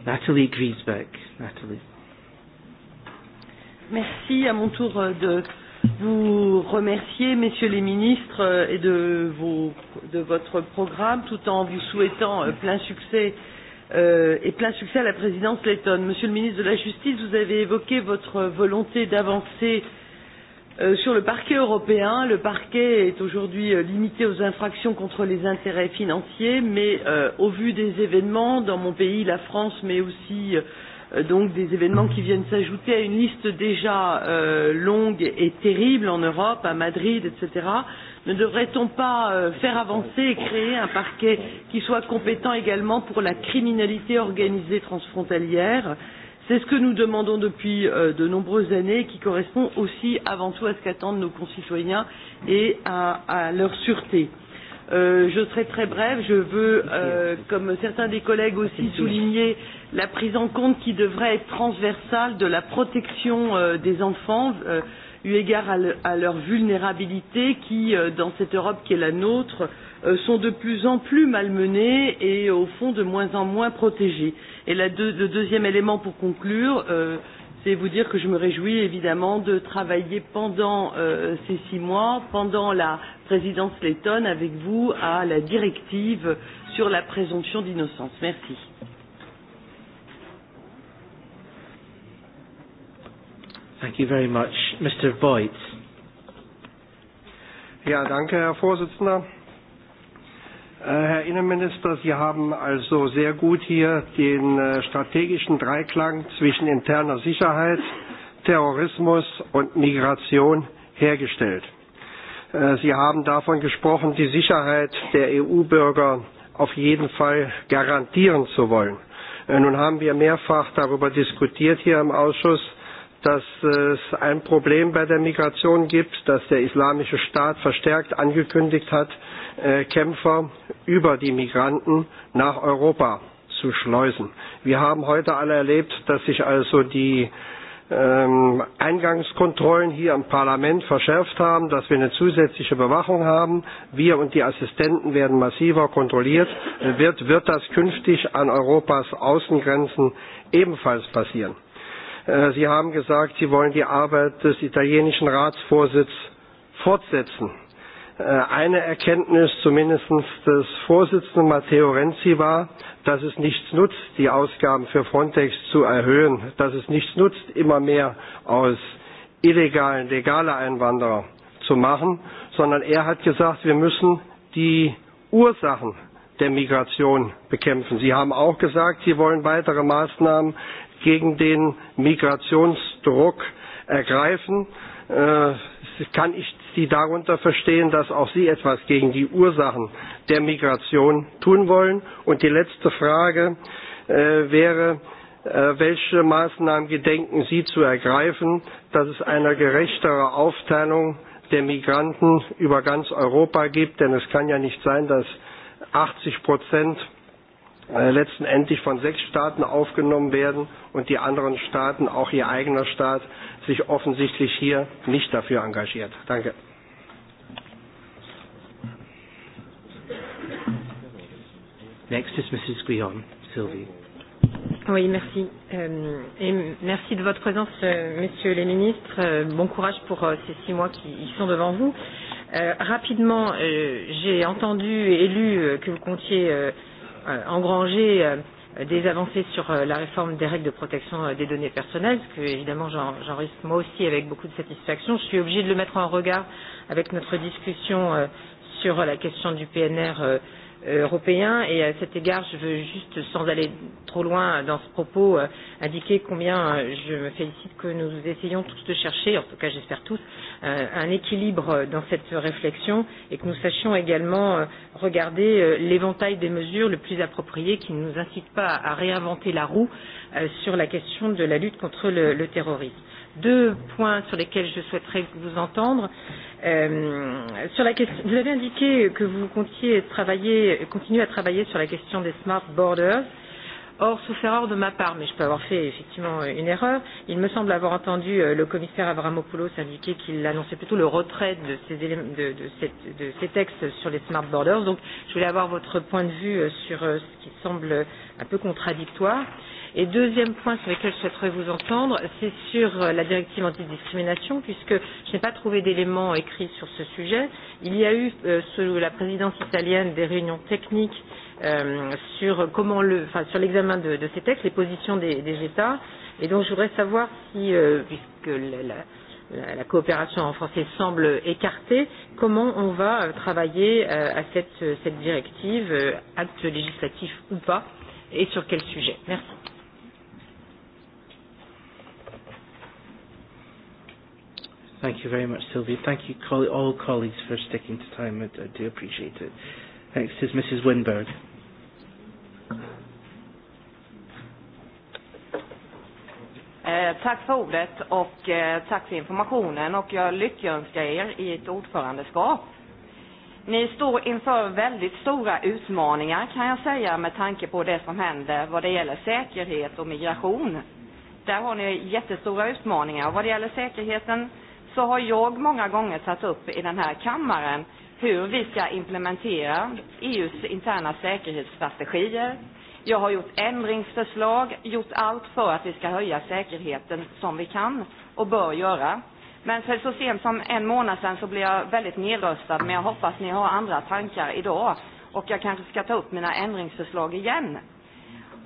Nathalie Griesbeck. Nathalie. Merci à mon tour euh, de vous remercier, messieurs les ministres, euh, et de, vos, de votre programme, tout en vous souhaitant euh, plein succès euh, et plein succès à la présidence lettonne. Monsieur le ministre de la Justice, vous avez évoqué votre volonté d'avancer euh, sur le parquet européen. Le parquet est aujourd'hui euh, limité aux infractions contre les intérêts financiers, mais euh, au vu des événements dans mon pays, la France, mais aussi euh, Euh, donc des événements qui viennent s'ajouter à une liste déjà euh, longue et terrible en Europe, à Madrid, etc. Ne devrait-on pas euh, faire avancer et créer un parquet qui soit compétent également pour la criminalité organisée transfrontalière C'est ce que nous demandons depuis euh, de nombreuses années et qui correspond aussi avant tout à ce qu'attendent nos concitoyens et à, à leur sûreté. Euh, Euh, je serai très brève. Je veux, euh, comme certains des collègues aussi, souligner la prise en compte qui devrait être transversale de la protection euh, des enfants euh, eu égard à, le, à leur vulnérabilité qui, euh, dans cette Europe qui est la nôtre, euh, sont de plus en plus malmenées et, au fond, de moins en moins protégées. Et la deux, le deuxième élément pour conclure, euh, c'est vous dire que je me réjouis évidemment de travailler pendant euh, ces six mois, pendant la présidence lettonne, avec vous à la directive sur la présomption d'innocence. Merci. Thank you very much. Mr. Boyd. Ja, danke, Herr Vorsitzender. Äh, Herr Innenminister, Sie haben also sehr gut hier den äh, strategischen Dreiklang zwischen interner Sicherheit, Terrorismus und Migration hergestellt. Äh, Sie haben davon gesprochen, die Sicherheit der EU-Bürger auf jeden Fall garantieren zu wollen. Nun haben wir mehrfach darüber diskutiert hier im Ausschuss, dass es ein Problem bei der Migration gibt, dass der Islamische Staat verstärkt angekündigt hat, äh, Kämpfer über die Migranten nach Europa zu schleusen. Wir haben heute alle erlebt, dass sich also die ähm, Eingangskontrollen hier im Parlament verschärft haben, dass wir eine zusätzliche Bewachung haben. Wir und die Assistenten werden massiver kontrolliert. Wird, wird das künftig an Europas Außengrenzen ebenfalls passieren? Äh, Sie haben gesagt, Sie wollen die Arbeit des italienischen Ratsvorsitzes fortsetzen. Äh, eine Erkenntnis zumindest des Vorsitzenden Matteo Renzi war, dass es nichts nutzt, die Ausgaben für Frontex zu erhöhen, dass es nichts nutzt, immer mehr aus illegalen, legalen Einwanderer zu machen, sondern er hat gesagt, wir müssen die Ursachen der Migration bekämpfen. Sie haben auch gesagt, Sie wollen weitere Maßnahmen gegen den Migrationsdruck ergreifen. Äh, kann ich Sie darunter verstehen, dass auch Sie etwas gegen die Ursachen der Migration tun wollen? Und die letzte Frage äh, wäre, äh, welche Maßnahmen gedenken Sie zu ergreifen, dass es eine gerechtere Aufteilung der Migranten über ganz Europa gibt? Denn es kann ja nicht sein, dass 80 Prozent Äh, letzten endlich von sechs Staaten aufgenommen werden und die anderen Staaten, auch ihr eigener Staat, sich offensichtlich hier nicht dafür engagiert. Danke. Next is Mrs. Guillaume, Sylvie. Oui, merci. Euh, et merci de votre présence, euh, messieurs les ministres. Euh, bon courage pour euh, ces six mois qui sont devant vous. Euh, rapidement, euh, j'ai entendu et lu euh, que vous comptiez euh, Euh, engrangé euh, des avancées sur euh, la réforme des règles de protection des données personnelles, ce que évidemment j'en risque moi aussi avec beaucoup de satisfaction. Je suis obligée de le mettre en regard avec notre discussion sur la question du PNR Euh, européen. Et à cet égard, je veux juste, sans aller trop loin dans ce propos, euh, indiquer combien euh, je me félicite que nous essayons tous de chercher, en tout cas j'espère tous, un équilibre dans cette réflexion et que nous sachions également regarder l'éventail des mesures le plus approprié qui ne nous incite pas à réinventer la roue sur la question de la lutte contre le, le terrorisme deux points sur lesquels je souhaiterais vous entendre. Euh, sur la question, vous avez indiqué que vous comptiez travailler, continuer à travailler sur la question des smart borders. Or, sous erreur de ma part, mais je peux avoir fait effectivement une erreur, il me semble avoir entendu euh, le commissaire Avramopoulos indiquer qu'il annonçait plutôt le retrait de ces, de, de, cette, de ces textes sur les smart borders. Donc, je voulais avoir votre point de vue euh, sur euh, ce qui semble un peu contradictoire. Euh, Et deuxième point sur lequel je souhaiterais vous entendre, c'est sur euh, la directive antidiscrimination, puisque je n'ai pas trouvé d'éléments écrits sur ce sujet. Il y a eu, euh, sous la présidence italienne, des réunions techniques euh, sur comment le, enfin, sur l'examen de, de ces textes, les positions des, des États. Et donc, je voudrais savoir si, euh, puisque la, la, la coopération en français semble écartée, comment on va euh, travailler euh, à cette, cette directive, acte législatif ou pas, et sur quel sujet Merci. Thank you very much, Sylvia. Thank you, coll all colleagues, for sticking to time. I, I do appreciate it. Next is Mrs. Winberg. Eh, tack för ordet och eh, tack för informationen och jag lyckönskar er i ett ordförandeskap. Ni står inför väldigt stora utmaningar kan jag säga med tanke på det som händer vad det gäller säkerhet och migration. Där har ni jättestora utmaningar. vad det gäller säkerheten så har jag många gånger satt upp i den här kammaren hur vi ska implementera EUs interna säkerhetsstrategier. Jag har gjort ändringsförslag, gjort allt för att vi ska höja säkerheten som vi kan och bör göra. Men för så sent som en månad sedan så blev jag väldigt nedröstad, men jag hoppas ni har andra tankar idag. Och jag kanske ska ta upp mina ändringsförslag igen.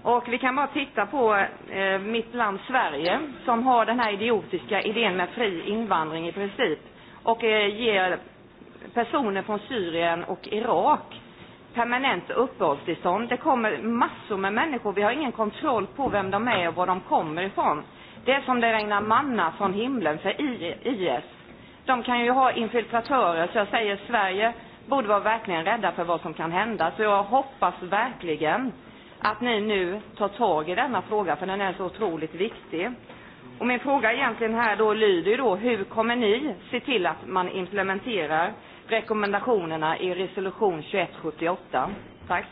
Och vi kan bara titta på eh, mitt land Sverige som har den här idiotiska idén med fri invandring i princip och eh, ger personer från Syrien och Irak permanent uppehållstillstånd. Det kommer massor med människor. Vi har ingen kontroll på vem de är och var de kommer ifrån. Det är som det regnar manna från himlen för IS. De kan ju ha infiltratörer, så jag säger Sverige borde vara verkligen rädda för vad som kan hända. Så jag hoppas verkligen att ni nu tar tag i denna fråga för den är så otroligt viktig. Och min fråga egentligen här då lyder ju då hur kommer ni se till att man implementerar rekommendationerna i resolution 2178? Tack.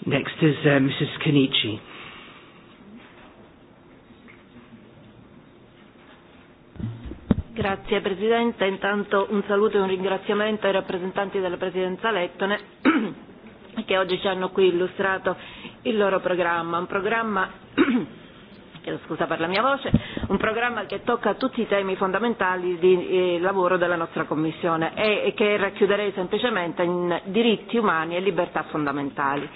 Next is uh, Mrs. Kenichi. Grazie Presidente, intanto un saluto e un ringraziamento ai rappresentanti della Presidenza Lettone che oggi ci hanno qui illustrato il loro programma, un programma chiedo scusa per la mia voce, un programma che tocca tutti i temi fondamentali di eh, lavoro della nostra Commissione e, e che racchiuderei semplicemente in diritti umani e libertà fondamentali.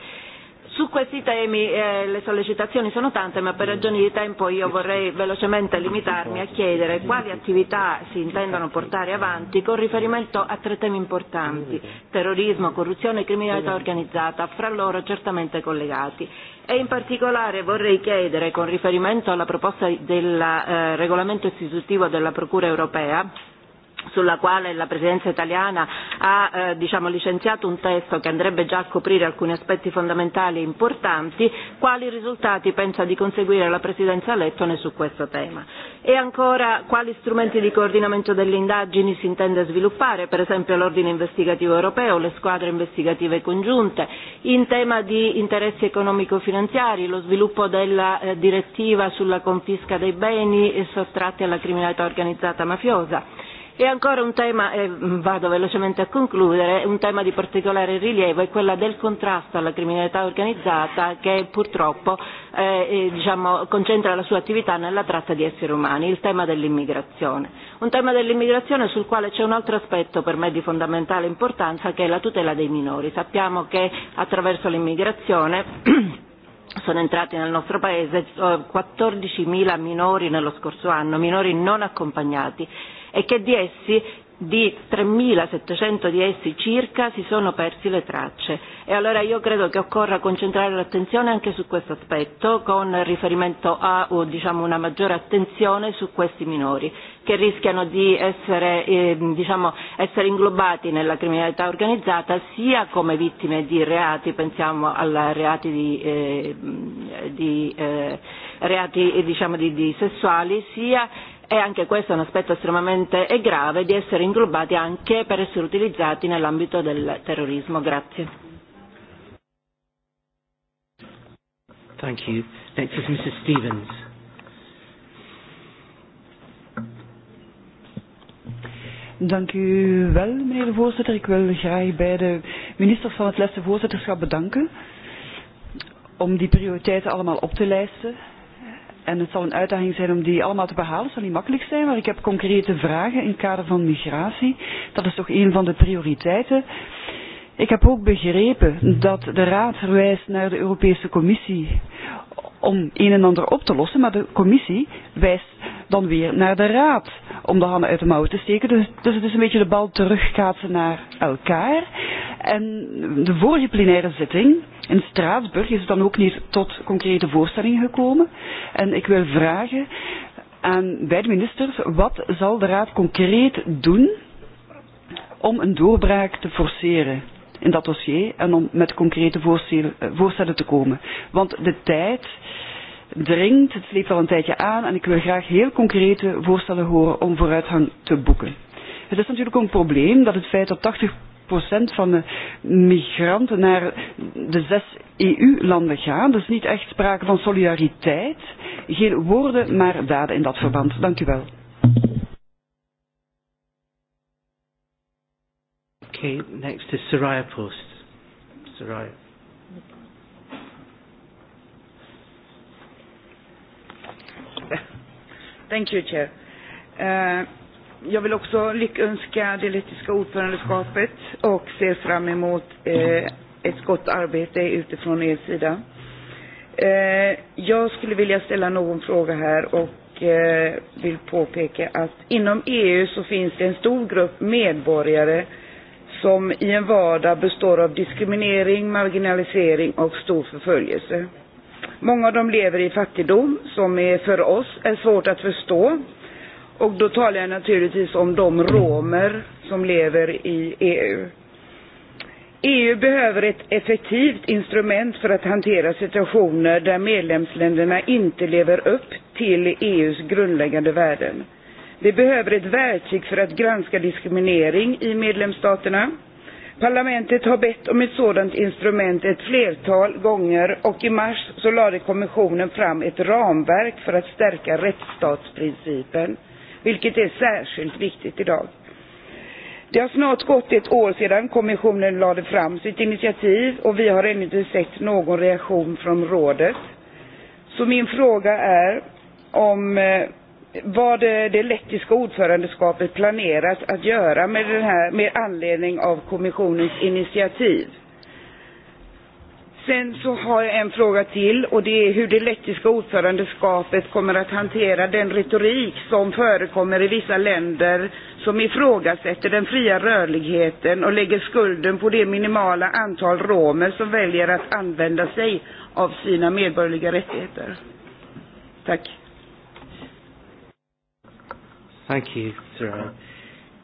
Su questi temi eh, le sollecitazioni sono tante, ma per ragioni di tempo io vorrei velocemente limitarmi a chiedere quali attività si intendono portare avanti con riferimento a tre temi importanti, terrorismo, corruzione e criminalità organizzata, fra loro certamente collegati. E in particolare vorrei chiedere, con riferimento alla proposta del eh, regolamento istitutivo della Procura europea, sulla quale la Presidenza italiana ha eh, diciamo, licenziato un testo che andrebbe già a coprire alcuni aspetti fondamentali e importanti, quali risultati pensa di conseguire la Presidenza Lettone su questo tema? E ancora quali strumenti di coordinamento delle indagini si intende sviluppare, per esempio l'ordine investigativo europeo, le squadre investigative congiunte, in tema di interessi economico-finanziari, lo sviluppo della eh, direttiva sulla confisca dei beni sottratti alla criminalità organizzata mafiosa E ancora un tema, eh, vado velocemente a concludere, un tema di particolare rilievo è quello del contrasto alla criminalità organizzata che purtroppo eh, eh, diciamo, concentra la sua attività nella tratta di esseri umani, il tema dell'immigrazione. Un tema dell'immigrazione sul quale c'è un altro aspetto per me di fondamentale importanza che è la tutela dei minori. Sappiamo che attraverso l'immigrazione sono entrati nel nostro paese 14.000 eh, minori nello scorso anno, minori non accompagnati e che di essi di 3.700 di essi circa si sono persi le tracce e allora io credo che occorra concentrare l'attenzione anche su questo aspetto con riferimento a o, diciamo, una maggiore attenzione su questi minori che rischiano di essere, eh, diciamo, essere inglobati nella criminalità organizzata sia come vittime di reati, pensiamo a reati di, eh, di eh, reati diciamo, di, di sessuali, sia e anche questo è un aspetto estremamente grave di essere inglobati anche per essere utilizzati nell'ambito del terrorismo. Grazie. Thank you. Next is Mrs. Stevens. Dank u wel, meneer de voorzitter. Ik wil graag bij de minister van het lesse voorzitterschap bedanken om die prioriteiten allemaal op te lijsten. En het zal een uitdaging zijn om die allemaal te behalen. Het zal niet makkelijk zijn, maar ik heb concrete vragen in het kader van migratie. Dat is toch een van de prioriteiten. Ik heb ook begrepen dat de Raad verwijst naar de Europese Commissie om een en ander op te lossen, maar de Commissie wijst dan weer naar de Raad om de handen uit de mouwen te steken. Dus, dus het is een beetje de bal terugkaatsen naar elkaar. En de vorige plenaire zitting In Straatsburg is het dan ook niet tot concrete voorstellingen gekomen. En ik wil vragen aan beide ministers, wat zal de Raad concreet doen om een doorbraak te forceren in dat dossier en om met concrete voorstellen eh, te komen? Want de tijd dringt, het sleept al een tijdje aan en ik wil graag heel concrete voorstellen horen om vooruitgang te boeken. Het is natuurlijk een probleem dat het feit dat 80 van de migranten naar de zes EU-landen gaan. Dus niet echt sprake van solidariteit. Geen woorden, maar daden in dat verband. Dank u wel. Oké, Okay, next is Soraya Post. Soraya. Thank you, Chair. Uh, jag vill också lyckönska det lettiska ordförandeskapet och ser fram emot eh, ett gott arbete utifrån er sida. Eh, jag skulle vilja ställa någon fråga här och eh, vill påpeka att inom EU så finns det en stor grupp medborgare som i en vardag består av diskriminering, marginalisering och stor förföljelse. Många av dem lever i fattigdom som är för oss är svårt att förstå Och då talar jag naturligtvis om de romer som lever i EU. EU behöver ett effektivt instrument för att hantera situationer där medlemsländerna inte lever upp till EUs grundläggande värden. Vi behöver ett verktyg för att granska diskriminering i medlemsstaterna. Parlamentet har bett om ett sådant instrument ett flertal gånger och i mars så lade kommissionen fram ett ramverk för att stärka rättsstatsprincipen vilket är särskilt viktigt idag. Det har snart gått ett år sedan kommissionen lade fram sitt initiativ och vi har ännu inte sett någon reaktion från rådet. Så min fråga är om eh, vad det, det lettiska ordförandeskapet planerat att göra med, den här, med anledning av kommissionens initiativ. Sen så har jag en fråga till och det är hur det lettiska ordförandeskapet kommer att hantera den retorik som förekommer i vissa länder som ifrågasätter den fria rörligheten och lägger skulden på det minimala antal romer som väljer att använda sig av sina medborgerliga rättigheter. Tack. Thank you, Sarah.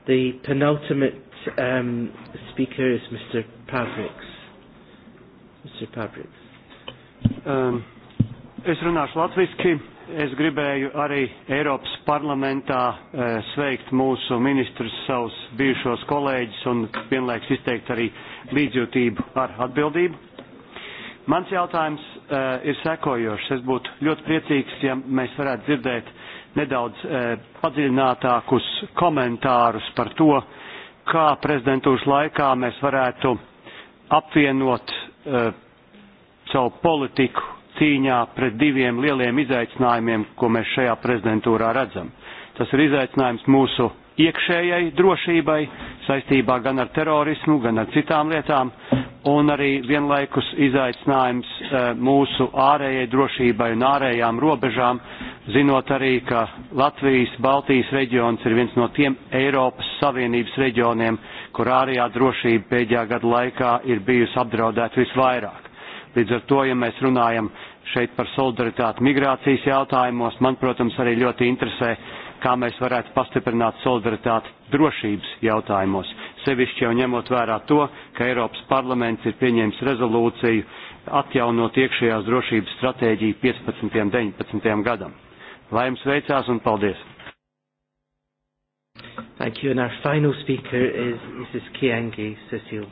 The penultimate um, speaker is Mr. Pavlik. Mr. Patrick. Um, es runāšu latviski. Es gribēju arī Eiropas parlamentā uh, sveikt mūsu ministrus, savus bijušos kolēģis un vienlaiks izteikt arī līdzjūtību ar atbildību. Mans jautājums uh, ir sekojošs. Es būtu ļoti priecīgs, ja mēs varētu dzirdēt nedaudz uh, padziļinātākus komentārus par to, kā prezidentūras laikā mēs varētu apvienot Eh, savu politiku cīņā pret diviem lieliem izaicinājumiem, ko mēs šajā prezidentūrā redzam. Tas ir izaicinājums mūsu iekšējai drošībai saistībā gan ar terorismu, gan ar citām lietām, un arī vienlaikus izaicinājums eh, mūsu ārējai drošībai un ārējām robežām, zinot arī, ka Latvijas, Baltijas reģions ir viens no tiem Eiropas Savienības reģioniem, kur ārējā drošība pēdējā gada laikā ir bijusi apdraudēta visvairāk. Līdz ar to, ja mēs runājam šeit par solidaritāti migrācijas jautājumos, man, protams, arī ļoti interesē, kā mēs varētu pastiprināt solidaritāti drošības jautājumos. Sevišķi jau ņemot vērā to, ka Eiropas parlaments ir pieņēmis rezolūciju atjaunot iekšējās drošības stratēģiju 15. un 19. gadam. Lai jums veicās un paldies! Thank you. And our final speaker is Mrs. Kiangi Cecil.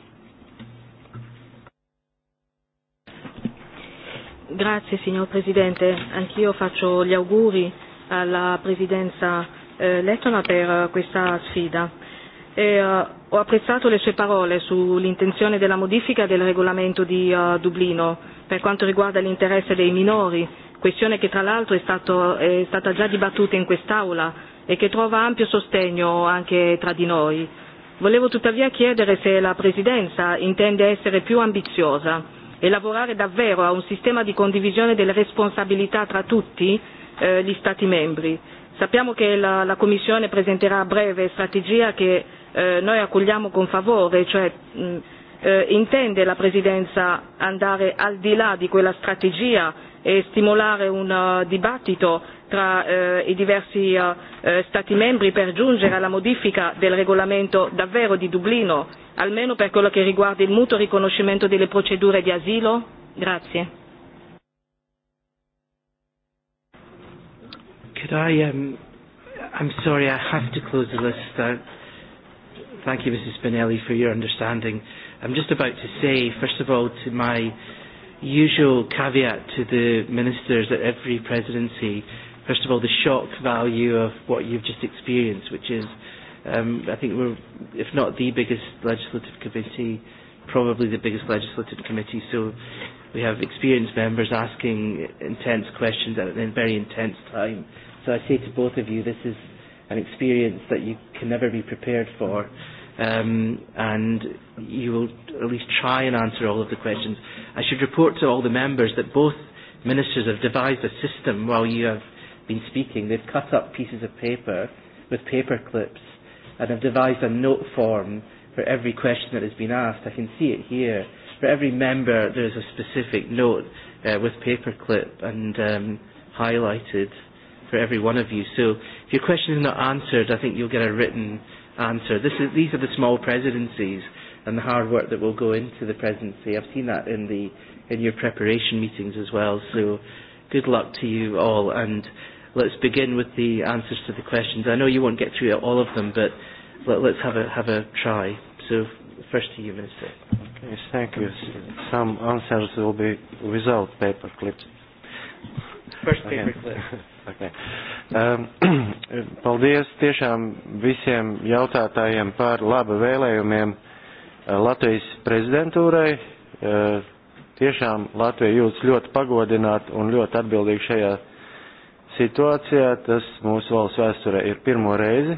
Grazie signor Presidente, anch'io faccio gli auguri alla Presidenza eh, lettona per eh, questa sfida. E, uh, ho apprezzato le sue parole sull'intenzione della modifica del regolamento di uh, Dublino per quanto riguarda l'interesse dei minori, questione che tra l'altro è, stato, è stata già dibattuta in quest'Aula e che trova ampio sostegno anche tra di noi. Volevo tuttavia chiedere se la Presidenza intende essere più ambiziosa e lavorare davvero a un sistema di condivisione delle responsabilità tra tutti eh, gli Stati membri. Sappiamo che la, la Commissione presenterà a breve strategia che eh, noi accogliamo con favore, cioè mh, eh, intende la Presidenza andare al di là di quella strategia e stimolare un uh, dibattito tra eh, i diversi eh, eh, Stati membri per giungere alla modifica del regolamento davvero di Dublino, almeno per quello che riguarda il mutuo riconoscimento delle procedure di asilo? Grazie. Could I, um, I'm sorry, I have to close the list. Uh, thank you, Mrs. Spinelli, for your understanding. I'm just about to say, first of all, to my usual caveat to the ministers at every presidency first of all, the shock value of what you've just experienced, which is, um, I think we're, if not the biggest legislative committee, probably the biggest legislative committee. So we have experienced members asking intense questions at a very intense time. So I say to both of you, this is an experience that you can never be prepared for. Um, and you will at least try and answer all of the questions. I should report to all the members that both ministers have devised a system while you have been speaking, they've cut up pieces of paper with paper clips and have devised a note form for every question that has been asked. I can see it here. For every member, there's a specific note uh, with paper clip and um, highlighted for every one of you. So if your question is not answered, I think you'll get a written answer. This is, these are the small presidencies and the hard work that will go into the presidency. I've seen that in, the, in your preparation meetings as well. So good luck to you all. And let's begin with the answers to the questions. I know you won't get through all of them, but let, let's have a, have a try. So first to you, Minister. Okay, thank you. Some answers will be without paper clips. First paper clip. okay. Um, paldies tiešām visiem jautātājiem par labu vēlējumiem uh, Latvijas prezidentūrai. Uh, tiešām Latvija jūtas ļoti pagodināta un ļoti atbildīga šajā situācijā tas mūsu valsts vēsturē ir pirmo reizi.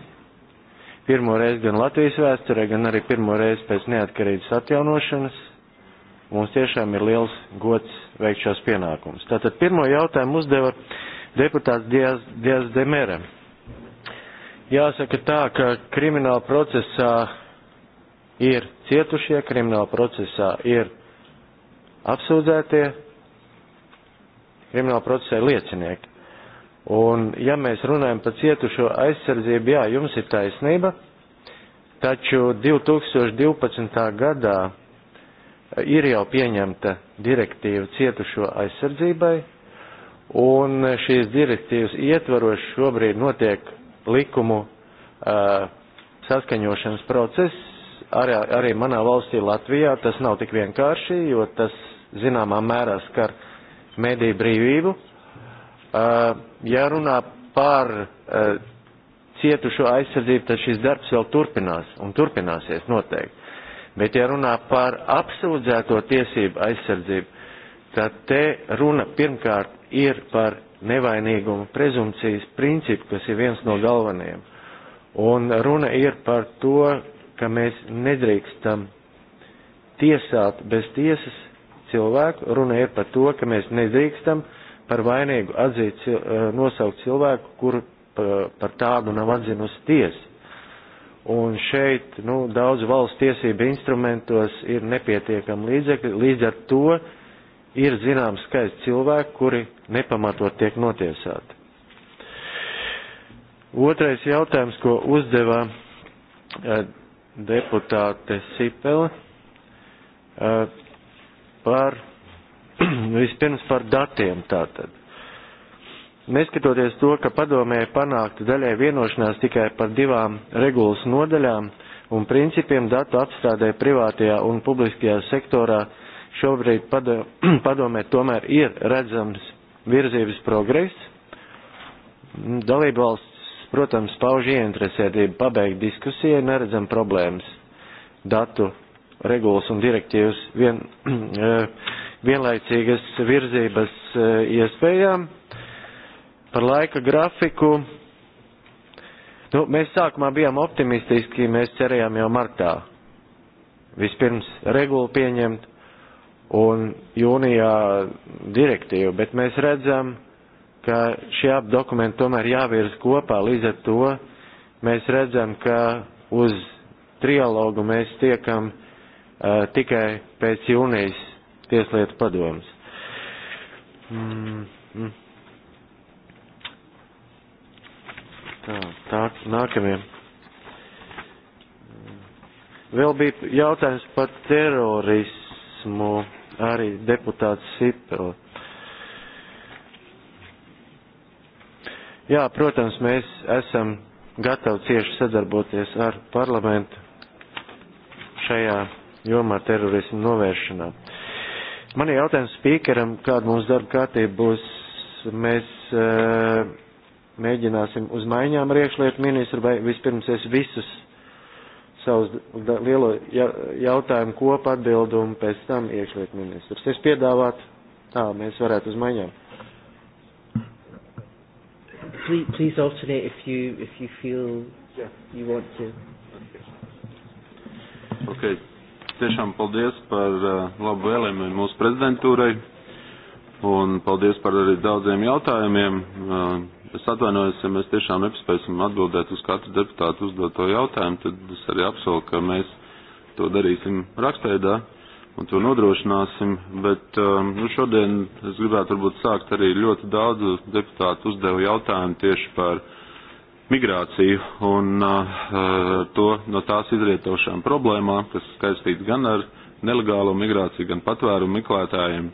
Pirmo reizi gan Latvijas vēsturē, gan arī pirmo reizi pēc neatkarības atjaunošanas. Mums tiešām ir liels gods veikt šos pienākumus. Tātad pirmo jautājumu uzdeva deputāts Dias, Dias Demera. Jāsaka tā, ka krimināla procesā ir cietušie, krimināla procesā ir apsūdzētie, krimināla procesā ir liecinieki. Un ja mēs runājam par cietušo aizsardzību, jā, jums ir taisnība, taču 2012. gadā eh, ir jau pieņemta direktīva cietušo aizsardzībai, un šīs direktīvas ietvaros šobrīd notiek likumu uh, saskaņošanas process, arī, arī manā valstī Latvijā tas nav tik vienkārši, jo tas zināmā mērā skar mediju brīvību jārunā par šo aizsardzību, tad šis darbs vēl turpinās un turpināsies noteikti. Bet ja runā par apsūdzēto tiesību aizsardzību, tad te runa pirmkārt ir par nevainīgumu prezumcijas principu, kas ir viens no galvenajiem. Un runa ir par to, ka mēs nedrīkstam tiesāt bez tiesas cilvēku, runa ir par to, ka mēs nedrīkstam uh, par vainīgu atzīt, eh, nosaukt cilvēku, kur par tādu nav atzinusi tiesa. Un šeit nu, daudz valsts tiesība instrumentos ir nepietiekami līdzekļi, līdz ar to ir zināms skaits cilvēku, kuri nepamatot tiek notiesāti. Otrais jautājums, ko uzdeva eh, deputāte Sipele eh, par Vispirms par datiem tātad. Neskatoties to, ka padomē panākta daļai vienošanās tikai par divām regulas nodaļām un principiem datu apstrādē privātajā un publiskajā sektorā, šobrīd padomē tomēr ir redzams virzības progress. Dalībvalsts, protams, pauž ieinteresētību pabeigt diskusiju neredzam problēmas datu regulas un direktīvas vien, eh, vienlaicīgas virzības eh, iespējām. Par laika grafiku. Nu, mēs sākumā bijām optimistiski, mēs cerējām jau martā. Vispirms regulu pieņemt un jūnijā direktīvu, bet mēs redzam, ka šie ap dokumenti tomēr jāvirz kopā, līdz ar to mēs redzam, ka uz trialogu mēs tiekam uh, tikai pēc jūnijas Tieslietu padomas. Mm, mm, Tā, tā, nākamie. Vēl bija jautājums par terorismu, arī deputāts Sipro. Jā, protams, mēs esam gatavi cieši sadarboties ar parlamentu šajā jomā terorismu novēršanā. Man ir jautājums spīkeram, kāda mums darba kārtība būs. Mēs eh, mēģināsim uz maiņām ar iekšlietu ministru, vai vispirms es visus savus lielo jautājumu kopu atbildu un pēc tam iekšlietu ministrs. Es piedāvātu, tā mēs varētu uz maiņām. Please, please alternate if you, if you feel yeah. you want to. Okay tiešām paldies par eh, labu vēlējumu mūsu prezidentūrai un paldies par arī daudziem jautājumiem. Eh, es atvainojos, ja mēs tiešām nepaspēsim atbildēt uz katru deputātu uzdoto jautājumu, tad es arī apsolu, ka mēs to darīsim rakstveidā un to nodrošināsim, bet eh, nu, šodien es gribētu varbūt sākt arī ļoti daudzu deputātu uzdevu jautājumu tieši par uh, migrāciju un uh, to no tās izrietošām problēmām, kas skaistīts gan ar nelegālo migrāciju, gan patvēru meklētājiem.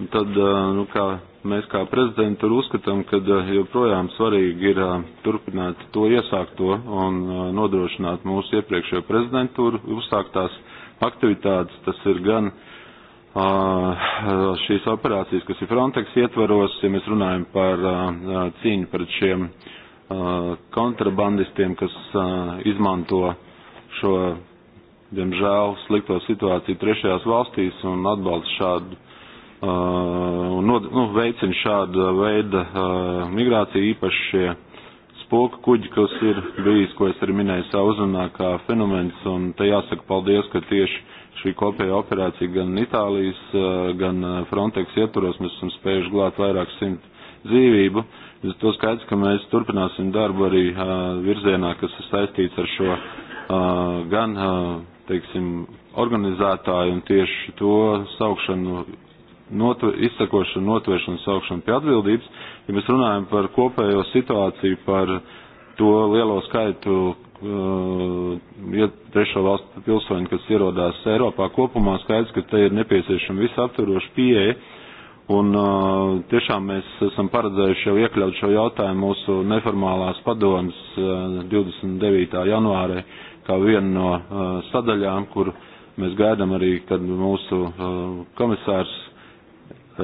Un tad, uh, nu, kā mēs kā prezidenti tur uzskatām, ka uh, joprojām svarīgi ir uh, turpināt to iesākto un uh, nodrošināt mūsu iepriekšējo prezidentūru uzsāktās aktivitātes. Tas ir gan uh, šīs operācijas, kas ir Frontex ietvaros, ja mēs runājam par uh, cīņu pret šiem uh, kontrabandistiem, kas eh, izmanto šo, diemžēl, slikto situāciju trešajās valstīs un atbalsta šādu eh, un nu, veicina šādu veidu eh, migrāciju īpaši šie spoku kuģi, kas ir bijis, ko es arī minēju savu uzrunā, kā fenomens, un te jāsaka paldies, ka tieši šī kopēja operācija gan Itālijas, gan Frontex ietvaros mēs esam spējuši glāt vairāk simt dzīvību. Uz to skaidrs, ka mēs turpināsim darbu arī virzienā, kas ir saistīts ar šo gan, teiksim, organizētāju un tieši to saukšanu notu, izsakošanu, notvēršanu, saukšanu pie atbildības, ja mēs runājam par kopējo situāciju, par to lielo skaitu uh, trešo valstu pilsoņu, kas ierodās Eiropā kopumā, skaidrs, ka te ir nepieciešama visaptvaroša pieeja, Un uh, tiešām mēs esam paredzējuši jau iekļaut šo jautājumu mūsu neformālās padomas uh, 29. janvārī kā vienu no uh, sadaļām, kur mēs gaidām arī, kad mūsu uh, komisārs uh,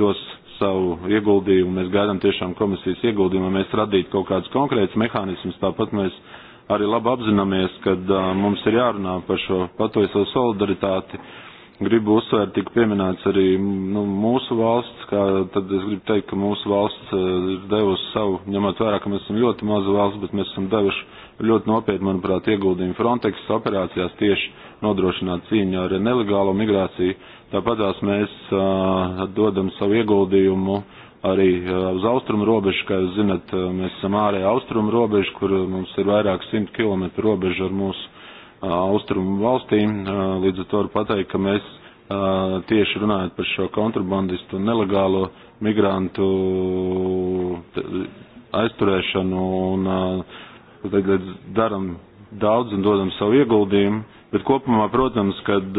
dos savu ieguldījumu, mēs gaidām tiešām komisijas ieguldījumu, mēs radītu kaut kāds konkrētus mehānismus. tāpat mēs arī labi apzināmies, kad uh, mums ir jārunā par šo patojas solidaritāti, uh, gribu uzsvērt, tik pieminēts arī nu, mūsu valsts, kā tad es gribu teikt, ka mūsu valsts eh, ir devusi savu, ņemot vērā, ka mēs esam ļoti maza valsts, bet mēs esam devuši ļoti nopietni, manuprāt, ieguldījumi Frontex operācijās tieši nodrošināt cīņu ar nelegālo migrāciju. Tāpatās mēs a, eh, dodam savu ieguldījumu arī eh, uz austrumu robežu, kā jūs zinat, mēs esam ārēja austrumu robežu, kur mums ir vairāk simt kilometru robežu ar mūsu austrumu valstīm. Līdz ar to var pateikt, ka mēs tieši runājot par šo kontrabandistu un nelegālo migrantu aizturēšanu un tagad daram daudz un dodam savu ieguldījumu. Bet kopumā, protams, kad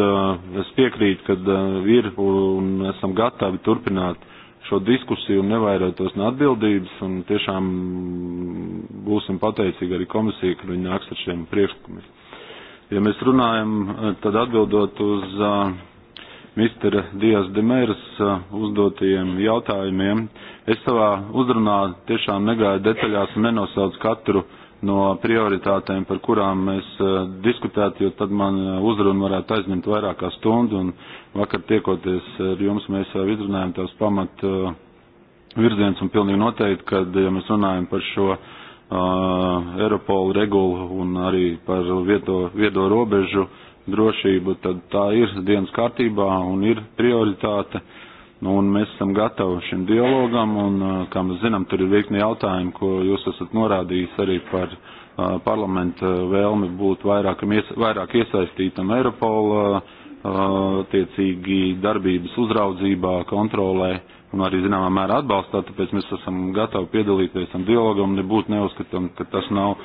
es piekrītu, kad ir un esam gatavi turpināt šo diskusiju un nevairētos no atbildības, un tiešām būsim pateicīgi arī komisiju, ka viņi nāks ar šiem priekšlikumiem. Ja mēs runājam, eh, tad atbildot uz uh, eh, Mr. Dijas Demers uh, uzdotajiem jautājumiem, es savā uzrunā tiešām negāju detaļās un nenosaucu katru no prioritātēm, par kurām mēs uh, diskutētu, jo tad man uzruna varētu aizņemt kā stundu un vakar tiekoties ar jums mēs jau izrunājam tās pamat virziens un pilnīgi noteikti, kad ja mēs runājam par šo Europol regulu un arī par vieto, viedo robežu drošību, tad tā ir dienas kārtībā un ir prioritāte. Un mēs esam gatavi šim dialogam un, kā mēs zinām, tur ir virkni jautājumi, ko jūs esat norādījis arī par parlamenta vēlmi būt vairāk, vairāk iesaistītam Eiropola, tiecīgi darbības uzraudzībā, kontrolē un arī zināmā mērā atbalstā, tāpēc mēs esam gatavi piedalīties tam dialogam, nebūt neuzskatām, ka tas nav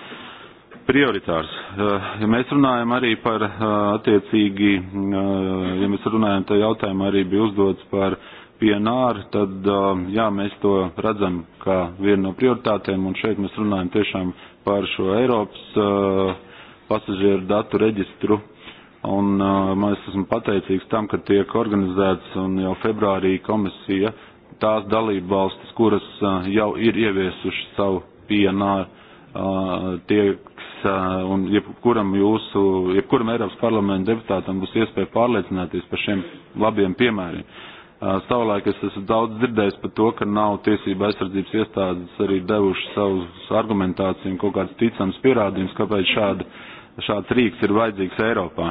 prioritārs. Eh, ja mēs runājam arī par eh, attiecīgi, eh, ja mēs runājam, tā jautājuma arī bija uzdots par PNR, tad jā, mēs to redzam kā vienu no prioritātēm, un šeit mēs runājam tiešām par šo Eiropas pasažieru datu reģistru. Un uh, es esmu pateicīgs tam, ka tiek organizēts un jau februārī komisija uh, tās dalību valstis, kuras jau ir ieviesuši savu PNR, tieks un jebkuram jūsu, jebkuram Eiropas parlamenta deputātam būs iespēja pārliecināties par šiem labiem piemēriem. Savulaik es esmu daudz dzirdējis par to, ka nav tiesība aizsardzības iestādes arī devuši savus argumentāciju un kaut kāds ticams pierādījums, kāpēc šāda, šāds rīks ir vajadzīgs Eiropā.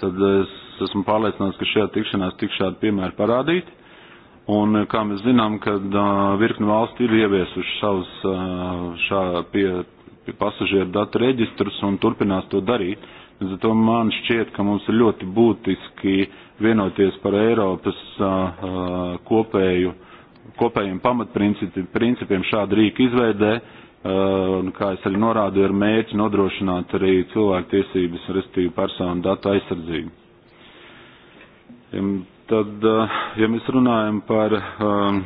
Tad es esmu pārliecināts, ka šajā tikšanās tik šādi piemēri parādīti. Un eh, kā mēs zinām, kad uh, virkni valsti ir ieviesuši savus uh, šā pie, pie pasažieru datu reģistrus un turpinās to darīt, zato man šķiet, ka mums ir ļoti būtiski vienoties par Eiropas uh, kopēju, kopējiem pamatprincipiem šāda rīka izveidē, uh, kā es arī norādu, ir mērķi nodrošināt arī cilvēku tiesības, respektīvi personu datu aizsardzību tad, eh, ja mēs runājam par ehm,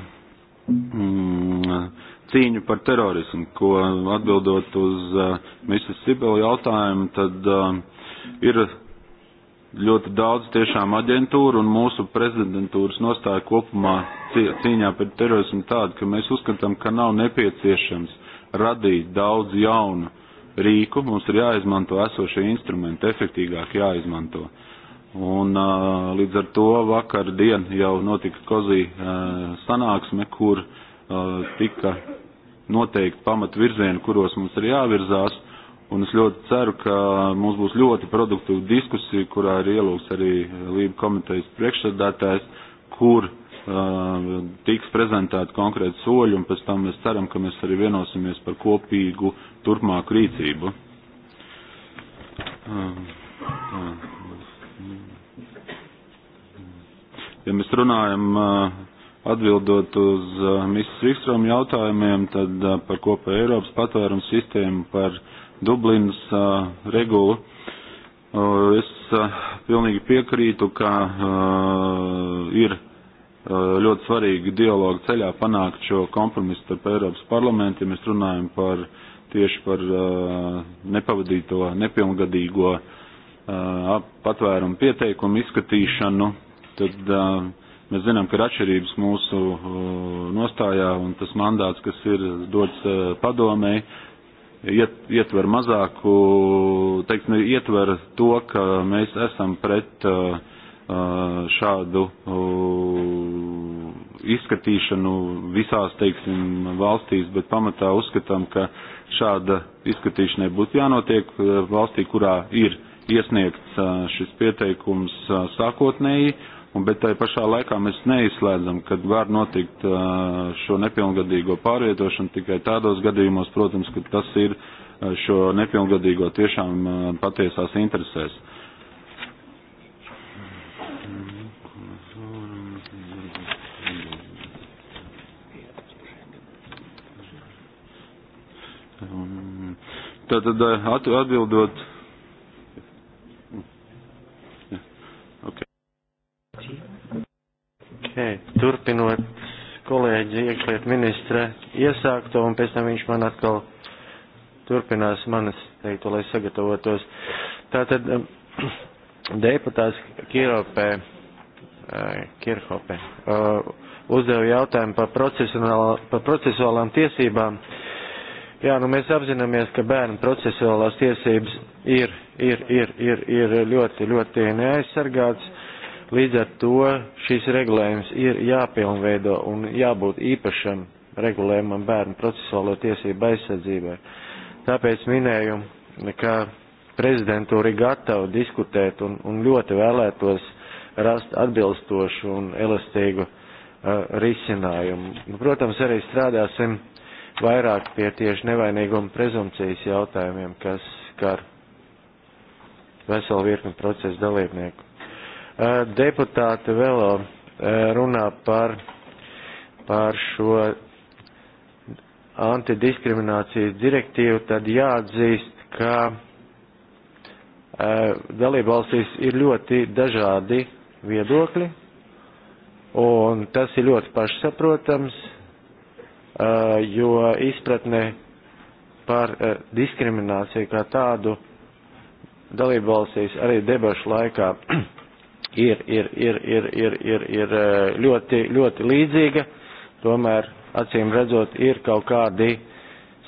mm, cīņu par terorismu, ko atbildot uz eh, Mr. Sibela jautājumu, tad eh, ir ļoti daudz tiešām aģentūru un mūsu prezidentūras nostāja kopumā cīņā par terorismu tādu, ka mēs uzskatām, ka nav nepieciešams radīt daudz jaunu rīku, mums ir jāizmanto esošie instrumenti, efektīgāk jāizmanto. Uh, Un līdz ar to vakar dien jau notika kozī sanāksme, kur tika noteikti pamatvirzieni, kuros mums ir jāvirzās. Un es ļoti ceru, ka mums būs ļoti produktīva diskusija, kurā ir ielūgts arī Lība komitejas priekšsēdētājs, kur uh, tiks prezentēti konkrēti soļi, un pēc tam mēs ceram, ka mēs arī vienosimies par kopīgu turpmāku rīcību. Uh, uh. Ja mēs runājam eh, atbildot uz eh, Mrs. Rikstrom jautājumiem, tad eh, par kopu Eiropas patvērumu sistēmu, par Dublinas regulu. Es pilnīgi piekrītu, ka ir ļoti svarīgi dialogu ceļā panākt šo kompromisu starp Eiropas parlamentu, ja mēs runājam par tieši par nepavadīto, nepilngadīgo patvērumu pieteikumu izskatīšanu tad uh, mēs zinām, ka ir atšķirības mūsu uh, nostājā un tas mandāts, kas ir dots uh, padomēji, iet, ietver mazāku, teiksim, ietver to, ka mēs esam pret uh, uh šādu uh, izskatīšanu visās, teiksim, valstīs, bet pamatā uzskatām, ka šāda izskatīšanai būtu jānotiek uh, valstī, kurā ir iesniegts uh, šis pieteikums sākotnēji Un, bet tai pašā laikā mēs neizslēdzam, kad var notikt uh, šo nepilngadīgo pārvietošanu tikai tādos gadījumos, protams, ka tas ir uh, šo nepilngadīgo tiešām uh, patiesās interesēs. Tātad atbildot Okay. Turpinot kolēģi iekšliet ministra iesākto un pēc tam viņš man atkal turpinās manas teiktu, lai sagatavotos. Tātad deputāts Kiropē, Kirhopē uzdeva jautājumu par, par procesuālām tiesībām. Jā, nu mēs apzināmies, ka bērnu procesuālās tiesības ir, ir, ir, ir, ir ļoti, ļoti neaizsargāts. Līdz ar to šis regulējums ir jāpilnveido un jābūt īpašam regulējumam bērnu procesuālo tiesību aizsardzībai. Tāpēc minēju, ka prezidentūra ir gatava diskutēt un, un ļoti vēlētos rast atbilstošu un elastīgu uh, risinājumu. Protams, arī strādāsim vairāk pie tieši nevainīguma prezumcijas jautājumiem, kas skar veselu virkni procesu dalībnieku. Eh, deputāti Velo eh, runā par, par šo antidiskriminācijas direktīvu, tad jāatzīst, ka eh, dalībvalstīs ir ļoti dažādi viedokļi, un tas ir ļoti pašsaprotams, jo izpratne par diskrimināciju kā tādu dalībvalstīs arī debašu laikā ir, ir, ir, ir, ir, ir, ir eh, ļoti, ļoti līdzīga, tomēr acīm redzot ir kaut kādi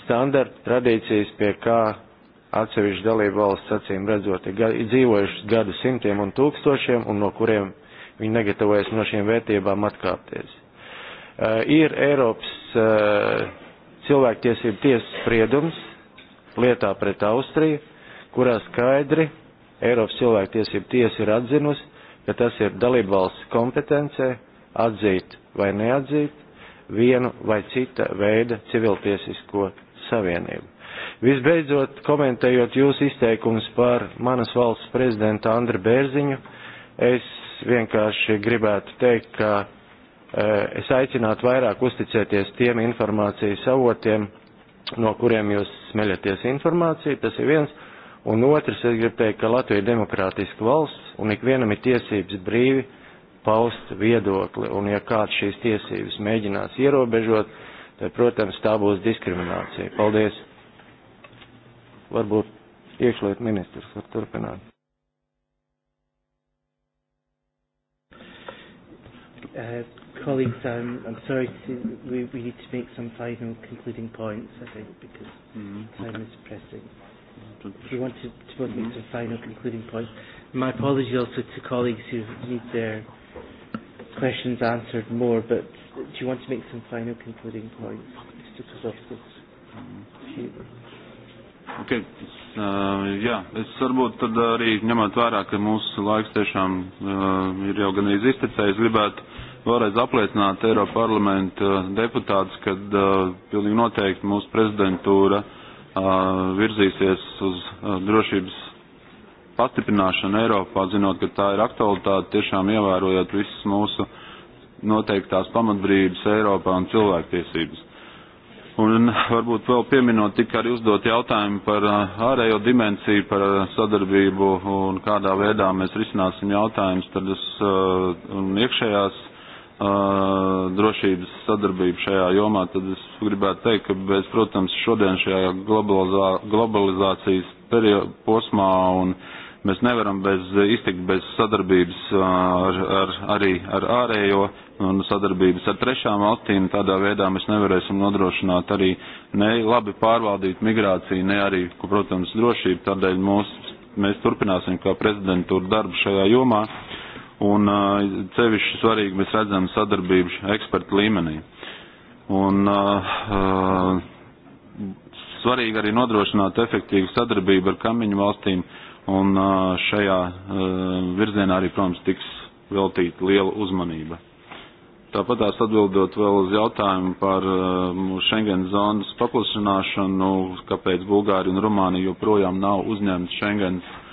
standarti, tradīcijas, pie kā atsevišķi dalību valsts acīm redzot ir dzīvojušas gadu simtiem un tūkstošiem un no kuriem viņi negatavojas no šiem vērtībām atkāpties. Uh, ir Eiropas uh, cilvēktiesību tiesas spriedums lietā pret Austriju, kurā skaidri Eiropas cilvēktiesību tiesa ir atzinusi, ka tas ir dalībvalsts kompetencē atzīt vai neatzīt vienu vai cita veida civiltiesisko savienību. Visbeidzot, komentējot jūsu izteikumus par manas valsts prezidenta Andru Bērziņu, es vienkārši gribētu teikt, ka e, es aicinātu vairāk uzticēties tiem informācijas avotiem, no kuriem jūs smeļaties informāciju, tas ir viens. Un otrs, es gribu teikt, ka Latvija ir demokrātiska valsts un ikvienam ir tiesības brīvi paust viedokli. Un ja kāds šīs tiesības mēģinās ierobežot, tad, protams, tā būs diskriminācija. Paldies. Varbūt iekšliet ministrs var turpināt. Uh, colleagues, um, I'm sorry, to, we, we need to make some final concluding points, I think, because mm -hmm. time is pressing. If you want to, to put me to final concluding point, my apologies also to colleagues who need their questions answered more, but do you want to make some final concluding points, Mr. Kozlovskis? Okay. Uh, jā, es varbūt tad arī ņemot vērā, ka mūsu laiks tiešām uh, ir jau gan arī izticējis, gribētu vēlreiz apliecināt Eiropa parlamenta uh, deputātus, kad uh, pilnīgi noteikti mūsu prezidentūra uh, virzīsies uz drošības pastiprināšanu Eiropā, zinot, ka tā ir aktualitāte, tiešām ievērojot visas mūsu noteiktās pamatbrības Eiropā un cilvēktiesības. Un varbūt vēl pieminot tik arī uzdot jautājumu par ārējo dimensiju, par sadarbību un kādā veidā mēs risināsim jautājumus, tad es un iekšējās uh, drošības sadarbību šajā jomā, tad es gribētu teikt, ka bez, protams, šodien šajā globalizācijas posmā un mēs nevaram bez, iztikt bez sadarbības ar, ar, arī ar ārējo un sadarbības ar trešām valstīm. Tādā veidā mēs nevarēsim nodrošināt arī ne labi pārvaldīt migrāciju, ne arī, protams, drošību. Tādēļ mūs, mēs turpināsim kā prezidentūra darbu šajā jomā. Un uh, eh, cevišķi svarīgi mēs redzam sadarbības ekspertu līmenī. Un uh, uh, svarīgi arī nodrošināt efektīvu sadarbību ar kamiņu valstīm, un uh, šajā uh, virzienā arī, protams, tiks veltīta liela uzmanība. Tāpat tās atbildot vēl uz jautājumu par uh, Schengen zonas paplašināšanu, kāpēc Bulgārija un Rumānija joprojām nav uzņemta Schengens uh,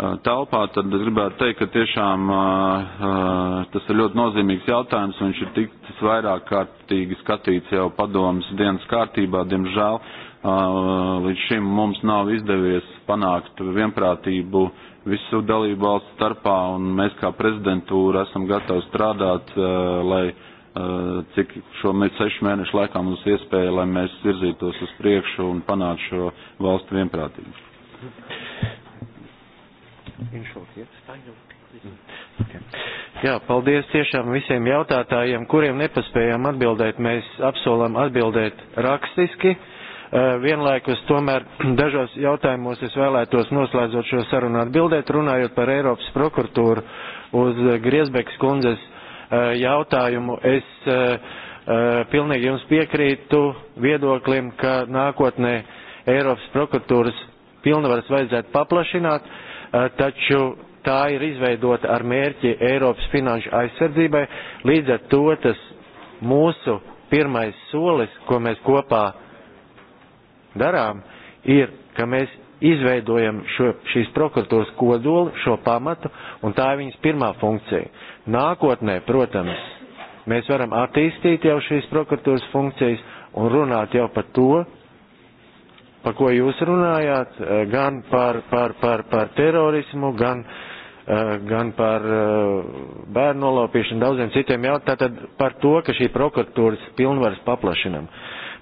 Eh, telpā, tad gribētu teikt, ka tiešām eh, eh, tas ir ļoti nozīmīgs jautājums, un viņš ir tik vairāk kārtīgi skatīts jau padomas dienas kārtībā, diemžēl līdz šim mums nav izdevies panākt vienprātību visu dalību valsts starpā, un mēs kā prezidentūra esam gatavi strādāt, lai cik šo mēs sešu mēnešu laikā mums iespēja, lai mēs virzītos uz priekšu un panāktu šo valstu vienprātību. Jā, paldies tiešām visiem jautātājiem, kuriem nepaspējām atbildēt. Mēs apsolam atbildēt rakstiski. Eh, vienlaikus tomēr dažos jautājumos es vēlētos noslēdzot šo sarunu atbildēt, runājot par Eiropas prokuratūru uz Griezbekas kundzes eh, jautājumu. Es eh, pilnīgi jums piekrītu viedoklim, ka nākotnē Eiropas prokuratūras pilnvaras vajadzētu paplašināt Eh, taču tā ir izveidota ar mērķi Eiropas finanšu aizsardzībai, līdz ar to tas mūsu pirmais solis, ko mēs kopā darām, ir, ka mēs izveidojam šo, šīs prokuratūras kodoli, šo pamatu, un tā ir viņas pirmā funkcija. Nākotnē, protams, mēs varam attīstīt jau šīs prokuratūras funkcijas un runāt jau par to, pa ko e jūs runājāt, e, gan par, par, par, par terorismu, gan, e, gan par bērnu nolaupīšanu, daudziem citiem jautājumiem, par to, ka šī prokuratūras pilnvaras paplašinam.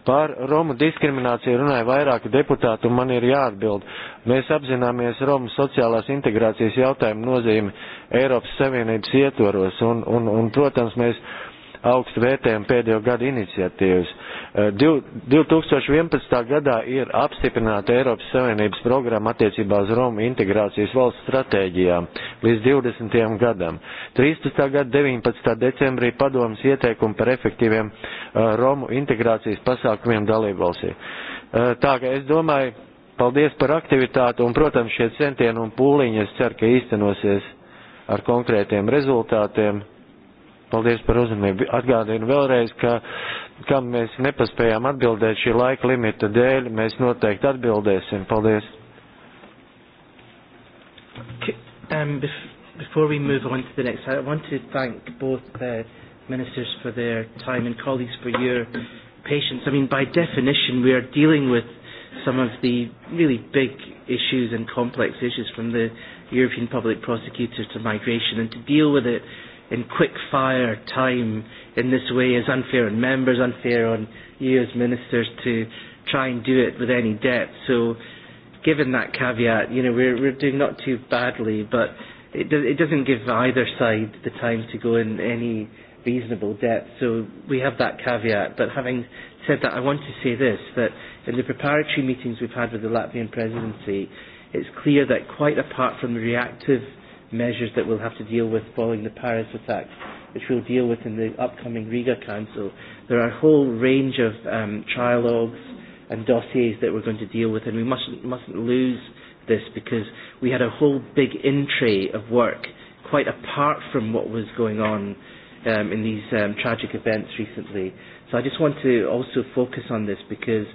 Par Romu diskrimināciju runāja vairāki deputāti, un man ir jāatbild. Mēs apzināmies Romu sociālās integrācijas jautājumu nozīmi Eiropas Savienības ietvaros, un, un, un protams, mēs augstu vērtējumu pēdējo gadu iniciatīvas. 2011. Eh, gadā ir apstiprināta Eiropas Savienības programma attiecībā uz Romu integrācijas valsts stratēģijām līdz 20. gadam. 13. gada 19. decembrī padomas ieteikumu par efektīviem eh, Romu integrācijas pasākumiem dalībvalstī. Eh, tā ka es domāju, paldies par aktivitāti un, protams, šie centieni un pūliņi es ceru, ka īstenosies ar konkrētiem rezultātiem. Paldies par uzmanību. Atgādinu vēlreiz, ka kam mēs nepaspējām atbildēt šī laika limita dēļ, mēs noteikti atbildēsim. Paldies. Um, before we move on to the next, I want to thank both uh, ministers for their time and colleagues for your patience. I mean, by definition, we are dealing with some of the really big issues and complex issues from the European Public Prosecutor to migration, and to deal with it in quick fire time in this way is unfair on members, unfair on you as ministers to try and do it with any depth. So given that caveat, you know, we're, we're doing not too badly, but it, do, it doesn't give either side the time to go in any reasonable depth. So we have that caveat. But having said that, I want to say this, that in the preparatory meetings we've had with the Latvian presidency, it's clear that quite apart from the reactive measures that we'll have to deal with following the Paris attacks, which we'll deal with in the upcoming Riga Council. There are a whole range of um, trilogues and dossiers that we're going to deal with, and we mustn't, mustn't lose this because we had a whole big in tray of work quite apart from what was going on um, in these um, tragic events recently. So I just want to also focus on this because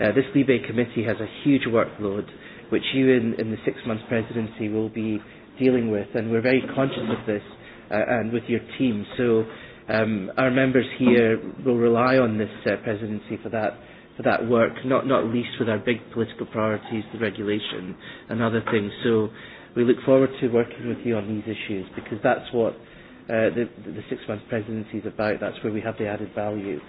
uh, this Libe committee has a huge workload, which you in, in the six month presidency will be dealing with, and we're very conscious of this uh, and with your team. So um, our members here will rely on this uh, presidency for that for that work, not not least with our big political priorities, the regulation and other things. So we look forward to working with you on these issues because that's what uh, the, the six month presidency is about. That's where we have the added value.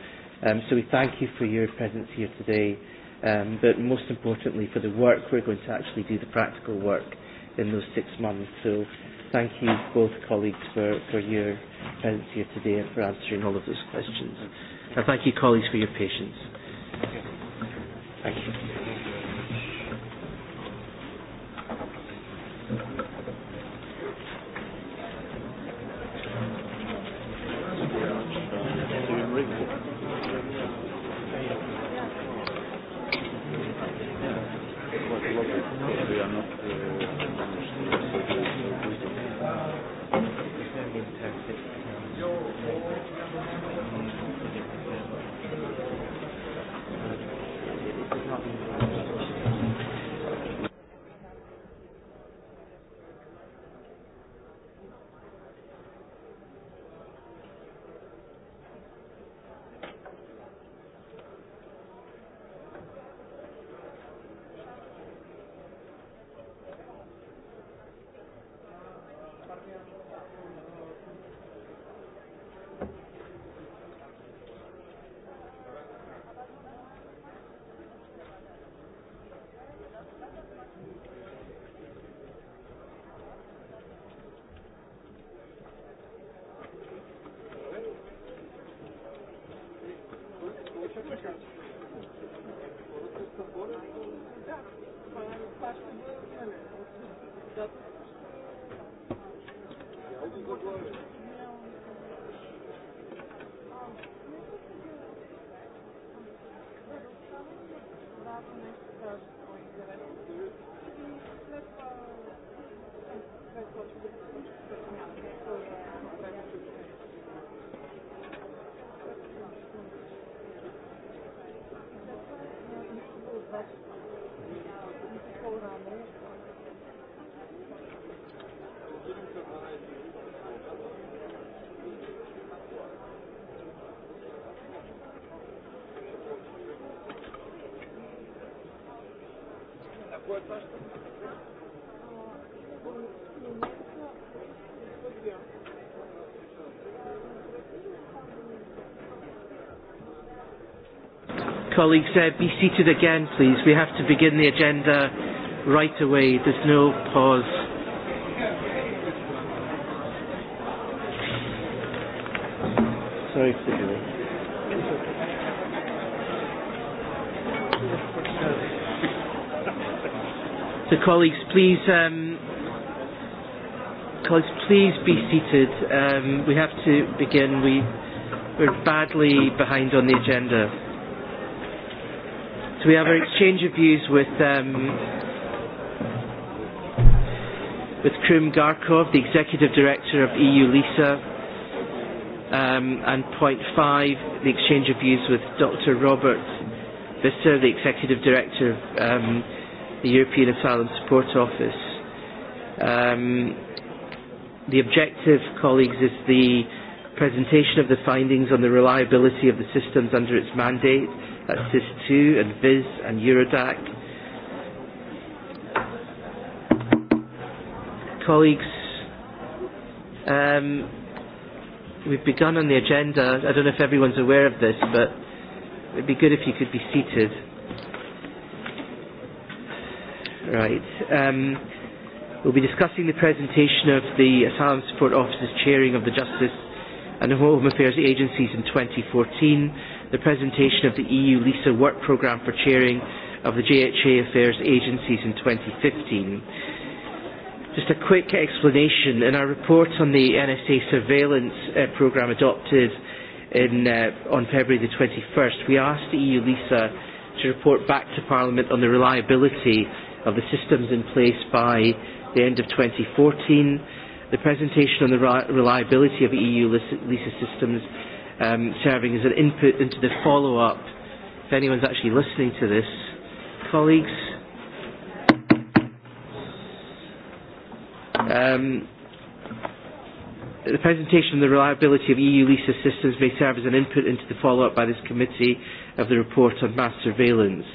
Um, so we thank you for your presence here today, um, but most importantly for the work we're going to actually do, the practical work in those six months. So thank you both colleagues for, for your presence here today and for answering all of those questions. And thank you colleagues for your patience. Thank you. Colleagues, uh, be seated again, please. We have to begin the agenda right away. There's no pause. Sorry for So, colleagues, please, um, colleagues, please be seated. Um, we have to begin. We, we're badly behind on the agenda we have an exchange of views with um, with Krim Garkov, the Executive Director of EU LISA, um, and point five, the exchange of views with Dr. Robert Visser, the Executive Director of um, the European Asylum Support Office. Um, the objective, colleagues, is the presentation of the findings on the reliability of the systems under its mandate That's SIS2 and VIS and Eurodac. Colleagues, um, we've begun on the agenda. I don't know if everyone's aware of this, but it'd be good if you could be seated. Right. Um, we'll be discussing the presentation of the Asylum Support Office's chairing of the Justice and Home Affairs Agencies in 2014 the presentation of the EU LISA work programme for chairing of the JHA Affairs agencies in 2015. Just a quick explanation. In our report on the NSA surveillance uh, programme adopted in, uh, on February the 21st, we asked the EU LISA to report back to Parliament on the reliability of the systems in place by the end of 2014, the presentation on the reliability of EU LISA systems um, serving as an input into the follow-up. If anyone's actually listening to this, colleagues. Um, the presentation of the reliability of EU LISA systems may serve as an input into the follow-up by this committee of the report on mass surveillance.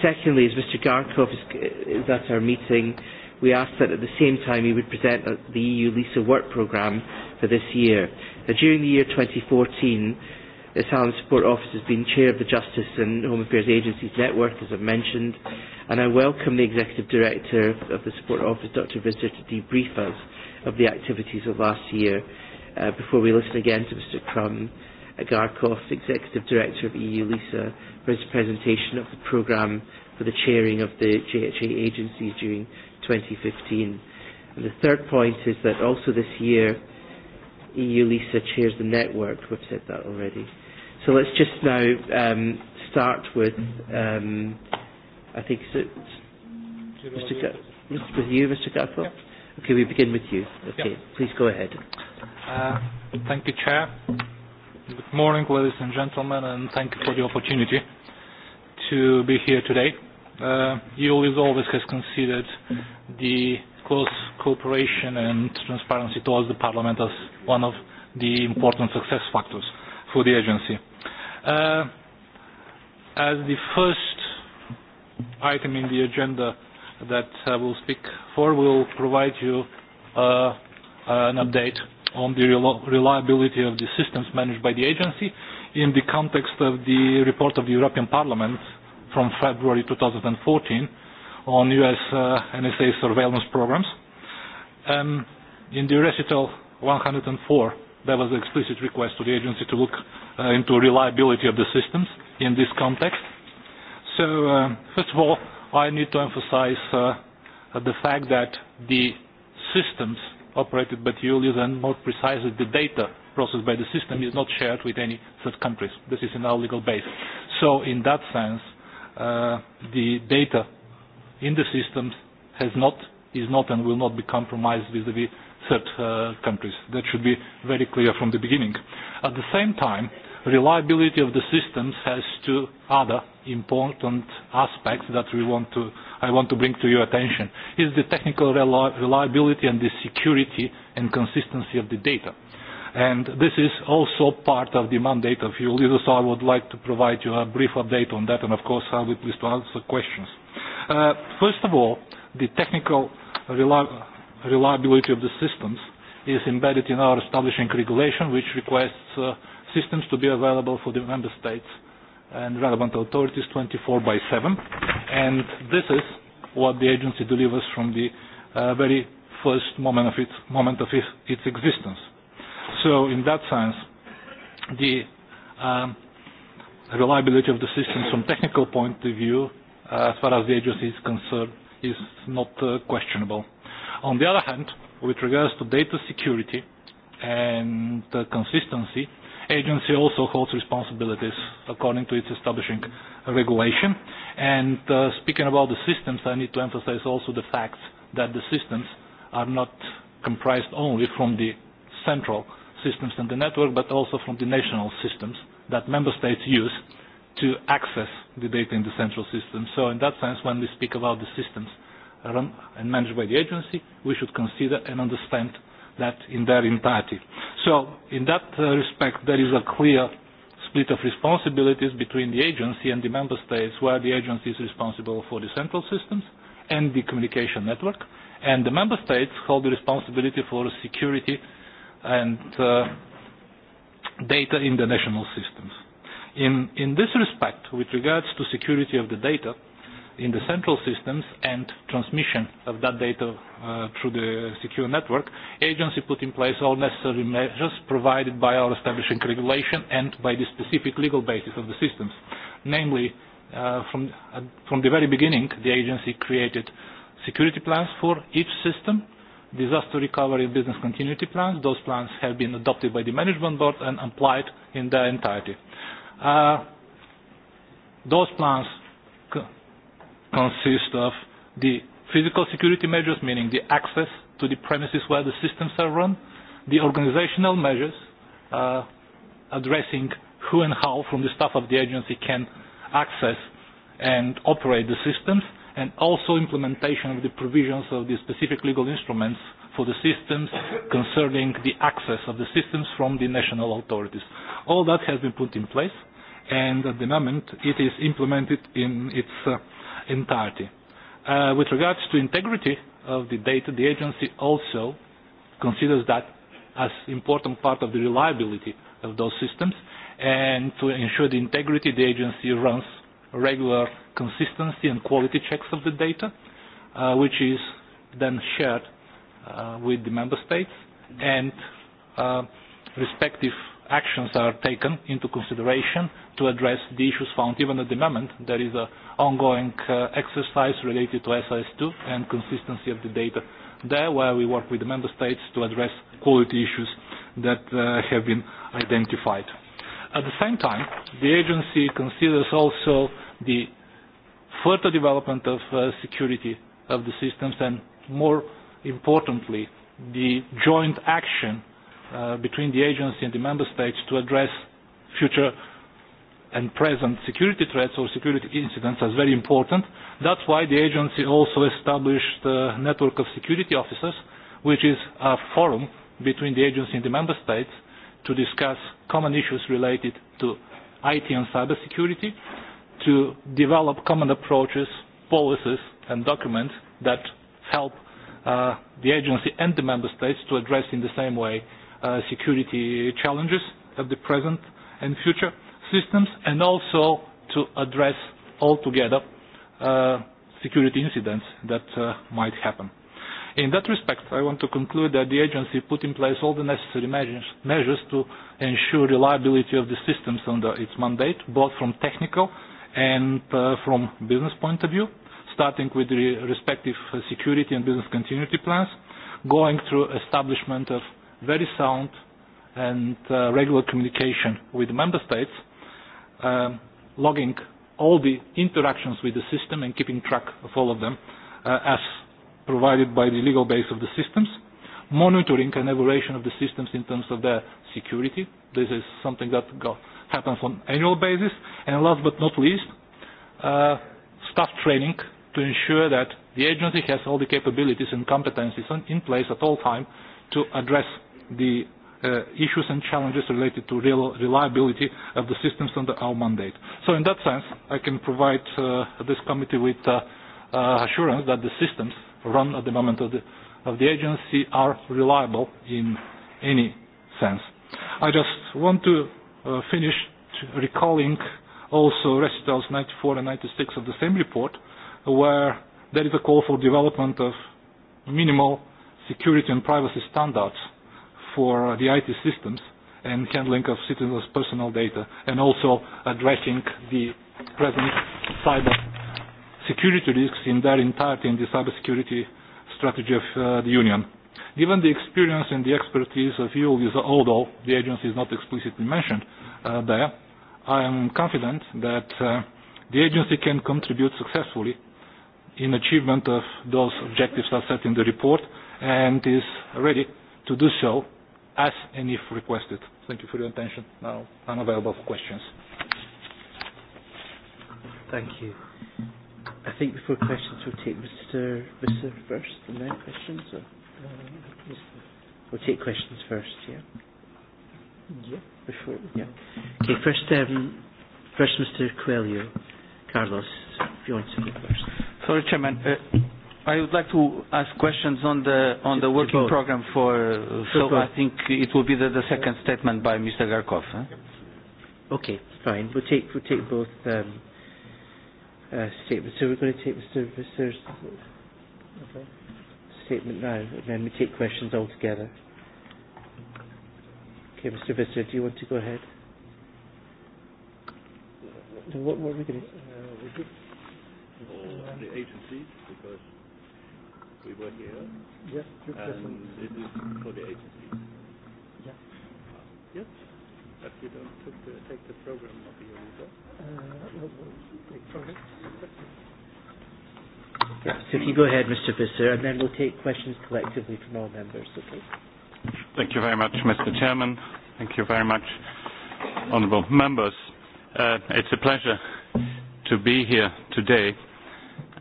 Secondly, as Mr Garkov is, is at our meeting, we asked that at the same time he would present the EU LISA work programme for this year. Now, during the year 2014, the Asylum Support Office has been chair of the Justice and Home Affairs Agencies Network, as I've mentioned, and I welcome the Executive Director of the Support Office, Dr. Visser, to debrief us of the activities of last year uh, before we listen again to Mr. Crum uh, Garkov, Executive Director of EU LISA, for his presentation of the programme for the chairing of the JHA agencies during 2015. And the third point is that also this year, EU Lisa chairs the network. We've said that already. So let's just now um, start with, um, I think, is it Mr. G with you, Mr. Gatho? Yep. Okay, we begin with you. Okay, yep. please go ahead. Uh, thank you, Chair. Good morning, ladies and gentlemen, and thank you for the opportunity to be here today. Uh, EU always has considered the course, cooperation and transparency towards the Parliament as one of the important success factors for the agency. Uh, as the first item in the agenda that I uh, will speak for, will provide you uh, an update on the reliability of the systems managed by the agency in the context of the report of the European Parliament from February 2014 on U.S. Uh, NSA surveillance programs. Um, in the recital 104, there was an explicit request to the agency to look uh, into reliability of the systems in this context. So, uh, first of all, I need to emphasize uh, uh the fact that the systems operated by TULIS and more precisely the data processed by the system is not shared with any such countries. This is in our legal base. So in that sense, uh, the data in the systems has not, is not and will not be compromised vis-à-vis -vis third uh, countries. That should be very clear from the beginning. At the same time, reliability of the systems has two other important aspects that we want to, I want to bring to your attention, is the technical reliability and the security and consistency of the data. And this is also part of the mandate of you, so I would like to provide you a brief update on that, and of course I'll be pleased to answer questions. Uh, first of all, the technical reli reliability of the systems is embedded in our establishing regulation, which requests uh, systems to be available for the member states and relevant authorities 24 by 7. And this is what the agency delivers from the uh, very first moment of its, moment of its, its existence. So in that sense, the um, reliability of the systems from technical point of view as far as the agency is concerned, is not uh, questionable. On the other hand, with regards to data security and uh, consistency, agency also holds responsibilities according to its establishing regulation. And uh, speaking about the systems, I need to emphasize also the fact that the systems are not comprised only from the central systems and the network, but also from the national systems that member states use to access the data in the central system. So in that sense, when we speak about the systems run and managed by the agency, we should consider and understand that in their entirety. So in that uh, respect, there is a clear split of responsibilities between the agency and the member states where the agency is responsible for the central systems and the communication network, and the member states hold the responsibility for security and uh, data in the national systems. In, in this respect, with regards to security of the data in the central systems and transmission of that data uh, through the secure network, agency put in place all necessary measures provided by our establishing regulation and by the specific legal basis of the systems. Namely, uh, from, uh, from the very beginning, the agency created security plans for each system, disaster recovery and business continuity plans. Those plans have been adopted by the management board and applied in their entirety. Uh, those plans consist of the physical security measures, meaning the access to the premises where the systems are run, the organizational measures uh, addressing who and how from the staff of the agency can access and operate the systems, and also implementation of the provisions of the specific legal instruments for the systems concerning the access of the systems from the national authorities. All that has been put in place and at the moment it is implemented in its uh, entirety. Uh, with regards to integrity of the data, the agency also considers that as important part of the reliability of those systems and to ensure the integrity the agency runs regular consistency and quality checks of the data uh, which is then shared uh, with the member states and uh, respective actions are taken into consideration to address the issues found. Even at the moment, there is an ongoing uh, exercise related to SIS2 and consistency of the data there, where we work with the member states to address quality issues that uh, have been identified. At the same time, the agency considers also the further development of uh, security of the systems and, more importantly, the joint action uh, between the agency and the member states to address future and present security threats or security incidents as very important. That's why the agency also established a network of security officers, which is a forum between the agency and the member states to discuss common issues related to IT and cybersecurity, to develop common approaches, policies, and documents that help uh, the agency and the member states to address in the same way uh, security challenges of the present and future systems and also to address altogether uh, security incidents that uh, might happen. In that respect, I want to conclude that the agency put in place all the necessary measures, measures to ensure reliability of the systems under its mandate, both from technical and uh, from business point of view, starting with the respective uh, security and business continuity plans, going through establishment of very sound and uh, regular communication with the member states, um, logging all the interactions with the system and keeping track of all of them uh, as provided by the legal base of the systems, monitoring and evaluation of the systems in terms of their security. This is something that go, happens on annual basis. And last but not least, uh, staff training to ensure that the agency has all the capabilities and competencies in place at all time to address the uh, issues and challenges related to real reliability of the systems under our mandate. So in that sense, I can provide uh, this committee with uh, uh, assurance that the systems run at the moment of the, of the agency are reliable in any sense. I just want to uh, finish recalling also recitals 94 and 96 of the same report, where there is a call for development of minimal security and privacy standards for the IT systems and handling of citizens' personal data and also addressing the present cyber security risks in their entirety in the cybersecurity strategy of uh, the Union. Given the experience and the expertise of EU, although the agency is not explicitly mentioned uh, there, I am confident that uh, the agency can contribute successfully in achievement of those objectives are set in the report and is ready to do so as and if requested. Thank you for your attention. Now I'm available for questions. Thank you. I think before questions we'll take Mr. Visser first and then questions. Or? Uh, we'll take questions first, yeah? Yeah. Before, yeah. Okay, first, um, first Mr. Coelho. Carlos, if you want to go first. Sorry, Chairman. Uh, I would like to ask questions on the on the working Suppose. program for. Uh, so I think it will be the, the second statement by Mr. Garkov. Eh? Okay, fine. We'll take we'll take both um, uh, statements. So we're going to take Mr. okay. statement now, and then we take questions all together. Okay, Mr. Visser, do you want to go ahead? what, what are we going uh, to? Uh, the agencies, because we were here. Yes, two questions. It is for the agency. Yeah. Yes. But you don't took the, take the program of the UNIDA. Uh, no, we'll Perhaps if you go ahead, Mr. Visser, and then we'll take questions collectively from all members, okay? Thank you very much, Mr. Chairman. Thank you very much, honourable members. Uh, it's a pleasure to be here today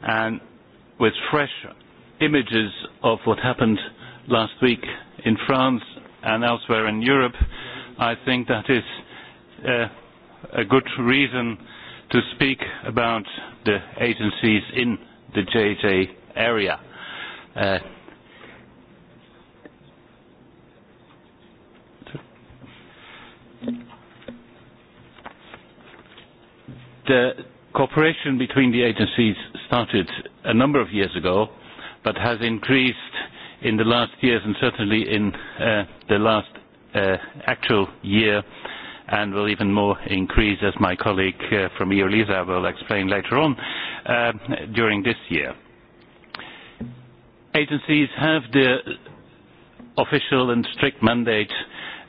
and with fresh images of what happened last week in France and elsewhere in Europe, I think that is uh, a good reason to speak about the agencies in the JJ area. Uh, the cooperation between the agencies started a number of years ago but has increased in the last years and certainly in uh, the last uh, actual year and will even more increase as my colleague uh, from EOLISA will explain later on uh, during this year. Agencies have the official and strict mandate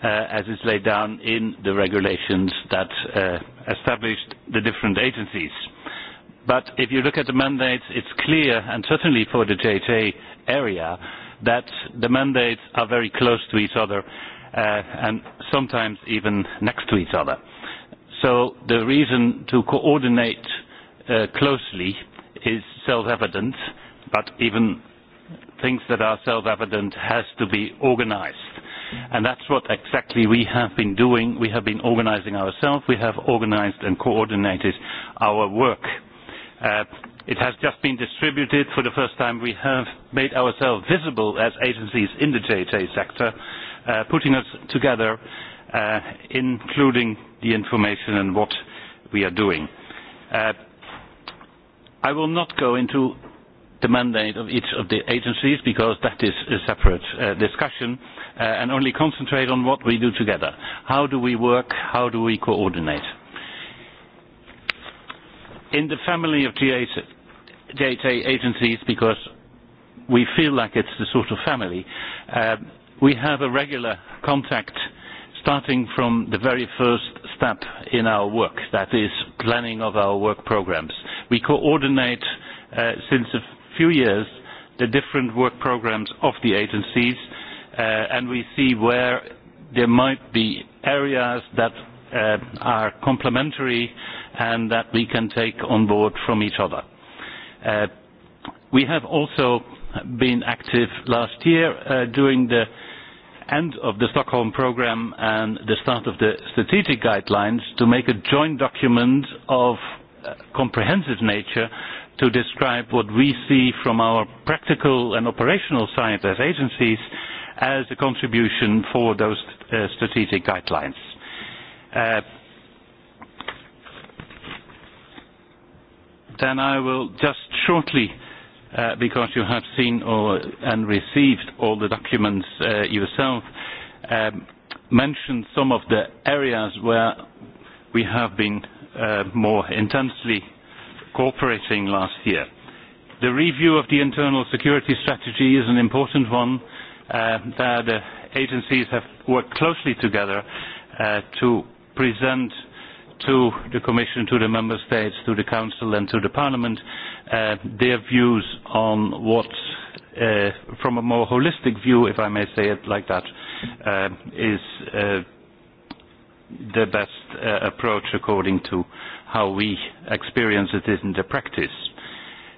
uh, as is laid down in the regulations that uh, established the different agencies. But if you look at the mandates, it's clear, and certainly for the JJ area, that the mandates are very close to each other uh, and sometimes even next to each other. So the reason to coordinate uh, closely is self-evident, but even things that are self-evident has to be organized. And that's what exactly we have been doing. We have been organizing ourselves. We have organized and coordinated our work. Uh, it has just been distributed. For the first time, we have made ourselves visible as agencies in the JJ sector, uh, putting us together, uh, including the information and what we are doing. Uh, I will not go into the mandate of each of the agencies because that is a separate uh, discussion uh, and only concentrate on what we do together. How do we work? How do we coordinate? in the family of JHA agencies, because we feel like it's the sort of family, uh, we have a regular contact starting from the very first step in our work, that is planning of our work programs. We coordinate uh, since a few years the different work programs of the agencies uh, and we see where there might be areas that uh, are complementary uh, and that we can take on board from each other. Uh, we have also been active last year uh, during the end of the Stockholm programme and the start of the strategic guidelines to make a joint document of uh, comprehensive nature to describe what we see from our practical and operational side as agencies as a contribution for those uh, strategic guidelines. Uh, then I will just shortly, uh, because you have seen or, and received all the documents uh, yourself, um, mention some of the areas where we have been uh, more intensely cooperating last year. The review of the internal security strategy is an important one. Uh, that the agencies have worked closely together uh, to present to the Commission, to the Member States, to the Council and to the Parliament uh, their views on what, uh, from a more holistic view, if I may say it like that, uh, is uh, the best uh, approach according to how we experience it in the practice.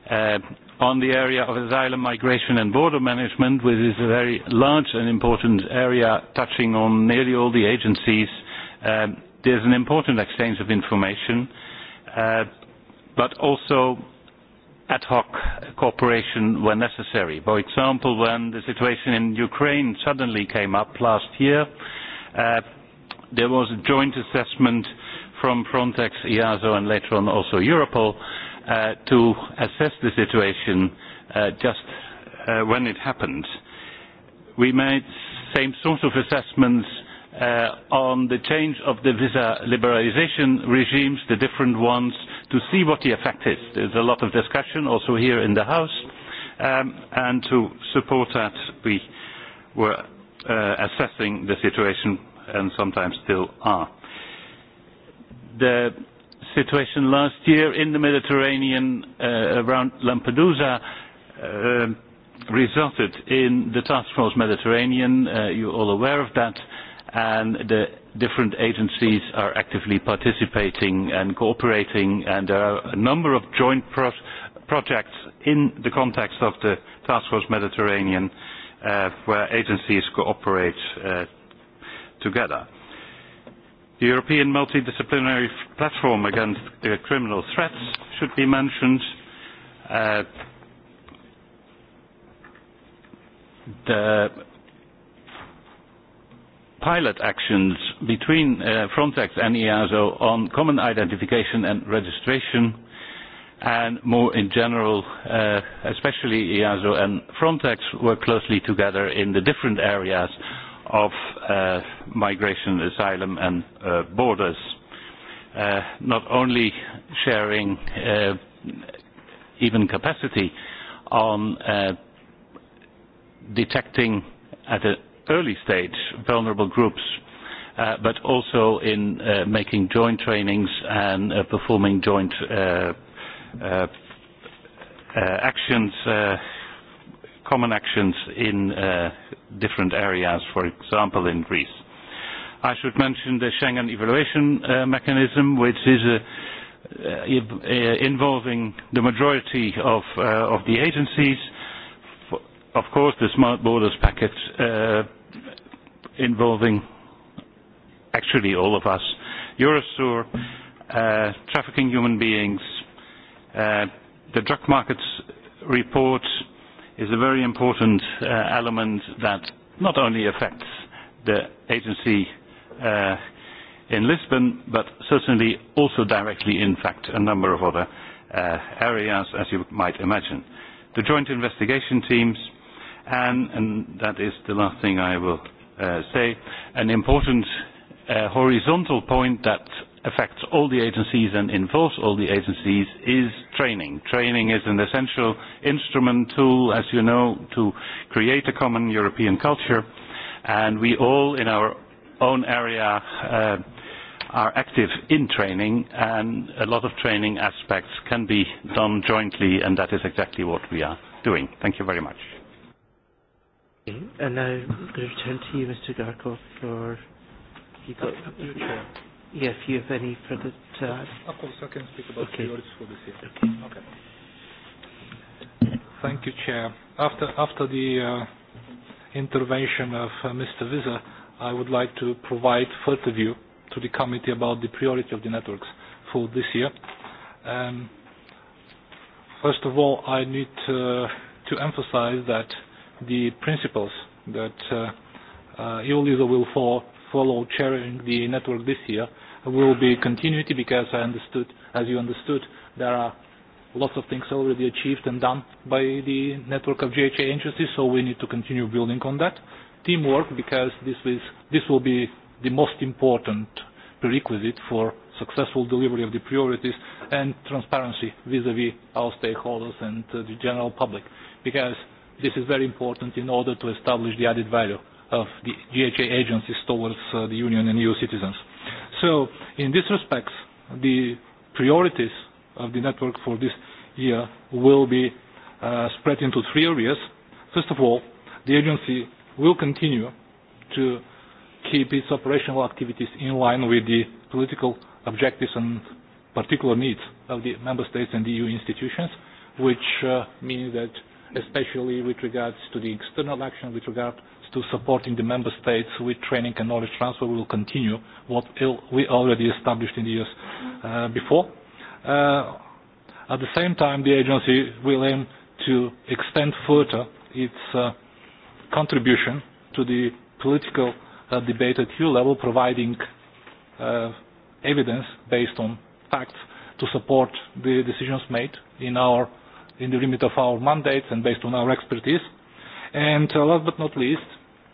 Uh, on the area of asylum, migration and border management, which is a very large and important area touching on nearly all the agencies, um, there's an important exchange of information, uh, but also ad hoc cooperation when necessary. For example, when the situation in Ukraine suddenly came up last year, uh, there was a joint assessment from Frontex, EASO, and later on also Europol uh, to assess the situation uh, just uh, when it happened. We made same sort of assessments uh, on the change of the visa liberalization regimes, the different ones, to see what the effect is. There's a lot of discussion also here in the House, um, and to support that we were uh, assessing the situation and sometimes still are. The situation last year in the Mediterranean uh, around Lampedusa uh, resulted in the Task Force Mediterranean. Uh, you're all aware of that and the different agencies are actively participating and cooperating and there are a number of joint pro projects in the context of the Task Force Mediterranean uh, where agencies cooperate uh, together. The European Multidisciplinary Platform Against uh, Criminal Threats should be mentioned. Uh, the pilot actions between uh, Frontex and EASO on common identification and registration and more in general, uh, especially EASO and Frontex work closely together in the different areas of uh, migration, asylum and uh, borders, uh, not only sharing uh, even capacity on uh, detecting at a early stage vulnerable groups, uh, but also in uh, making joint trainings and uh, performing joint uh, uh, uh, actions, uh, common actions in uh, different areas, for example in Greece. I should mention the Schengen evaluation uh, mechanism, which is a uh, uh involving the majority of, uh, of the agencies. Of course, the Smart Borders package uh, involving actually all of us. Eurosur, uh, trafficking human beings, uh, the drug markets report is a very important uh, element that not only affects the agency uh, in Lisbon, but certainly also directly, in fact, a number of other uh, areas, as you might imagine. The joint investigation teams, and, and that is the last thing I will uh, say, an important uh, horizontal point that affects all the agencies and involves all the agencies is training. Training is an essential instrument tool, as you know, to create a common European culture, and we all in our own area uh, are active in training, and a lot of training aspects can be done jointly, and that is exactly what we are doing. Thank you very much. And now I'm going to return to you, Mr. Garkov, for you got. you, Chair. Yeah, if you have any further to uh, Of course, I can speak about okay. priorities for this year. Okay. okay. Thank you, Chair. After, after the uh, intervention of uh, Mr. Visa, I would like to provide further view to the committee about the priority of the networks for this year. Um, first of all, I need to, uh, to emphasize that the principles that uh, uh, EULISA will follow, follow chairing the network this year will be continuity because I understood, as you understood, there are lots of things already achieved and done by the network of GHA agencies, so we need to continue building on that. Teamwork, because this, is, this will be the most important prerequisite for successful delivery of the priorities and transparency vis-à-vis -vis our stakeholders and uh, the general public. Because This is very important in order to establish the added value of the GHA agencies towards uh, the Union and EU citizens. So, in this respect, the priorities of the network for this year will be uh, spread into three areas. First of all, the agency will continue to keep its operational activities in line with the political objectives and particular needs of the member states and the EU institutions, which uh, means that especially with regards to the external action, with regards to supporting the member states with training and knowledge transfer. We will continue what we already established in the years uh, before. Uh, at the same time, the agency will aim to extend further its uh, contribution to the political uh, debate at EU level, providing uh, evidence based on facts to support the decisions made in our in the limit of our mandates and based on our expertise. And uh, last but not least,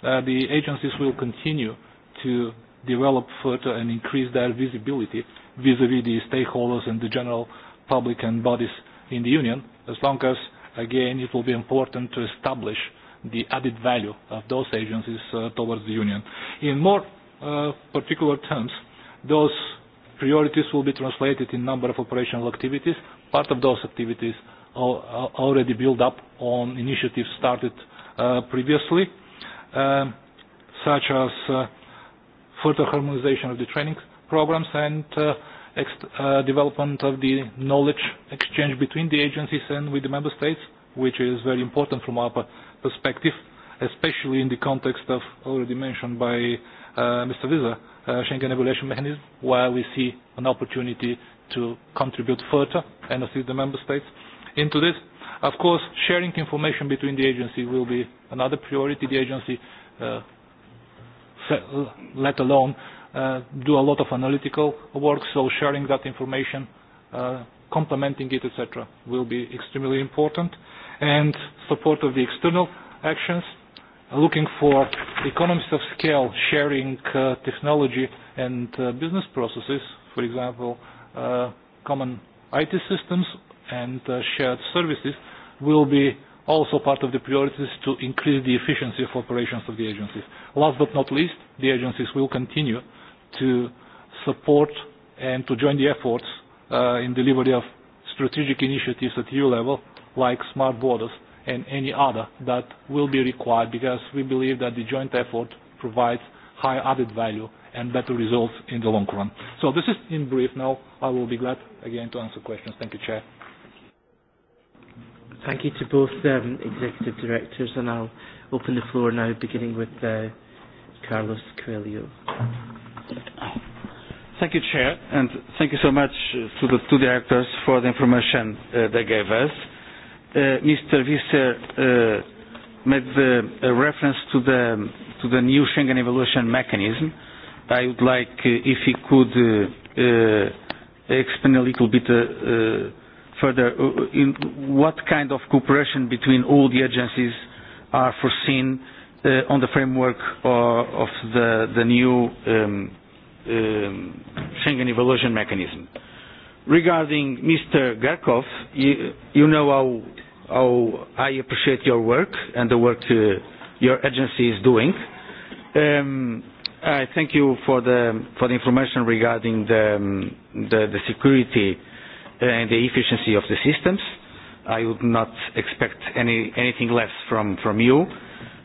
uh, the agencies will continue to develop further and increase their visibility vis-à-vis -vis the stakeholders and the general public and bodies in the Union, as long as, again, it will be important to establish the added value of those agencies uh, towards the Union. In more uh, particular terms, those priorities will be translated in number of operational activities. Part of those activities already built up on initiatives started uh, previously, um, such as uh, further harmonization of the training programs and uh, ex uh, development of the knowledge exchange between the agencies and with the member states, which is very important from our perspective, especially in the context of already mentioned by uh, Mr. Visa, uh, Schengen Evaluation Mechanism, where we see an opportunity to contribute further and assist the member states into this. Of course, sharing information between the agency will be another priority. The agency, uh, let alone, uh, do a lot of analytical work, so sharing that information, uh, complementing it, etc., will be extremely important. And support of the external actions, looking for economies of scale, sharing uh, technology and uh, business processes, for example, uh, common IT systems and uh, shared services will be also part of the priorities to increase the efficiency of operations of the agencies. Last but not least, the agencies will continue to support and to join the efforts uh, in delivery of strategic initiatives at EU level like smart borders and any other that will be required because we believe that the joint effort provides high added value and better results in the long run. So this is in brief. Now I will be glad again to answer questions. Thank you, Chair. Thank you to both um, executive directors, and I'll open the floor now, beginning with uh, Carlos Coelho. Thank you, Chair, and thank you so much uh, to the two directors for the information uh, they gave us. Uh, Mr. Visser uh, made the, a reference to the, to the new Schengen evaluation mechanism. I would like, uh, if he could, uh, uh, explain a little bit. Uh, uh, further uh, uh in what kind of cooperation between all the agencies are foreseen uh, on the framework uh, of the, the new um, um, Schengen evolution mechanism. Regarding Mr. Garkov, you, you know how, how I appreciate your work and the work uh, your agency is doing. Um, I thank you for the, for the information regarding the, um, the, the security uh, Uh, and the efficiency of the systems. I would not expect any, anything less from, from you.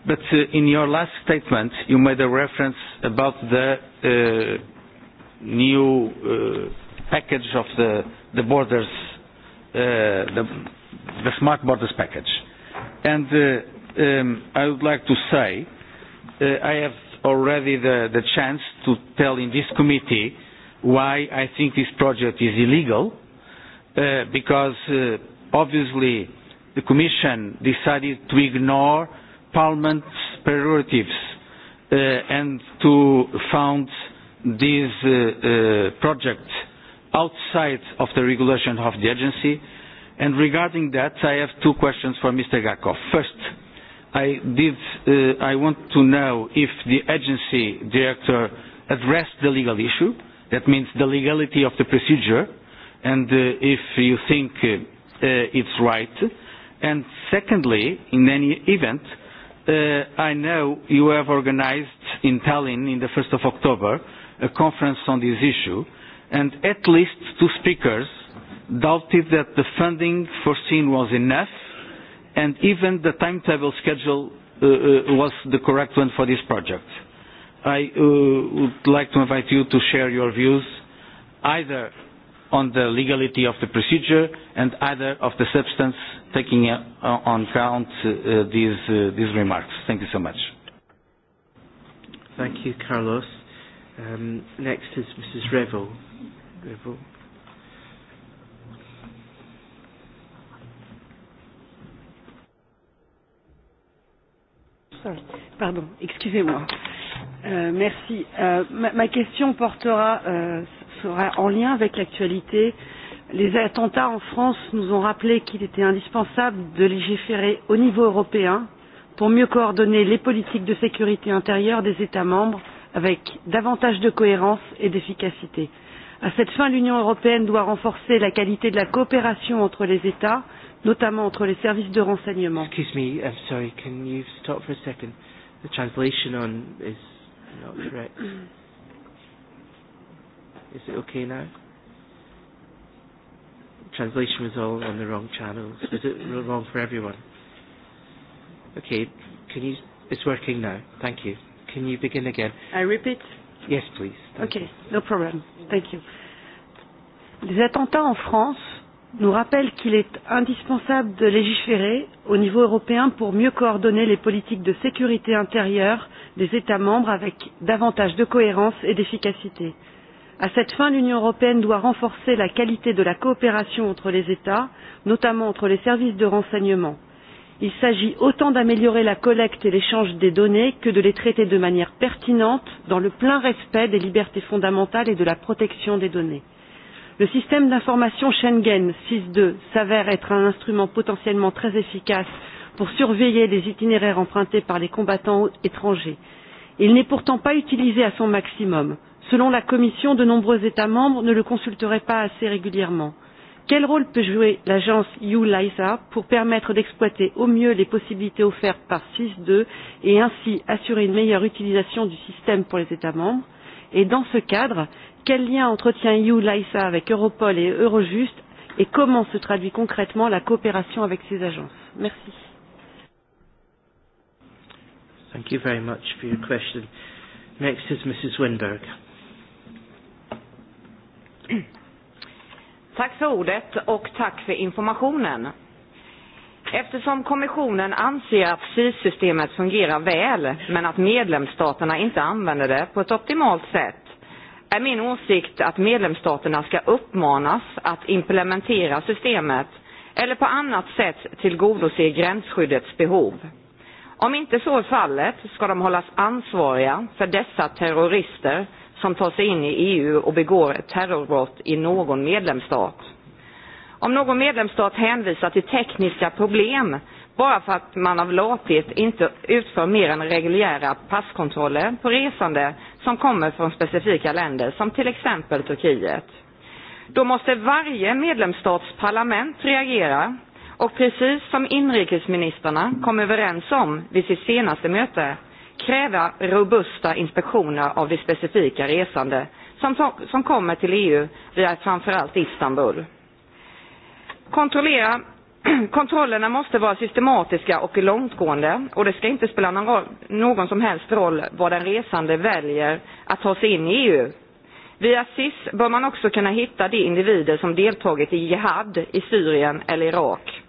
But uh, in your last statement, you made a reference about the uh, new uh, package of the, the borders, uh, the, the smart borders package. And uh, um, I would like to say uh, I have already the, the chance to tell in this committee why I think this project is illegal Uh, because uh, obviously the Commission decided to ignore Parliament's prerogatives uh, and to found this uh, uh, project outside of the regulation of the agency. And regarding that, I have two questions for Mr. Gakov. First, I, did, uh, I want to know if the agency director addressed the legal issue, that means the legality of the procedure, and uh, if you think uh, uh, it's right. And secondly, in any event, uh, I know you have organized in Tallinn in the 1st of October a conference on this issue, and at least two speakers doubted that the funding foreseen was enough, and even the timetable schedule uh, uh, was the correct one for this project. I uh, would like to invite you to share your views either on the legality of the procedure and either of the substance taking uh, uh, on account uh, uh, these, uh, these remarks. Thank you so much. Thank you, Carlos. Um, next is Mrs. Revel. Revel. Pardon, excusez-moi. Euh, merci. Euh, ma, ma question portera euh, sera en lien avec l'actualité. Les attentats en France nous ont rappelé qu'il était indispensable de légiférer au niveau européen pour mieux coordonner les politiques de sécurité intérieure des États membres avec davantage de cohérence et d'efficacité. À cette fin, l'Union européenne doit renforcer la qualité de la coopération entre les États, notamment entre les services de renseignement. Excuse me, I'm sorry, can you stop for a second? The translation on is not correct. Is it okay now? Translation was all on the wrong channels. Is it wrong for everyone? Okay, can you, it's working now. Thank you. Can you begin again? I repeat? Yes, please. Thank okay, you. no problem. Thank you. Les attentats en France nous rappellent qu'il est indispensable de légiférer au niveau européen pour mieux coordonner les politiques de sécurité intérieure des États membres avec davantage de cohérence et d'efficacité. À cette fin, l'Union européenne doit renforcer la qualité de la coopération entre les États, notamment entre les services de renseignement. Il s'agit autant d'améliorer la collecte et l'échange des données que de les traiter de manière pertinente dans le plein respect des libertés fondamentales et de la protection des données. Le système d'information Schengen 6.2 s'avère être un instrument potentiellement très efficace pour surveiller les itinéraires empruntés par les combattants étrangers. Il n'est pourtant pas utilisé à son maximum. Selon la Commission, de nombreux États membres ne le consulteraient pas assez régulièrement. Quel rôle peut jouer l'agence ULISA pour permettre d'exploiter au mieux les possibilités offertes par SIS2 et ainsi assurer une meilleure utilisation du système pour les États membres Et dans ce cadre, quel lien entretient ULISA avec Europol et Eurojust et comment se traduit concrètement la coopération avec ces agences Merci. Thank you very much for your question. Next is Mrs. Winberg. Tack för ordet och tack för informationen. Eftersom kommissionen anser att SIS-systemet fungerar väl men att medlemsstaterna inte använder det på ett optimalt sätt är min åsikt att medlemsstaterna ska uppmanas att implementera systemet eller på annat sätt tillgodose gränsskyddets behov. Om inte så är fallet ska de hållas ansvariga för dessa terrorister som tar sig in i EU och begår ett terrorbrott i någon medlemsstat. Om någon medlemsstat hänvisar till tekniska problem bara för att man av latit inte utför mer än reguljära passkontroller på resande som kommer från specifika länder, som till exempel Turkiet. Då måste varje medlemsstats parlament reagera och precis som inrikesministrarna kom överens om vid sitt senaste möte kräva robusta inspektioner av det specifika resande som, som kommer till EU via framförallt Istanbul. Kontrollera Kontrollerna måste vara systematiska och långtgående och det ska inte spela någon, någon som helst roll vad den resande väljer att ta sig in i EU. Via SIS bör man också kunna hitta de individer som deltagit i jihad i Syrien eller Irak.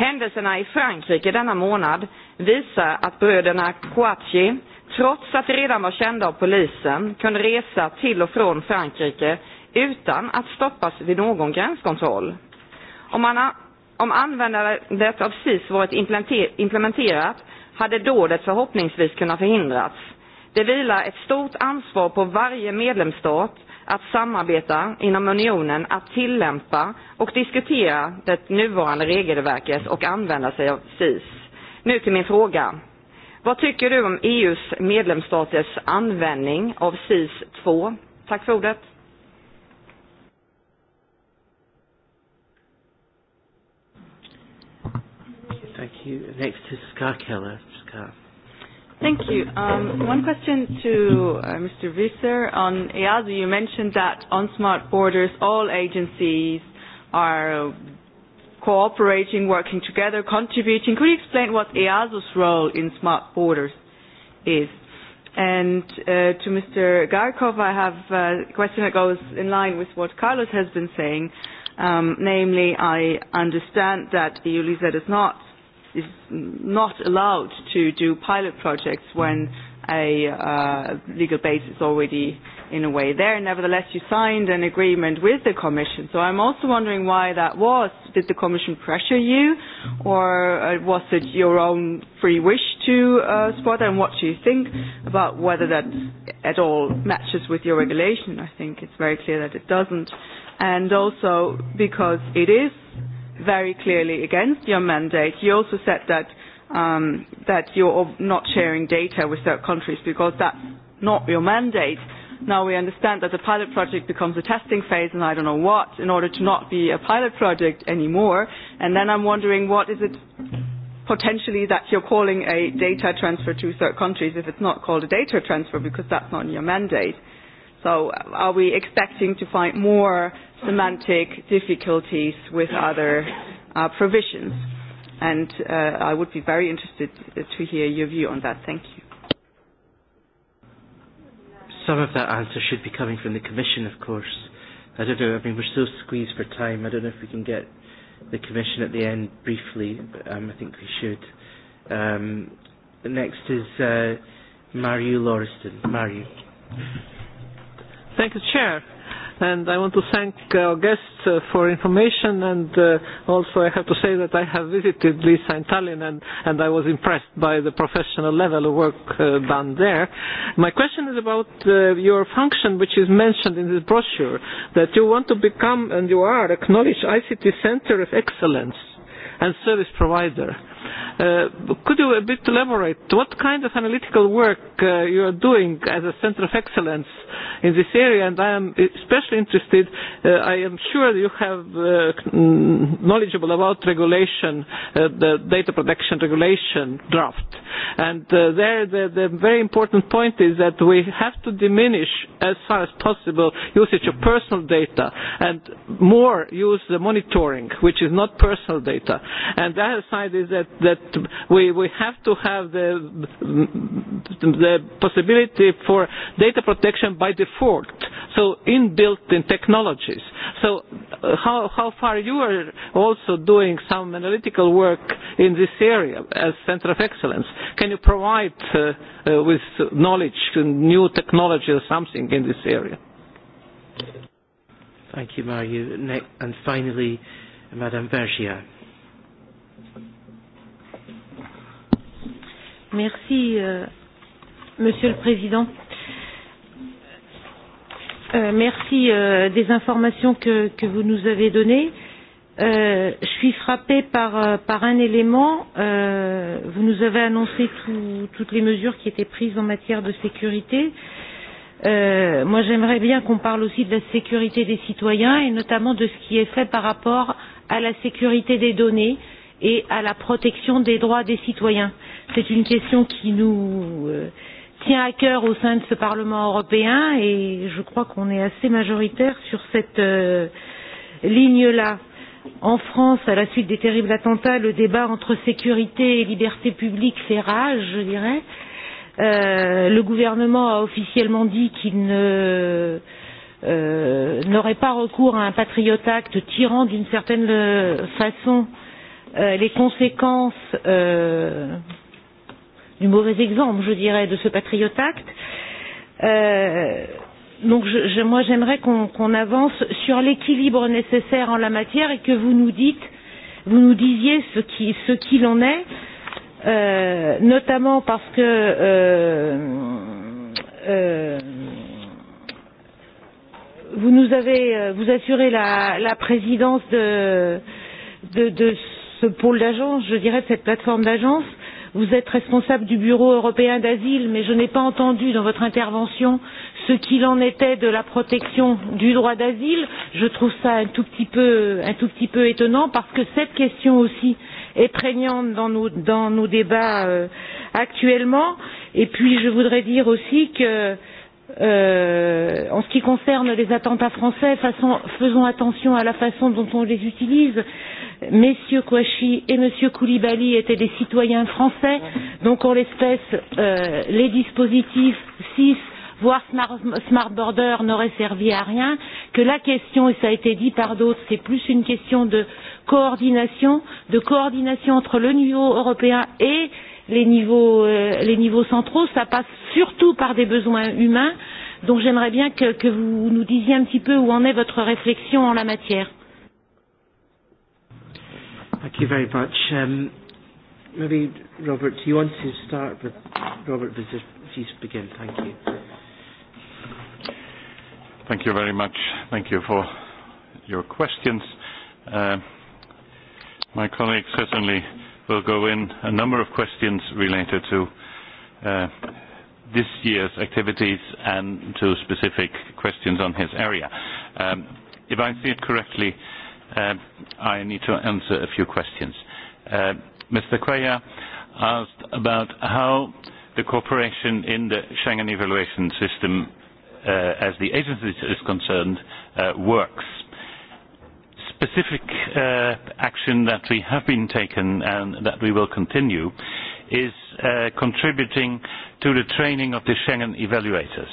Händelserna i Frankrike denna månad visar att bröderna Coatier, trots att de redan var kända av polisen, kunde resa till och från Frankrike utan att stoppas vid någon gränskontroll. Om, man, om användandet av SIS varit implementerat hade dådet förhoppningsvis kunnat förhindrats. Det vilar ett stort ansvar på varje medlemsstat att samarbeta inom unionen, att tillämpa och diskutera det nuvarande regelverket och använda sig av SIS. Nu till min fråga. Vad tycker du om EUs medlemsstaters användning av SIS 2? Tack för ordet. Thank you. Next is Scar Keller. Scar. Thank you. Um, one question to uh, Mr. Visser on EASO. You mentioned that on smart borders, all agencies are uh, cooperating, working together, contributing. Could you explain what EASO's role in smart borders is? And uh, to Mr. Garkov, I have uh, a question that goes in line with what Carlos has been saying. Um, namely, I understand that EULISA e does not is not allowed to do pilot projects when a uh, legal base is already in a way there. Nevertheless, you signed an agreement with the Commission. So I'm also wondering why that was. Did the Commission pressure you, or uh, was it your own free wish to uh, support that? And what do you think about whether that at all matches with your regulation? I think it's very clear that it doesn't. And also because it is very clearly against your mandate. You also said that um, that you're not sharing data with third countries because that's not your mandate. Now we understand that the pilot project becomes a testing phase and I don't know what in order to not be a pilot project anymore. And then I'm wondering what is it potentially that you're calling a data transfer to third countries if it's not called a data transfer because that's not your mandate. So are we expecting to find more semantic difficulties with other uh, provisions? And uh, I would be very interested to hear your view on that. Thank you. Some of that answer should be coming from the Commission, of course. I don't know, I mean, we're so squeezed for time. I don't know if we can get the Commission at the end briefly, but um, I think we should. Um, next is uh, Mario Lauriston. Mario. Thank you, Chair. And I want to thank our uh, guests uh, for information and uh, also I have to say that I have visited Lisa in Tallinn and, and I was impressed by the professional level of work uh, done there. My question is about uh, your function which is mentioned in this brochure, that you want to become and you are acknowledged ICT Center of Excellence and Service Provider. Uh, could you a bit elaborate what kind of analytical work uh, you are doing as a center of excellence in this area? And I am especially interested, uh, I am sure you have uh, knowledgeable about regulation, uh, the data protection regulation draft. And uh, there the, the very important point is that we have to diminish as far as possible usage of personal data and more use the monitoring, which is not personal data. And the other side is that that we, we have to have the, the possibility for data protection by default, so inbuilt in technologies. So uh, how, how far you are also doing some analytical work in this area as Center of Excellence? Can you provide uh, uh, with knowledge, new technology or something in this area? Thank you, Mario. and finally, Madame Vergia. Merci, euh, Monsieur le Président. Euh, merci euh, des informations que, que vous nous avez données. Euh, je suis frappée par, euh, par un élément. Euh, vous nous avez annoncé tout, toutes les mesures qui étaient prises en matière de sécurité. Euh, moi, j'aimerais bien qu'on parle aussi de la sécurité des citoyens et notamment de ce qui est fait par rapport à la sécurité des données et à la protection des droits des citoyens. Euh, C'est une question qui nous euh, tient à cœur au sein de ce Parlement européen et je crois qu'on est assez majoritaire sur cette euh, ligne-là. En France, à la suite des terribles attentats, le débat entre sécurité et liberté publique fait rage, je dirais. Euh, le gouvernement a officiellement dit qu'il n'aurait euh, n'aurait pas recours à un patriot acte tirant d'une certaine euh, façon euh, les conséquences euh, du mauvais exemple, je dirais, de ce Patriot Act. Euh, donc je, je, moi j'aimerais qu'on qu avance sur l'équilibre nécessaire en la matière et que vous nous dites, vous nous disiez ce qu'il ce qu'il en est, euh, notamment parce que euh, euh, vous nous avez euh, vous assurez la, la présidence de, de, de ce pôle d'agence, je dirais de cette plateforme d'agence. Vous êtes responsable du Bureau européen d'asile, mais je n'ai pas entendu dans votre intervention ce qu'il en était de la protection du droit d'asile. Je trouve ça un tout, petit peu, un tout petit peu étonnant parce que cette question aussi est prégnante dans nos, dans nos débats euh, actuellement. Et puis je voudrais dire aussi que euh, en ce qui concerne les attentats français, façon, faisons attention à la façon dont on les utilise messieurs Kouachi et monsieur Koulibaly étaient des citoyens français, donc en l'espèce, euh, les dispositifs 6 voire Smart, smart Border n'auraient servi à rien, que la question, et ça a été dit par d'autres, c'est plus une question de coordination, de coordination entre le niveau européen et les niveaux, euh, les niveaux centraux, ça passe surtout par des besoins humains, donc j'aimerais bien que, que vous nous disiez un petit peu où en est votre réflexion en la matière. Thank you very much. Um, maybe, Robert, do you want to start with Robert if Please begin. Thank you. Thank you very much. Thank you for your questions. Uh, my colleague certainly will go in a number of questions related to uh, this year's activities and to specific questions on his area. Um, if I see it correctly, uh, uh, I need to answer a few questions. Uh, Mr. Cuellar asked about how the cooperation in the Schengen evaluation system, uh, as the agency is concerned, uh, works. Specific uh, action that we have been taken and that we will continue is uh, contributing to the training of the Schengen evaluators.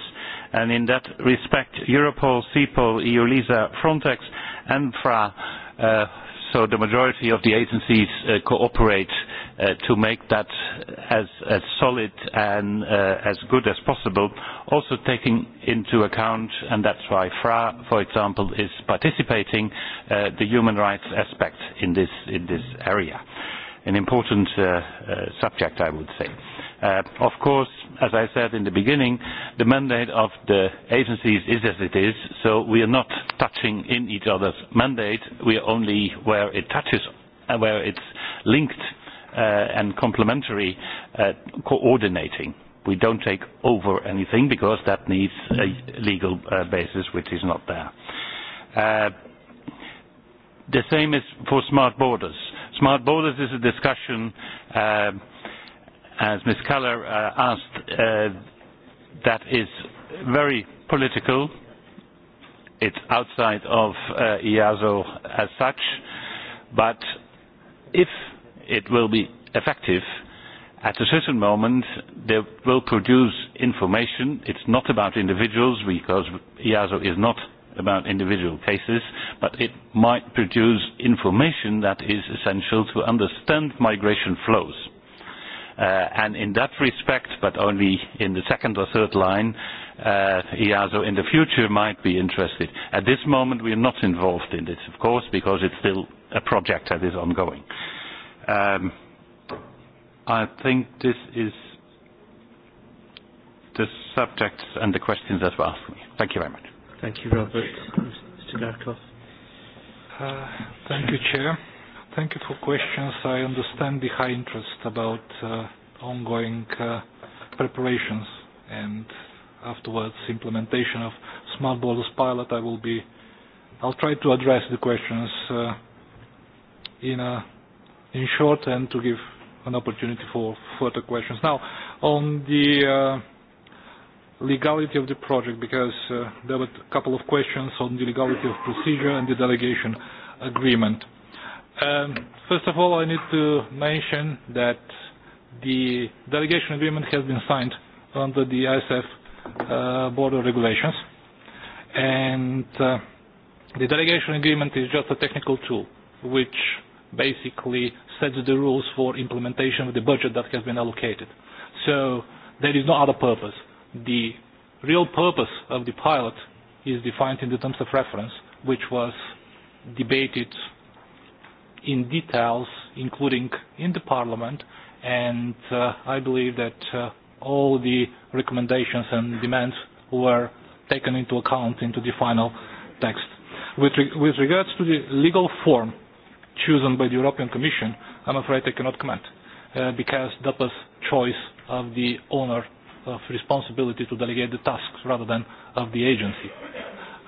And in that respect, Europol, CEPOL, EULISA, Frontex ENFRA, uh, so the majority of the agencies uh, cooperate uh, to make that as, as solid and uh, as good as possible, also taking into account, and that's why FRA, for example, is participating, uh, the human rights aspect in this, in this area. An important uh, uh, subject, I would say. Uh, Uh, of course, as I said in the beginning, the mandate of the agencies is as it is, so we are not touching in each other's mandate. We are only where it touches and uh, where it's linked uh, and complementary uh, coordinating. We don't take over anything because that needs a legal uh, basis which is not there. Uh, the same is for smart borders. Smart borders is a discussion uh, as Ms. Keller uh, asked, uh, that is very political. It's outside of uh, EASO as such, but if it will be effective, at a certain moment they will produce information. It's not about individuals because EASO is not about individual cases, but it might produce information that is essential to understand migration flows Uh, and in that respect, but only in the second or third line, uh, EASO in the future might be interested. At this moment, we are not involved in this, of course, because it's still a project that is ongoing. Um, I think this is the subjects and the questions that were asked me. Thank you very much. Thank you, Robert. Mr. Garkov. Uh, thank you, Chair. Thank you for questions. I understand the high interest about uh, ongoing uh, preparations and afterwards implementation of Smart Borders Pilot. I will be, I'll try to address the questions uh, in, a, in short and to give an opportunity for further questions. Now, on the uh, legality of the project, because uh, there were a couple of questions on the legality of procedure and the delegation agreement. Uh, Um, first of all, I need to mention that the delegation agreement has been signed under the ISF uh, border regulations. And uh, the delegation agreement is just a technical tool which basically sets the rules for implementation of the budget that has been allocated. So there is no other purpose. The real purpose of the pilot is defined in the terms of reference, which was debated in details, including in the Parliament, and uh, I believe that uh, all the recommendations and demands were taken into account into the final text. With, re with regards to the legal form chosen by the European Commission, I'm afraid I cannot comment, uh, because that was choice of the owner of responsibility to delegate the tasks rather than of the agency.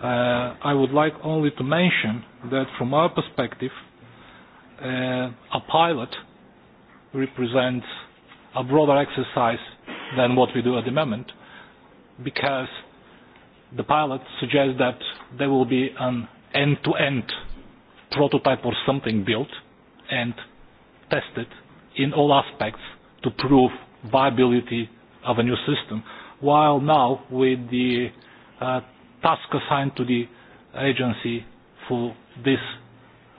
Uh, I would like only to mention that from our perspective, uh, a pilot represents a broader exercise than what we do at the moment because the pilot suggests that there will be an end-to-end -end prototype or something built and tested in all aspects to prove viability of a new system. While now with the uh, task assigned to the agency for this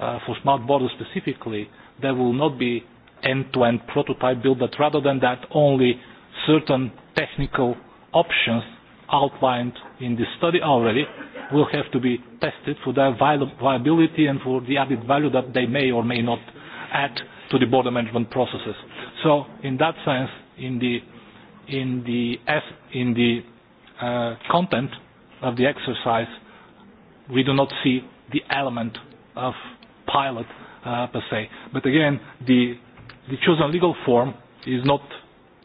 uh, for smart borders specifically, there will not be end-to-end -end prototype build, but rather than that, only certain technical options outlined in this study already will have to be tested for their viability and for the added value that they may or may not add to the border management processes. So in that sense, in the, in the, F, in the uh, content of the exercise, we do not see the element of pilot uh, per se. But again, the, the chosen legal form is not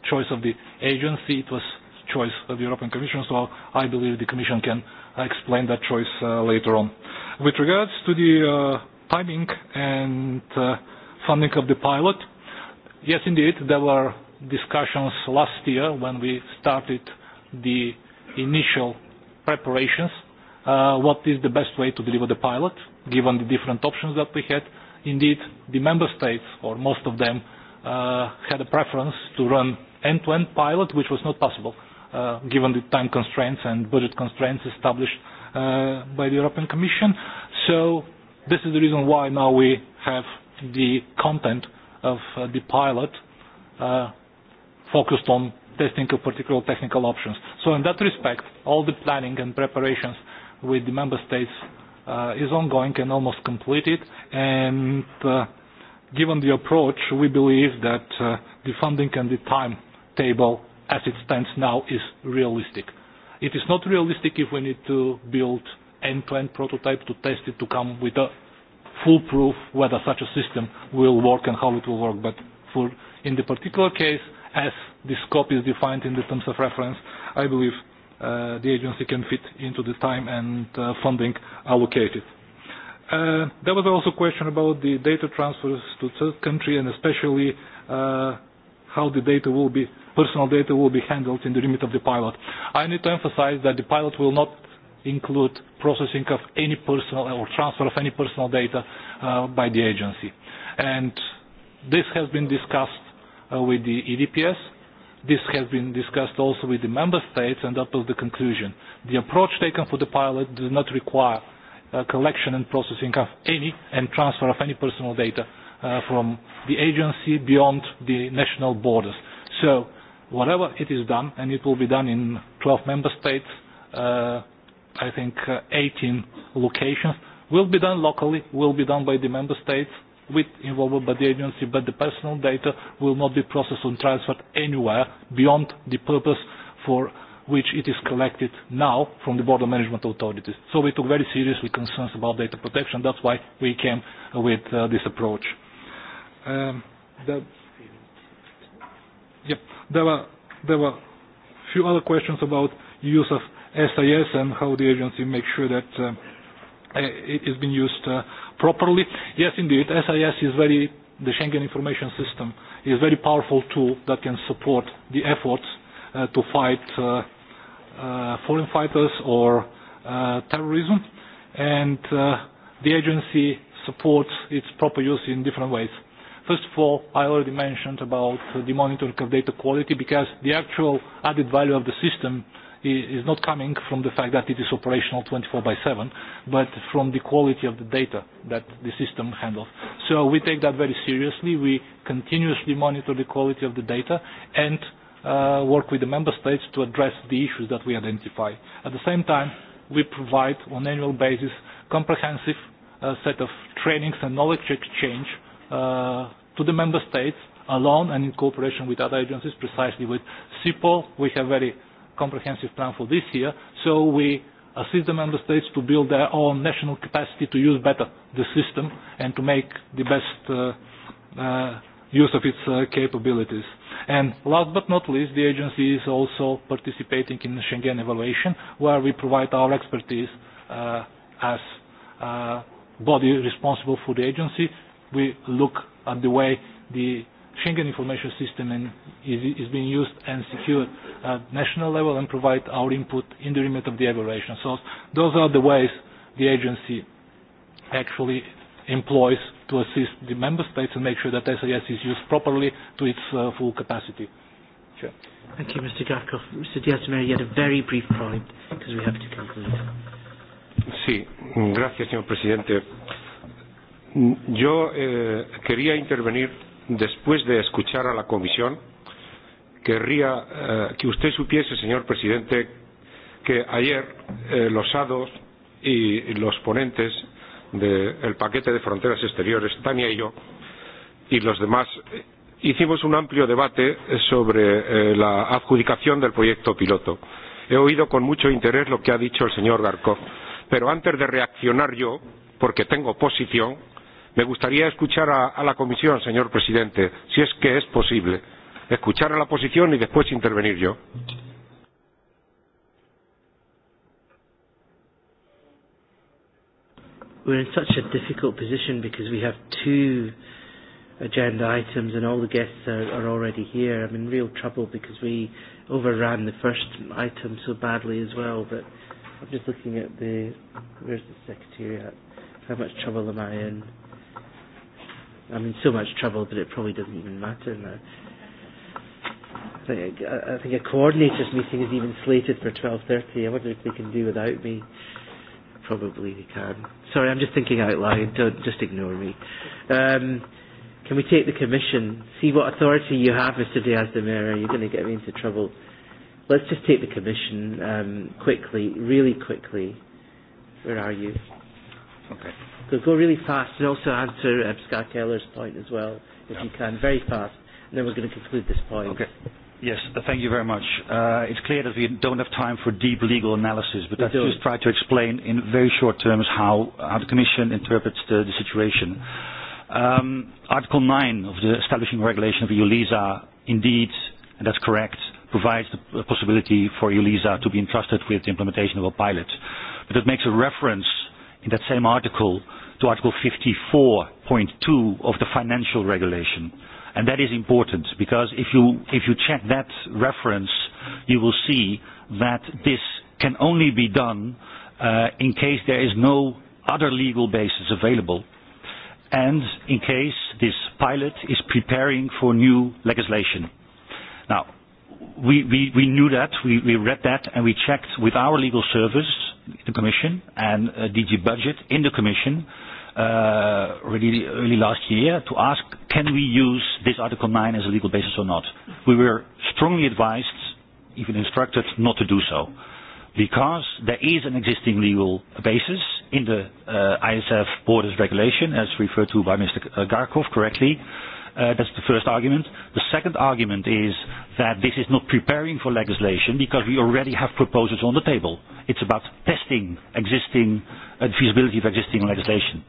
choice of the agency, it was choice of the European Commission, so I believe the Commission can explain that choice uh, later on. With regards to the uh, timing and uh, funding of the pilot, yes, indeed, there were discussions last year when we started the initial preparations uh, what is the best way to deliver the pilot, given the different options that we had. Indeed, the member states, or most of them, uh, had a preference to run end-to-end -end pilot, which was not possible, uh, given the time constraints and budget constraints established uh, by the European Commission. So this is the reason why now we have the content of uh, the pilot uh, focused on testing of particular technical options. So in that respect, all the planning and preparations with the member states uh, is ongoing and almost completed. And uh, given the approach, we believe that uh, the funding and the timetable as it stands now is realistic. It is not realistic if we need to build end-to-end -end prototype to test it to come with a foolproof whether such a system will work and how it will work. But for in the particular case, as the scope is defined in the terms of reference, I believe uh, the agency can fit into the time and uh, funding allocated. Uh, there was also a question about the data transfers to third country and especially uh, how the data will be, personal data will be handled in the remit of the pilot. I need to emphasize that the pilot will not include processing of any personal or transfer of any personal data uh, by the agency. And this has been discussed uh, with the EDPS This has been discussed also with the member states and that was the conclusion. The approach taken for the pilot does not require uh, collection and processing of any and transfer of any personal data uh, from the agency beyond the national borders. So whatever it is done, and it will be done in 12 member states, uh, I think uh, 18 locations, will be done locally, will be done by the member states, with involved by the agency, but the personal data will not be processed and transferred anywhere beyond the purpose for which it is collected now from the border management authorities. So we took very seriously concerns about data protection. That's why we came with uh, this approach. Um, the, yeah, there were there were a few other questions about use of SIS and how the agency makes sure that uh, it is being used uh, properly. Yes, indeed, SIS is very, the Schengen Information System is a very powerful tool that can support the efforts uh, to fight uh, uh, foreign fighters or uh, terrorism, and uh, the agency supports its proper use in different ways. First of all, I already mentioned about the monitoring of data quality because the actual added value of the system is not coming from the fact that it is operational 24 by 7, but from the quality of the data that the system handles. So we take that very seriously. We continuously monitor the quality of the data and uh, work with the member states to address the issues that we identify. At the same time, we provide on an annual basis comprehensive uh, set of trainings and knowledge exchange uh, to the member states alone and in cooperation with other agencies, precisely with CIPOL. We have very comprehensive plan for this year, so we assist the member states to build their own national capacity to use better the system and to make the best uh, uh, use of its uh, capabilities. And last but not least, the agency is also participating in the Schengen evaluation, where we provide our expertise uh, as uh, body responsible for the agency. We look at the way the Schengen information system and is, is being used and secured at national level and provide our input in the remit of the evaluation. So those are the ways the agency actually employs to assist the member states and make sure that SAS is used properly to its uh, full capacity. Sure. Thank you, Mr. Garkov. Mr. Diaz-Mera, you had a very brief point because we have to conclude. Sí, gracias, señor presidente. Yo eh, quería intervenir después de escuchar a la comisión, querría eh, que usted supiese, señor presidente, que ayer eh, los SADOS y los ponentes del de paquete de fronteras exteriores, Tania y yo, y los demás, hicimos un amplio debate sobre eh, la adjudicación del proyecto piloto. He oído con mucho interés lo que ha dicho el señor Garkov, pero antes de reaccionar yo, porque tengo posición, Me gustaría escuchar a, a la comisión, señor presidente, si es que es posible. Escuchar a la posición y después intervenir yo. We're in such a difficult position because we have two agenda items and all the guests are, are already here. I'm in real trouble because we overran the first item so badly as well. But I'm just looking at the, where's the secretariat? How much trouble am I in? I'm in so much trouble, but it probably doesn't even matter now. I think, I, I think a coordinators meeting is even slated for 12.30. I wonder if they can do without me. Probably they can. Sorry, I'm just thinking out loud. Don't, just ignore me. Um, can we take the commission? See what authority you have, Mr. Diaz de Mera. You're going to get me into trouble. Let's just take the commission um, quickly, really quickly. Where are you? Okay. Go, go really fast and also answer um, Scott Keller's point as well, if yeah. you can, very fast. And then we're going to conclude this point. Okay. Yes, uh, thank you very much. Uh, it's clear that we don't have time for deep legal analysis, but let's just try to explain in very short terms how, how the Commission interprets the, the situation. Um, Article 9 of the Establishing Regulation of EULISA indeed, and that's correct, provides the possibility for e ULISA to be entrusted with the implementation of a pilot. But it makes a reference in that same article to Article 54.2 of the financial regulation. And that is important because if you, if you check that reference, you will see that this can only be done uh, in case there is no other legal basis available and in case this pilot is preparing for new legislation. Now, we, we, we knew that, we, we read that, and we checked with our legal service the Commission and uh, DG Budget in the Commission uh, really early last year to ask can we use this Article 9 as a legal basis or not. We were strongly advised, even instructed, not to do so because there is an existing legal basis in the uh, ISF borders regulation as referred to by Mr. Uh, Garkov correctly Uh, that's the first argument. The second argument is that this is not preparing for legislation because we already have proposals on the table. It's about testing existing, uh, feasibility of existing legislation.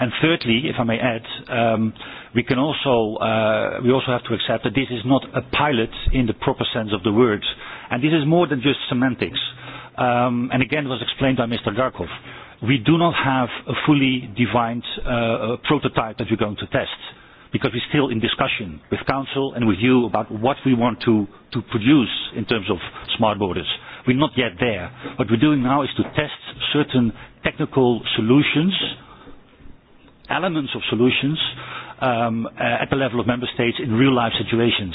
And thirdly, if I may add, um, we can also uh, we also have to accept that this is not a pilot in the proper sense of the word, and this is more than just semantics. Um, and again, it was explained by Mr. Garkov. We do not have a fully defined uh, prototype that we're going to test because we're still in discussion with Council and with you about what we want to, to produce in terms of smart borders. We're not yet there. What we're doing now is to test certain technical solutions, elements of solutions, um, uh, at the level of member states in real life situations.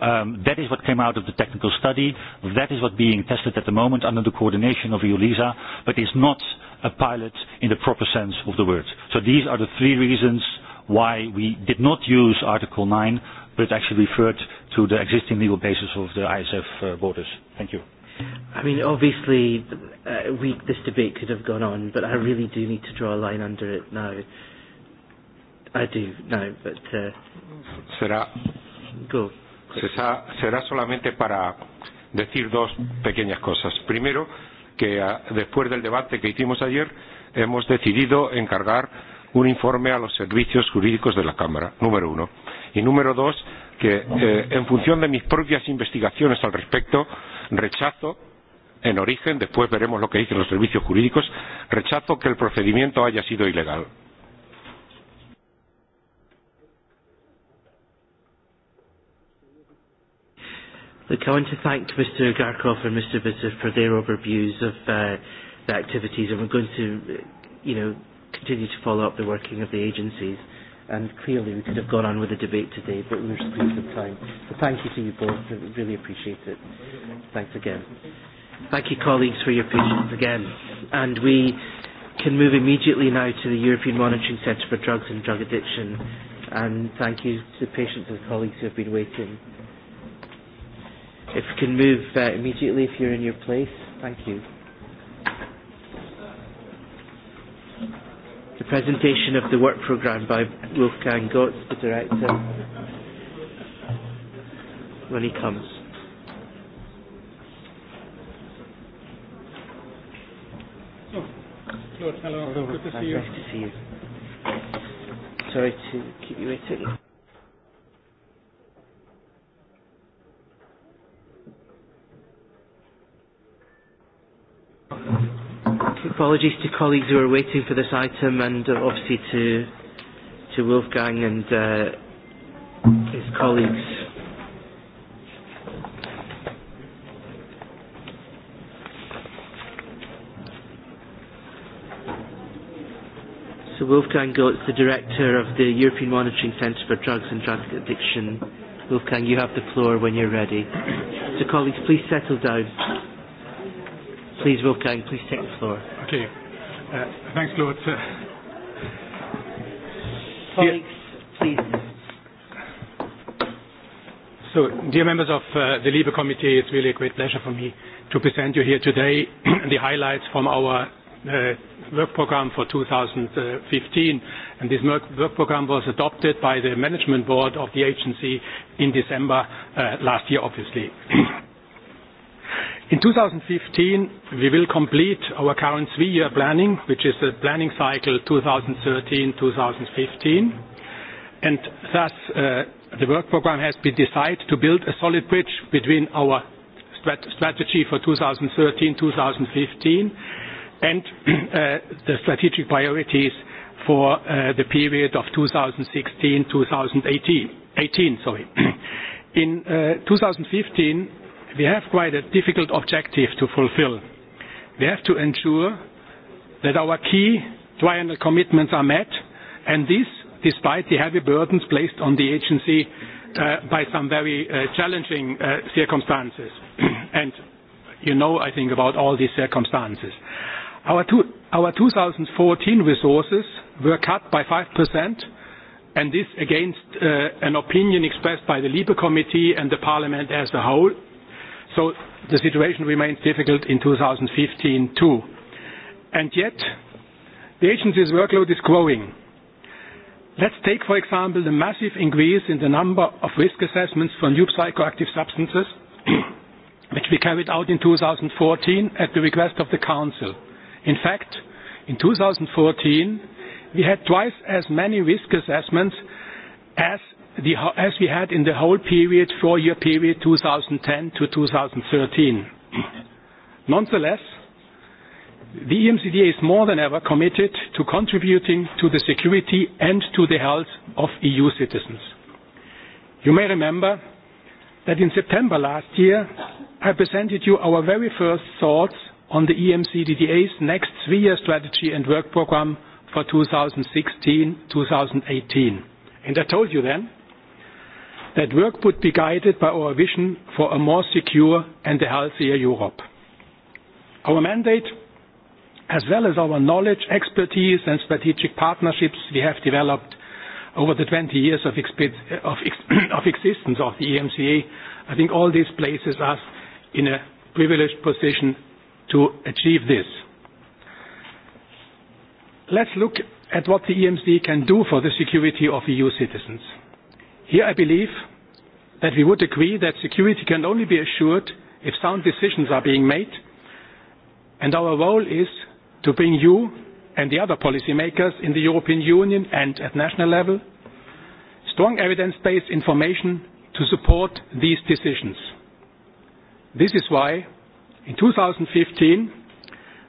Um, that is what came out of the technical study. That is what being tested at the moment under the coordination of EULISA, but is not a pilot in the proper sense of the word. So these are the three reasons why we did not use Article 9, but actually referred to the existing legal basis of the ISF uh, borders. Thank you. I mean, obviously, uh, we, this debate could have gone on, but I really do need to draw a line under it now. I do now, but. Uh, será. Go. Será, será solamente para decir dos pequeñas cosas. Primero, que uh, después del debate que hicimos ayer, hemos decidido encargar un informe a los servicios jurídicos de la Cámara, número uno. Y número dos, que eh, en función de mis propias investigaciones al respecto, rechazo en origen, después veremos lo que dicen los servicios jurídicos, rechazo que el procedimiento haya sido ilegal. Look, I want to thank Mr. Garkov and Mr. Visser for their overviews of uh, the activities, and we're going to, you know, continue to follow up the working of the agencies. And clearly we could have gone on with the debate today, but we were squeezed of time. So thank you to you both. I really appreciate it. Thanks again. Thank you, colleagues, for your patience again. And we can move immediately now to the European Monitoring Centre for Drugs and Drug Addiction. And thank you to the patients and colleagues who have been waiting. If you can move uh, immediately if you're in your place, thank you. the presentation of the work program by Wolfgang Gotz, the director, when he comes. hello. hello. Good to see you. Nice to see you. Sorry to keep you waiting apologies to colleagues who are waiting for this item and uh obviously to, to Wolfgang and uh, his colleagues. So Wolfgang Goetz, the director of the European Monitoring Centre for Drugs and Drug Addiction. Wolfgang, you have the floor when you're ready. So colleagues, please settle down. Please, Wolfgang, please take the floor. Okay. Uh, thanks, Lord. Uh, Colleagues, yeah. please. So, dear members of uh, the LIBE Committee, it's really a great pleasure for me to present you here today the highlights from our uh, work program for 2015. And this work program was adopted by the management board of the agency in December uh, last year, obviously. In 2015, we will complete our current three-year planning, which is the planning cycle 2013-2015. And thus, uh, the work program has been decided to build a solid bridge between our strat strategy for 2013-2015 and uh, the strategic priorities for uh, the period of 2016-2018. In uh, 2015, we have quite a difficult objective to fulfill. We have to ensure that our key triennial commitments are met, and this despite the heavy burdens placed on the agency uh, by some very uh, challenging uh, circumstances. and you know, I think, about all these circumstances. Our, two, our 2014 resources were cut by 5%, and this against uh, an opinion expressed by the Libre Committee and the Parliament as a whole, So the situation remains difficult in 2015 too. And yet, the agency's workload is growing. Let's take, for example, the massive increase in the number of risk assessments for new psychoactive substances, which we carried out in 2014 at the request of the Council. In fact, in 2014, we had twice as many risk assessments as the, as we had in the whole period, four-year period, 2010 to 2013. Nonetheless, the EMCDA is more than ever committed to contributing to the security and to the health of EU citizens. You may remember that in September last year, I presented you our very first thoughts on the EMCDDA's next three-year strategy and work program for 2016-2018. And I told you then that work would be guided by our vision for a more secure and a healthier Europe. Our mandate, as well as our knowledge, expertise and strategic partnerships we have developed over the 20 years of, of, ex of existence of the EMCA, I think all this places us in a privileged position to achieve this. Let's look at what the EMC can do for the security of EU citizens. Here I believe that we would agree that security can only be assured if sound decisions are being made, and our role is to bring you and the other policymakers in the European Union and at national level strong evidence-based information to support these decisions. This is why in 2015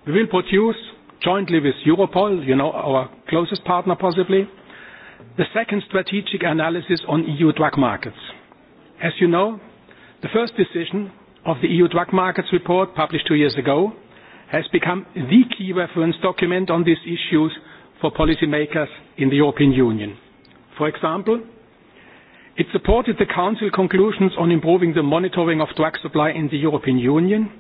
we will produce jointly with Europol, you know, our closest partner possibly, The second strategic analysis on EU drug markets. As you know, the first decision of the EU drug markets report published two years ago has become the key reference document on these issues for policymakers in the European Union. For example, it supported the Council conclusions on improving the monitoring of drug supply in the European Union,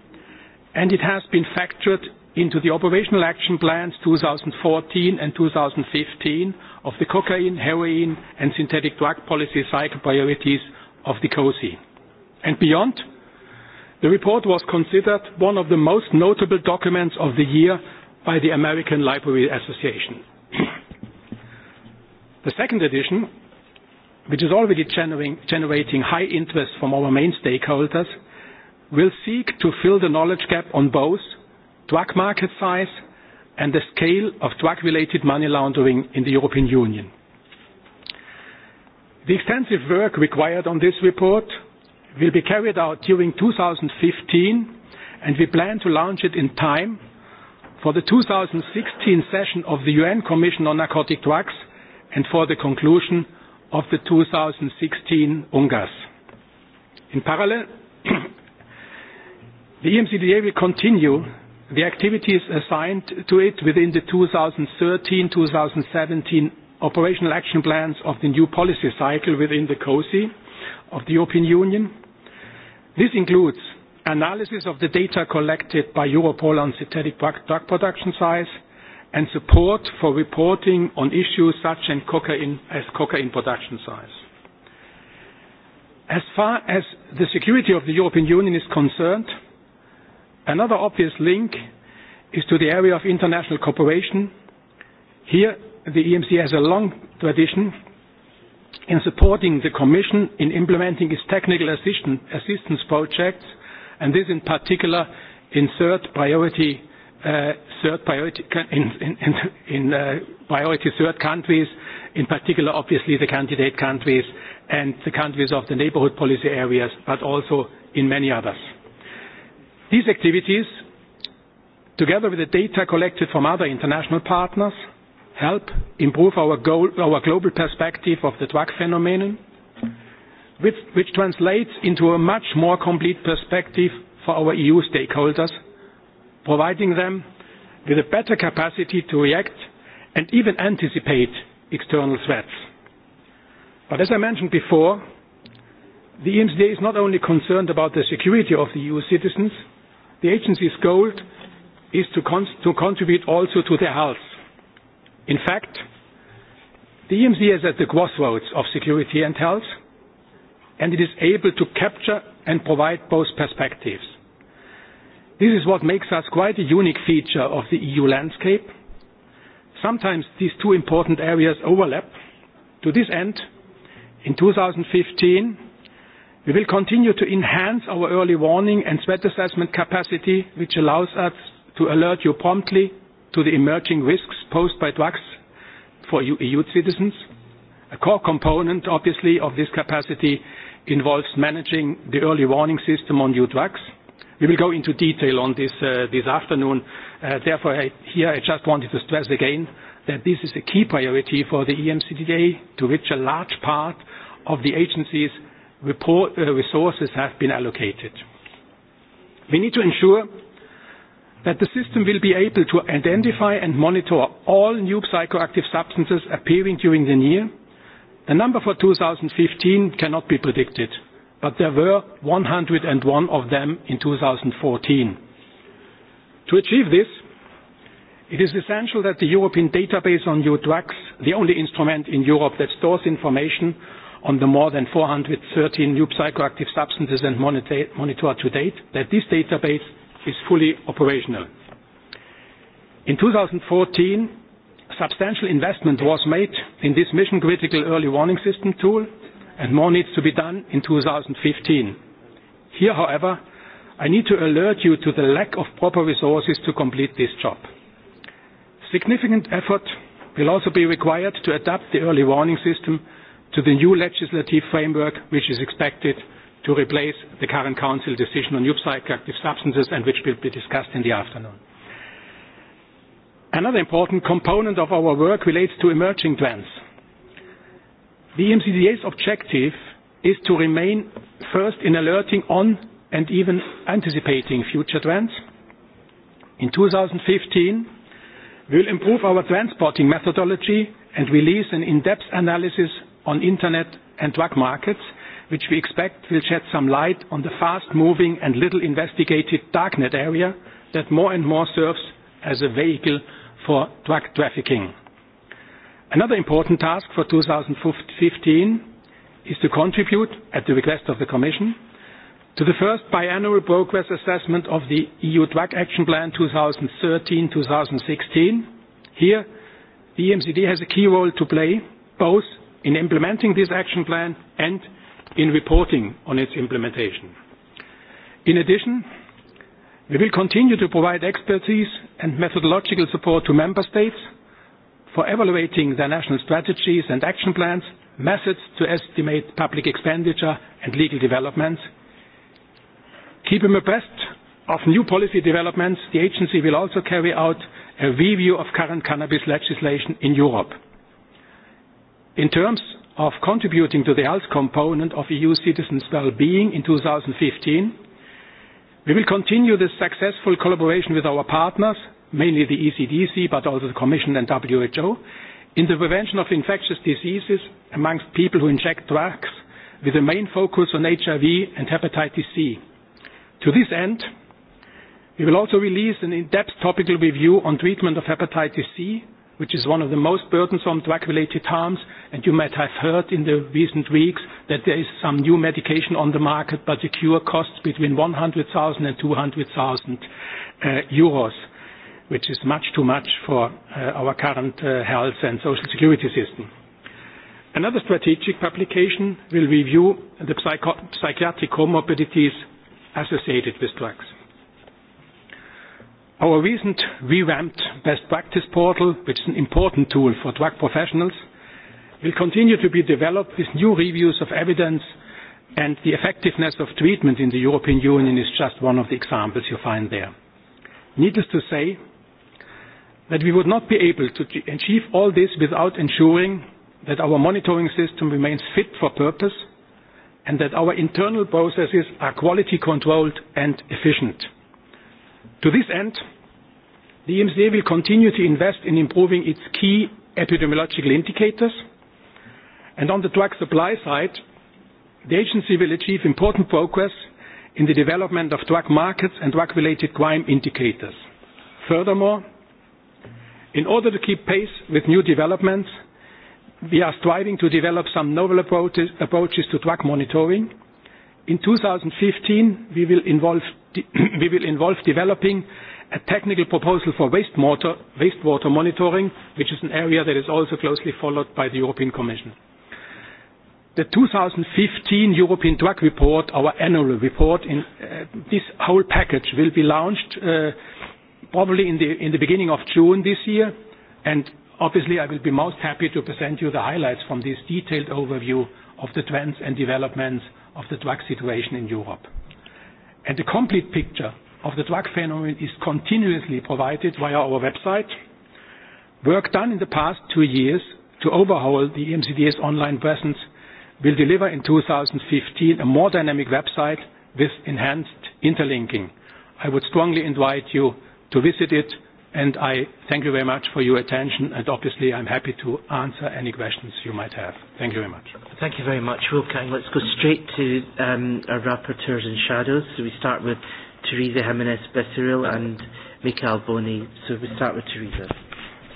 and it has been factored into the operational action plans 2014 and 2015 of the cocaine, heroin, and synthetic drug policy cycle priorities of the COSI. And beyond, the report was considered one of the most notable documents of the year by the American Library Association. the second edition, which is already generating, generating high interest from our main stakeholders, will seek to fill the knowledge gap on both drug market size and the scale of drug-related money laundering in the European Union. The extensive work required on this report will be carried out during 2015, and we plan to launch it in time for the 2016 session of the UN Commission on Narcotic Drugs and for the conclusion of the 2016 UNGAS. In parallel, the EMCDA will continue The activities assigned to it within the 2013-2017 operational action plans of the new policy cycle within the COSI of the European Union. This includes analysis of the data collected by Europol on synthetic drug production size and support for reporting on issues such as cocaine, as cocaine production size. As far as the security of the European Union is concerned, Another obvious link is to the area of international cooperation. Here, the EMC has a long tradition in supporting the Commission in implementing its technical assistance, projects, and this in particular in third priority, uh, third priority in, in, in, in uh, priority third countries, in particular, obviously, the candidate countries and the countries of the neighborhood policy areas, but also in many others. These activities, together with the data collected from other international partners, help improve our, goal, our global perspective of the drug phenomenon, which, which translates into a much more complete perspective for our EU stakeholders, providing them with a better capacity to react and even anticipate external threats. But as I mentioned before, the EMCDA is not only concerned about the security of the EU citizens, The agency's goal is to, con to contribute also to their health. In fact, the EMC is at the crossroads of security and health, and it is able to capture and provide both perspectives. This is what makes us quite a unique feature of the EU landscape. Sometimes these two important areas overlap. To this end, in 2015, We will continue to enhance our early warning and threat assessment capacity, which allows us to alert you promptly to the emerging risks posed by drugs for EU e citizens. A core component, obviously, of this capacity involves managing the early warning system on new drugs. We will go into detail on this uh, this afternoon. Uh, therefore, I, here I just wanted to stress again that this is a key priority for the EMCDA, to which a large part of the agency's report, uh, resources have been allocated. We need to ensure that the system will be able to identify and monitor all new psychoactive substances appearing during the year. The number for 2015 cannot be predicted, but there were 101 of them in 2014. To achieve this, it is essential that the European database on new drugs, the only instrument in Europe that stores information on the more than 413 new psychoactive substances and monitor, monitor to date that this database is fully operational. In 2014, substantial investment was made in this mission-critical early warning system tool, and more needs to be done in 2015. Here, however, I need to alert you to the lack of proper resources to complete this job. Significant effort will also be required to adapt the early warning system to the new legislative framework which is expected to replace the current council decision on new psychoactive substances and which will be discussed in the afternoon. Another important component of our work relates to emerging trends. The EMCDA's objective is to remain first in alerting on and even anticipating future trends. In 2015, we will improve our transporting methodology and release an in-depth analysis on internet and drug markets, which we expect will shed some light on the fast-moving and little investigated darknet area that more and more serves as a vehicle for drug trafficking. Another important task for 2015 is to contribute, at the request of the Commission, to the first biannual progress assessment of the EU Drug Action Plan 2013-2016. Here, the EMCD has a key role to play, both in implementing this action plan and in reporting on its implementation. In addition, we will continue to provide expertise and methodological support to member states for evaluating their national strategies and action plans, methods to estimate public expenditure and legal developments. Keep them abreast of new policy developments. The agency will also carry out a review of current cannabis legislation in Europe. In terms of contributing to the health component of EU citizens' well-being in 2015, we will continue this successful collaboration with our partners, mainly the ECDC, but also the Commission and WHO, in the prevention of infectious diseases amongst people who inject drugs, with a main focus on HIV and hepatitis C. To this end, we will also release an in-depth topical review on treatment of hepatitis C, which is one of the most burdensome drug-related harms And you might have heard in the recent weeks that there is some new medication on the market, but the cure costs between 100,000 and 200,000 uh, euros, which is much too much for uh, our current uh, health and social security system. Another strategic publication will review the psycho psychiatric comorbidities associated with drugs. Our recent revamped best practice portal, which is an important tool for drug professionals, will continue to be developed with new reviews of evidence and the effectiveness of treatment in the European Union is just one of the examples you find there. Needless to say that we would not be able to achieve all this without ensuring that our monitoring system remains fit for purpose and that our internal processes are quality controlled and efficient. To this end, the EMCA will continue to invest in improving its key epidemiological indicators – And on the drug supply side, the agency will achieve important progress in the development of drug markets and drug-related crime indicators. Furthermore, in order to keep pace with new developments, we are striving to develop some novel approaches, to drug monitoring. In 2015, we will involve, we will involve developing a technical proposal for wastewater, wastewater monitoring, which is an area that is also closely followed by the European Commission the 2015 European Drug Report, our annual report, in, uh, this whole package will be launched uh, probably in the, in the beginning of June this year. And obviously I will be most happy to present you the highlights from this detailed overview of the trends and developments of the drug situation in Europe. And the complete picture of the drug phenomenon is continuously provided via our website. Work done in the past two years to overhaul the EMCD's online presence will deliver in 2015 a more dynamic website with enhanced interlinking. I would strongly invite you to visit it, and I thank you very much for your attention, and obviously I'm happy to answer any questions you might have. Thank you very much. Thank you very much, Wolfgang. Let's go straight to um, our rapporteurs and shadows. So we start with Teresa Jimenez Becerril and Mikael Boni. So we start with Teresa.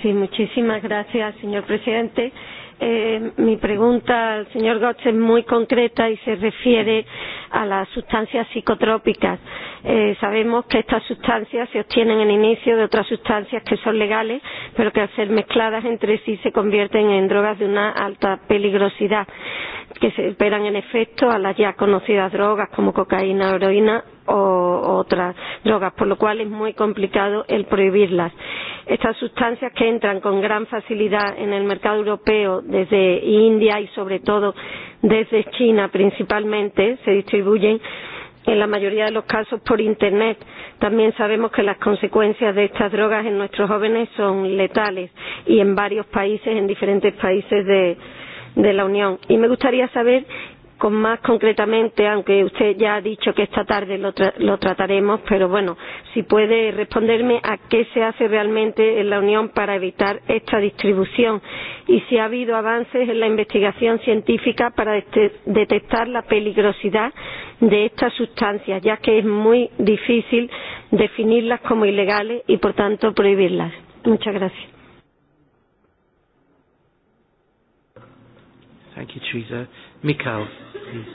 Sí, muchísimas gracias, señor presidente eh, mi pregunta al señor Gotts es muy concreta y se refiere a las sustancias psicotrópicas. Eh, sabemos que estas sustancias se obtienen en inicio de otras sustancias que son legales, pero que al ser mezcladas entre sí se convierten en drogas de una alta peligrosidad que se esperan en efecto a las ya conocidas drogas como cocaína, heroína o, o otras drogas, por lo cual es muy complicado el prohibirlas. Estas sustancias que entran con gran facilidad en el mercado europeo desde India y sobre todo desde China principalmente se distribuyen en la mayoría de los casos por Internet. También sabemos que las consecuencias de estas drogas en nuestros jóvenes son letales y en varios países, en diferentes países de, de la Unión. Y me gustaría saber con más concretamente, aunque usted ya ha dicho que esta tarde lo, tra lo trataremos, pero bueno, si puede responderme a qué se hace realmente en la Unión para evitar esta distribución y si ha habido avances en la investigación científica para de detectar la peligrosidad de estas sustancias, ya que es muy difícil definirlas como ilegales y, por tanto, prohibirlas. Muchas gracias. Thank you, Teresa. Mikhail, please.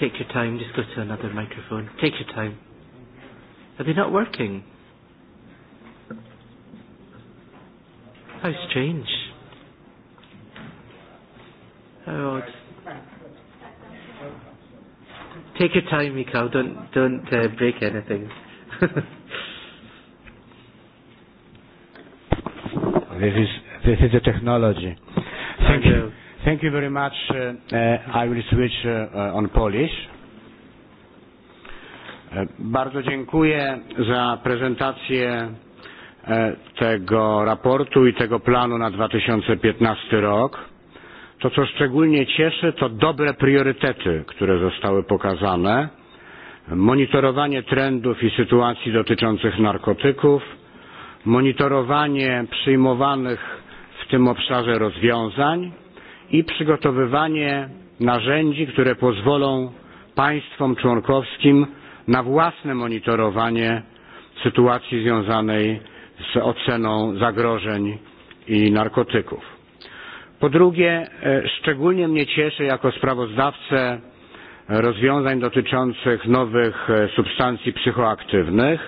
Take your time, just go to another microphone. Take your time. Are they not working? How strange. How odd. Take your time, Mikhail. Don't, don't uh, break anything. this, is, this is the technology. Thank you. Thank you very much. Uh, uh, I will switch uh, uh, on Polish. Uh, bardzo dziękuję za prezentację e, tego raportu i tego planu na 2015 rok. To, co szczególnie cieszy, to dobre priorytety, które zostały pokazane, monitorowanie trendów i sytuacji dotyczących narkotyków, monitorowanie przyjmowanych w tym obszarze rozwiązań i przygotowywanie narzędzi, które pozwolą państwom członkowskim na własne monitorowanie sytuacji związanej z oceną zagrożeń i narkotyków. Po drugie, e, szczególnie mnie cieszy jako sprawozdawcę rozwiązań dotyczących nowych e, substancji psychoaktywnych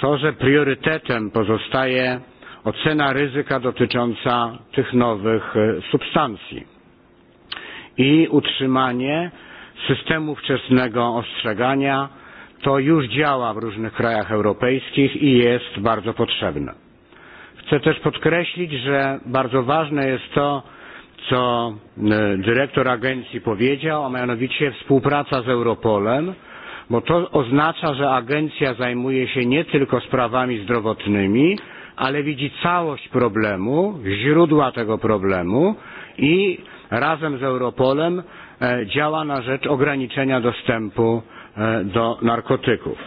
to, że priorytetem pozostaje ocena ryzyka dotycząca tych nowych e, substancji i utrzymanie systemu wczesnego ostrzegania to już działa w różnych krajach europejskich i jest bardzo potrzebne. Chcę też podkreślić, że bardzo ważne jest to, co e, dyrektor agencji powiedział, a mianowicie współpraca z Europolem, bo to oznacza, że agencja zajmuje się nie tylko sprawami zdrowotnymi, ale widzi całość problemu, źródła tego problemu i razem z Europolem e, działa na rzecz ograniczenia dostępu e, do narkotyków.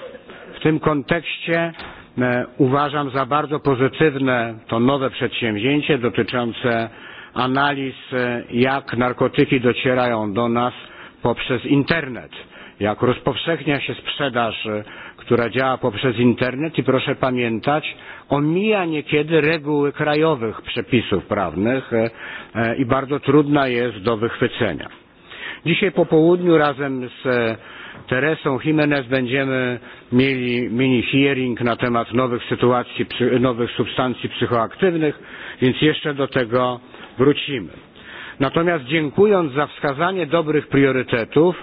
W tym kontekście uważam za bardzo pozytywne to nowe przedsięwzięcie dotyczące analiz, e, jak narkotyki docierają do nas poprzez internet, jak rozpowszechnia się sprzedaż, e, która działa poprzez internet i proszę pamiętać, omija niekiedy reguły krajowych przepisów prawnych e, i bardzo trudna jest do wychwycenia. Dzisiaj po południu razem z Teresą Jimenez będziemy mieli mini hearing na temat nowych sytuacji, nowych substancji psychoaktywnych, więc jeszcze do tego wrócimy. Natomiast dziękując za wskazanie dobrych priorytetów,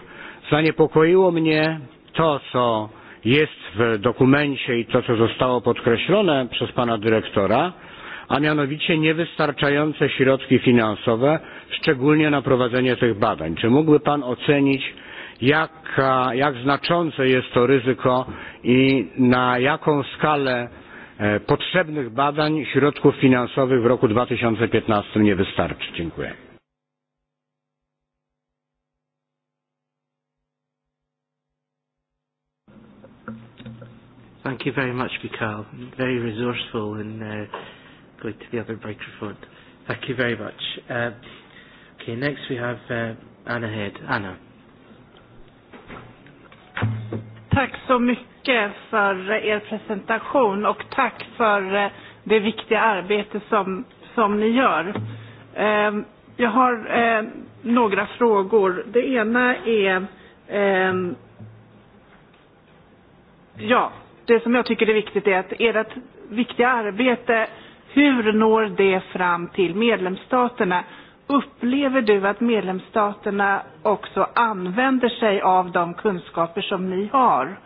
zaniepokoiło mnie to, co jest w dokumencie i to, co zostało podkreślone przez pana dyrektora, a mianowicie niewystarczające środki finansowe, szczególnie na prowadzenie tych badań. Czy mógłby Pan ocenić, jak, jak znaczące jest to ryzyko i na jaką skalę E, potrzebnych badań środków finansowych w roku 2015 nie wystarczy. Dziękuję. Thank you very much, Mikhail. Very resourceful in uh, going to the other microphone. Thank you very much. Uh, okay, next we have uh, Anna Head. Anna. Tack so much mycket för eh, er presentation och tack för eh, det viktiga arbete som, som ni gör. Ehm, jag har eh, några frågor. Det ena är ehm, ja, det som jag tycker är viktigt är att ert viktiga arbete, hur når det fram till medlemsstaterna? Upplever du att medlemsstaterna också använder sig av de kunskaper som ni har?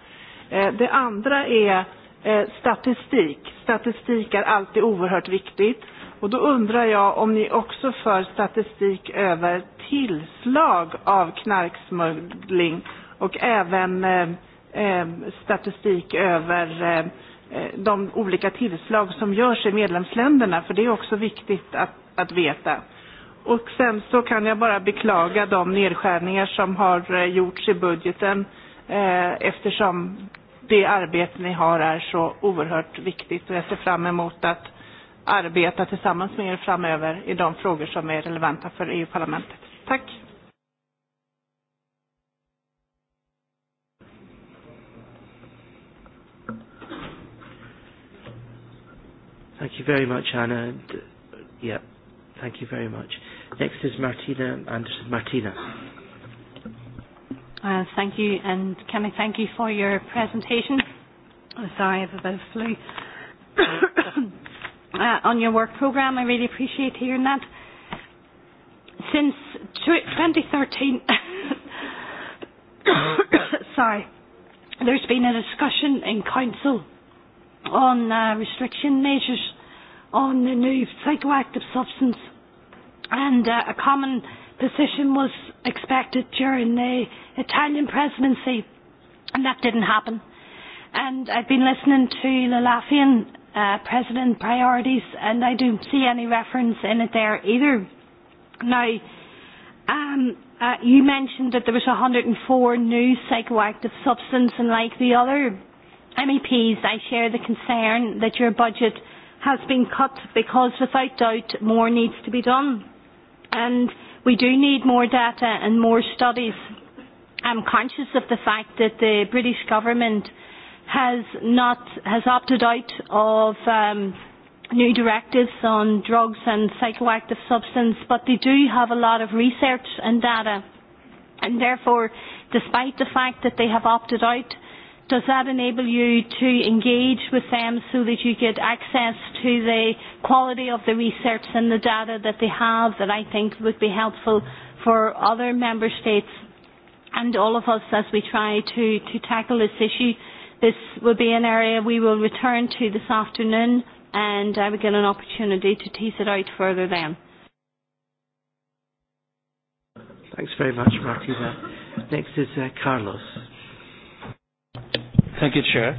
Eh, det andra är eh, statistik. Statistik är alltid oerhört viktigt. Och då undrar jag om ni också för statistik över tillslag av knarksmuggling och även eh, eh statistik över eh, de olika tillslag som görs i medlemsländerna, för det är också viktigt att, att veta. Och sen så kan jag bara beklaga de nedskärningar som har gjorts i budgeten eh, eftersom det arbete ni har är så oerhört viktigt och jag ser fram emot att arbeta tillsammans med er framöver i de frågor som är relevanta för EU-parlamentet. Tack! Thank you very much, Anna. And, uh, yeah, thank you very much. Next is Martina Anderson. Martina. Uh, thank you, and can I thank you for your presentation. Oh, sorry, I have a bit of flu. uh, on your work programme, I really appreciate hearing that. Since 2013, sorry, there's been a discussion in Council on uh, restriction measures on the new psychoactive substance and uh, a common decision was expected during the Italian presidency, and that didn't happen. And I've been listening to the Latvian uh, president priorities, and I don't see any reference in it there either. Now, um, uh, you mentioned that there was 104 new psychoactive substance, and like the other MEPs, I share the concern that your budget has been cut because, without doubt, more needs to be done. And We do need more data and more studies. I'm conscious of the fact that the British government has not has opted out of um, new directives on drugs and psychoactive substance, but they do have a lot of research and data, and therefore, despite the fact that they have opted out, Does that enable you to engage with them so that you get access to the quality of the research and the data that they have that I think would be helpful for other member states and all of us as we try to, to tackle this issue? This will be an area we will return to this afternoon and I will get an opportunity to tease it out further then. Thanks very much, Martina. Next is uh, Carlos. Thank you, Chair.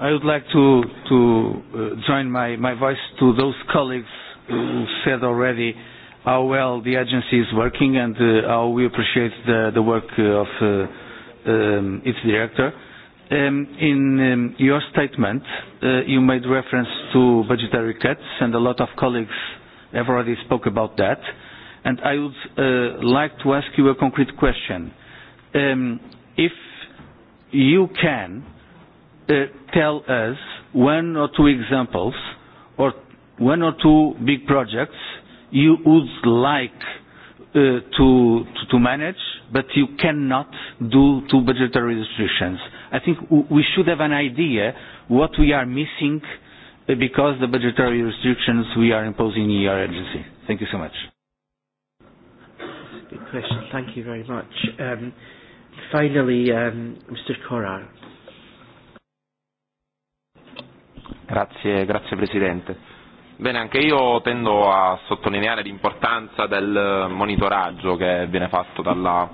I would like to, to uh, join my, my voice to those colleagues who said already how well the agency is working and uh, how we appreciate the, the work uh, of uh, um, its director. Um, in um, your statement, uh, you made reference to budgetary cuts, and a lot of colleagues have already spoke about that. And I would uh, like to ask you a concrete question. Um, if you can uh, tell us one or two examples or one or two big projects you would like uh, to, to, to manage, but you cannot do two budgetary restrictions. I think we should have an idea what we are missing uh, because the budgetary restrictions we are imposing in our agency. Thank you so much. Good question. Thank you very much. Um, finally, um, Mr. Korar. Grazie, grazie Presidente. Bene, anche io tendo a sottolineare l'importanza del monitoraggio che viene fatto dalla,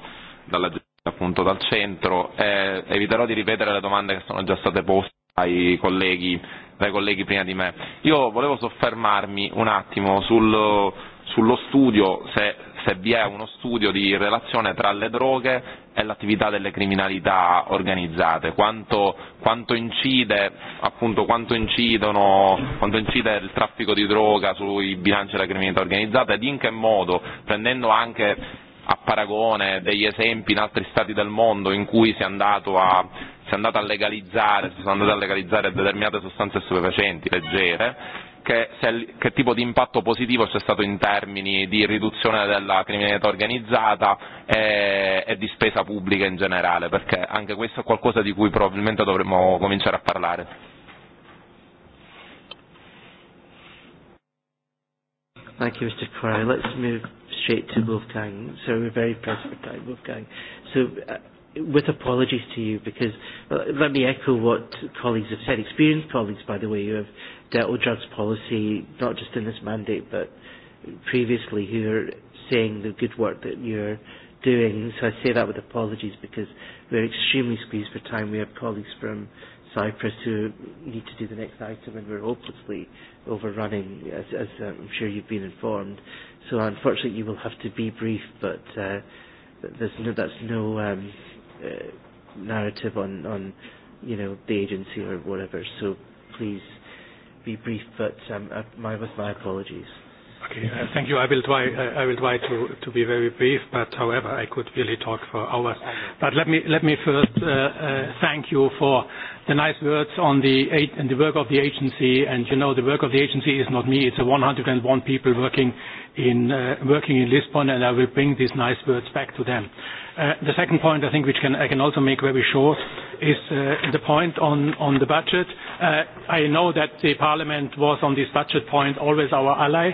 dalla appunto dal centro. Eh, eviterò di ripetere le domande che sono già state poste ai colleghi, dai colleghi prima di me. Io volevo soffermarmi un attimo sul, sullo studio, se se vi è uno studio di relazione tra le droghe e l'attività delle criminalità organizzate, quanto, quanto, incide, appunto, quanto, incidono, quanto incide il traffico di droga sui bilanci della criminalità organizzata ed in che modo, prendendo anche a paragone degli esempi in altri stati del mondo in cui si è andato a, si è andato a legalizzare, si sono andate a legalizzare determinate sostanze stupefacenti, leggere, che, se, che tipo di impatto positivo c'è stato in termini di riduzione della criminalità organizzata e, e di spesa pubblica in generale, perché anche questo è qualcosa di cui probabilmente dovremmo cominciare a parlare. Thank you, Mr. Corral. Let's move straight to Wolfgang. So we're very pressed for time, Wolfgang. So, uh, with apologies to you, because uh, let me echo what colleagues have said, experienced colleagues, by the way, who have dealt with drugs policy, not just in this mandate, but previously, who are saying the good work that you're doing. So I say that with apologies because we're extremely squeezed for time. We have colleagues from Cyprus who need to do the next item and we're hopelessly overrunning, as, as uh, I'm sure you've been informed. So unfortunately you will have to be brief, but uh, there's no, that's no um, uh, narrative on, on you know, the agency or whatever. So please be brief, but um, uh, my, with my apologies. Okay, uh, thank you. I will try. Uh, I will try to, to be very brief, but however, I could really talk for hours. But let me let me first uh, uh, thank you for the nice words on the, and the work of the agency, and you know the work of the agency is not me, it's a 101 people working in, uh, working in Lisbon, and I will bring these nice words back to them. Uh, the second point I think which can, I can also make very short is uh, the point on, on the budget. Uh, I know that the Parliament was on this budget point always our ally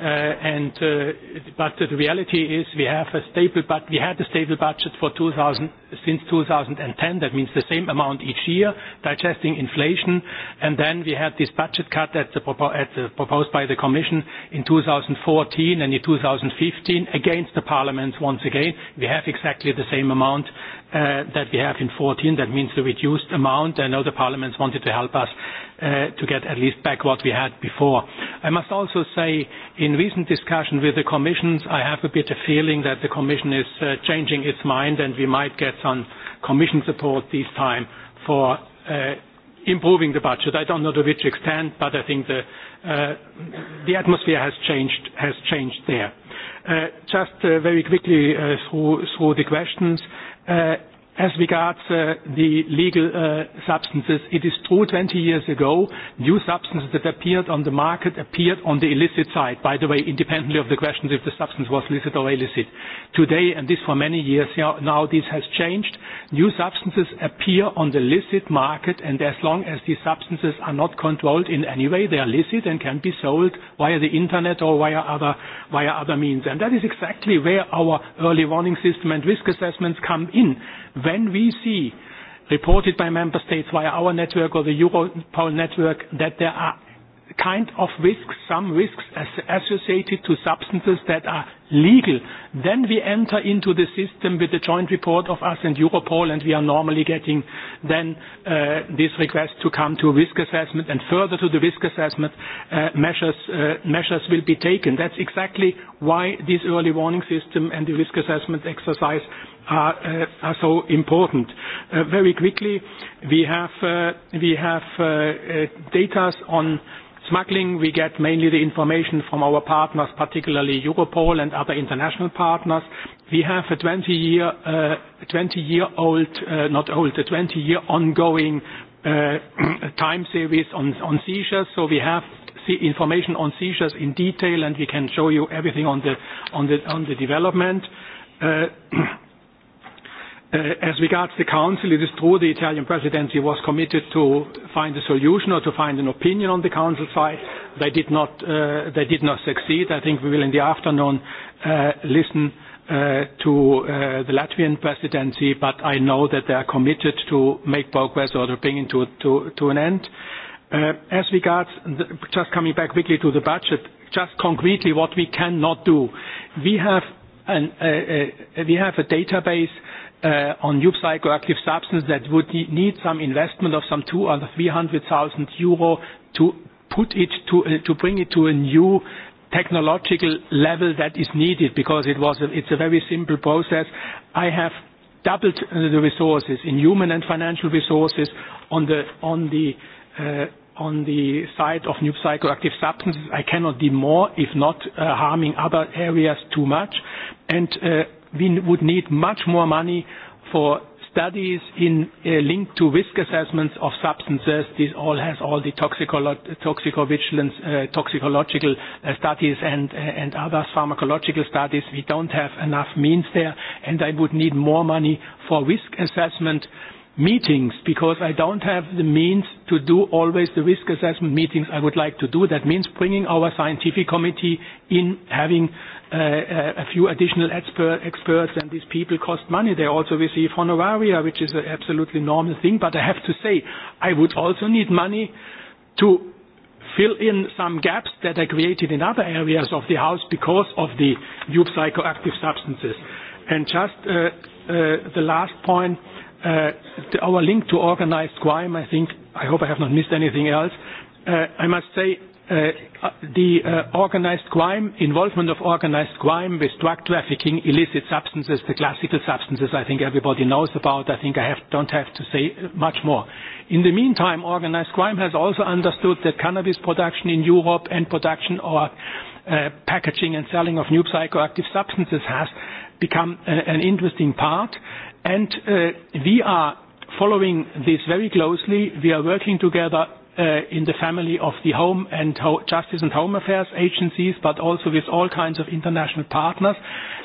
Uh, and uh, but the reality is we have a stable but we had a stable budget for 2000 since 2010 that means the same amount each year digesting inflation and then we had this budget cut at the, at the proposed by the commission in 2014 and in 2015 against the parliament once again we have exactly the same amount uh, that we have in 14 that means the reduced amount I know the parliaments wanted to help us uh, to get at least back what we had before. I must also say, in recent discussion with the commissions, I have a bit of feeling that the commission is uh, changing its mind and we might get some commission support this time for uh, improving the budget. I don't know to which extent, but I think the, uh, the atmosphere has changed, has changed there. Uh, just uh, very quickly uh, through, through the questions. Uh, As regards uh, the legal uh, substances, it is true 20 years ago, new substances that appeared on the market appeared on the illicit side, by the way, independently of the questions if the substance was licit or illicit. Today, and this for many years now, this has changed. New substances appear on the licit market, and as long as these substances are not controlled in any way, they are licit and can be sold via the internet or via other, via other means. And that is exactly where our early warning system and risk assessments come in When we see, reported by member states via our network or the Europol network, that there are kind of risks, some risks associated to substances that are legal. Then we enter into the system with the joint report of us and Europol and we are normally getting then uh, this request to come to a risk assessment and further to the risk assessment uh, measures, uh, measures will be taken. That's exactly why this early warning system and the risk assessment exercise are, uh, are so important. Uh, very quickly, we have, uh, we have uh, uh, data on smuggling. We get mainly the information from our partners, particularly Europol and other international partners. We have a 20-year, uh, 20-year-old, uh, not old, a 20-year ongoing uh, time series on, on seizures. So we have see information on seizures in detail, and we can show you everything on the, on the, on the development. Uh, Uh, as regards the Council, it is true the Italian presidency was committed to find a solution or to find an opinion on the Council side. They did not, uh, they did not succeed. I think we will in the afternoon uh, listen uh, to uh, the Latvian presidency, but I know that they are committed to make progress or to bring it to, to, to an end. Uh, as regards, the, just coming back quickly to the budget, just concretely what we cannot do. We have, an, uh, uh, we have a database uh, on new psychoactive substance that would need some investment of some two or 300,000 euro to put it to, uh, to bring it to a new technological level that is needed because it was a, it's a very simple process. I have doubled uh, the resources in human and financial resources on the, on the uh, on the side of new psychoactive substances. I cannot do more if not uh, harming other areas too much. And uh, we would need much more money for studies in uh, linked to risk assessments of substances. This all has all the toxicolo toxicovigilance, uh, toxicological uh, studies and, uh, and other pharmacological studies. We don't have enough means there, and I would need more money for risk assessment. Uh, meetings because I don't have the means to do always the risk assessment meetings I would like to do. That means bringing our scientific committee in, having uh, uh a few additional expert, experts, and these people cost money. They also receive honoraria, which is an absolutely normal thing. But I have to say, I would also need money to fill in some gaps that are created in other areas of the house because of the new psychoactive substances. And just uh, uh, the last point uh, our link to organized crime, I think, I hope I have not missed anything else. Uh, I must say, uh, uh, the uh, organized crime, involvement of organized crime with drug trafficking, illicit substances, the classical substances I think everybody knows about. I think I have, don't have to say much more. In the meantime, organized crime has also understood that cannabis production in Europe and production or uh, packaging and selling of new psychoactive substances has become a, an interesting part. And uh, we are following this very closely. We are working together uh, in the family of the Home and Ho Justice and Home Affairs agencies, but also with all kinds of international partners.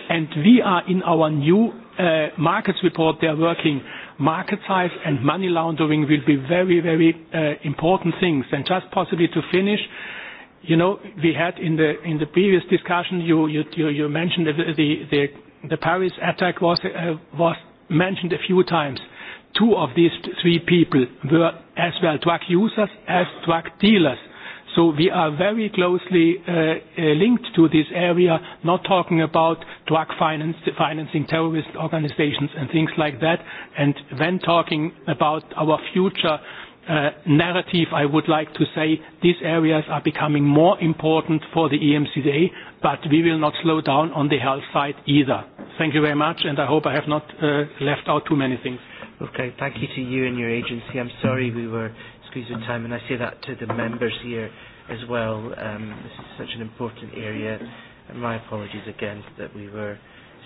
And we are in our new uh, markets report, they are working. Market size and money laundering will be very, very uh, important things. And just possibly to finish, you know, we had in the in the previous discussion, you you you, you mentioned the the the Paris attack was uh, was mentioned a few times, two of these three people were as well drug users as drug dealers. So we are very closely uh, uh, linked to this area, not talking about drug finance, financing terrorist organizations and things like that. And when talking about our future uh, narrative, I would like to say these areas are becoming more important for the EMCDA, but we will not slow down on the health side either. Thank you very much, and I hope I have not uh, left out too many things. Okay, thank you to you and your agency. I'm sorry we were squeezed with time, and I say that to the members here as well. Um, this is such an important area, and my apologies again that we were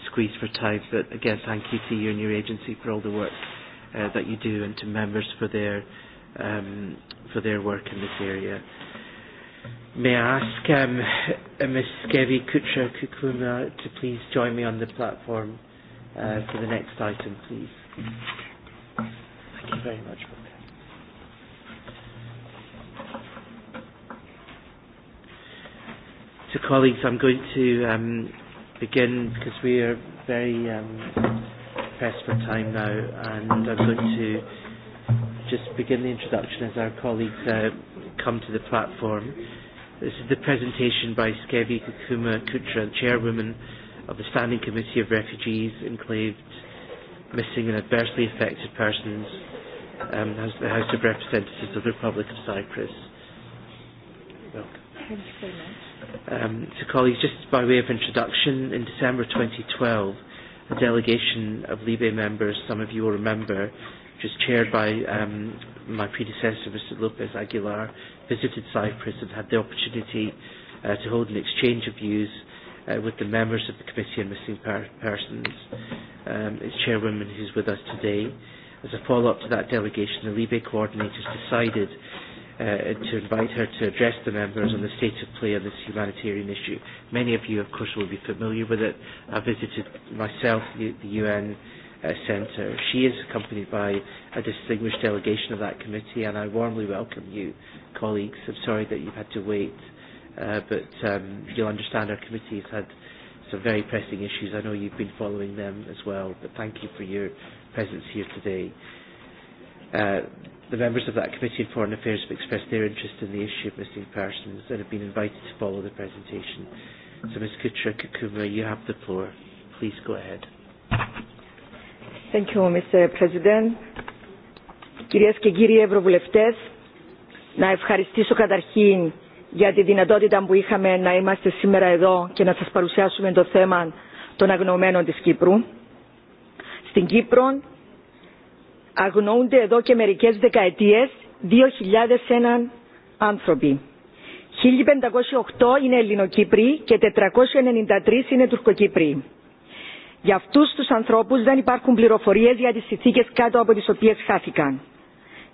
squeezed for time. But again, thank you to you and your agency for all the work uh, that you do, and to members for their um, for their work in this area. May I ask um, uh, Ms. Skevi Kutra Kukuma to please join me on the platform uh, for the next item, please? Thank you very much. So, colleagues, I'm going to um, begin because we are very um, pressed for time now, and I'm going to just begin the introduction as our colleagues uh, come to the platform. This is the presentation by Skevi Kukuma Kutra, chairwoman of the Standing Committee of Refugees, Enclaved, Missing and Adversely Affected Persons, um, as the House of Representatives of the Republic of Cyprus. Um, so colleagues, just by way of introduction, in December 2012, a delegation of Libe members, some of you will remember, which was chaired by um, my predecessor, Mr. Lopez Aguilar, visited Cyprus and had the opportunity uh, to hold an exchange of views uh, with the members of the Committee on Missing per Persons, um, its chairwoman who's with us today. As a follow-up to that delegation, the Libe coordinators decided uh, to invite her to address the members on the state of play on this humanitarian issue. Many of you, of course, will be familiar with it. I visited myself the, the UN uh, Centre. She is accompanied by a distinguished delegation of that committee, and I warmly welcome you, colleagues. I'm sorry that you've had to wait, uh, but um, you'll understand our committee has had some very pressing issues. I know you've been following them as well, but thank you for your presence here today. Uh, the members of that committee on foreign affairs have expressed their interest in the issue of missing persons and have been invited to follow the presentation. So Ms Kutra Kakuma, you have the floor. Please go ahead. Thank you, Mr. President. Κυρίες και κύριοι Ευρωβουλευτές, να ευχαριστήσω καταρχήν για τη δυνατότητα που είχαμε να είμαστε σήμερα εδώ και να σας παρουσιάσουμε το θέμα των αγνοωμένων της Κύπρου. Στην Κύπρο αγνοούνται εδώ και μερικές δεκαετίες 2.001 άνθρωποι. 1.508 είναι Ελληνοκύπροι και 493 είναι Τουρκοκύπροι. Για αυτούς τους ανθρώπους δεν υπάρχουν πληροφορίες για τις συνθήκες κάτω από τις οποίες χάθηκαν.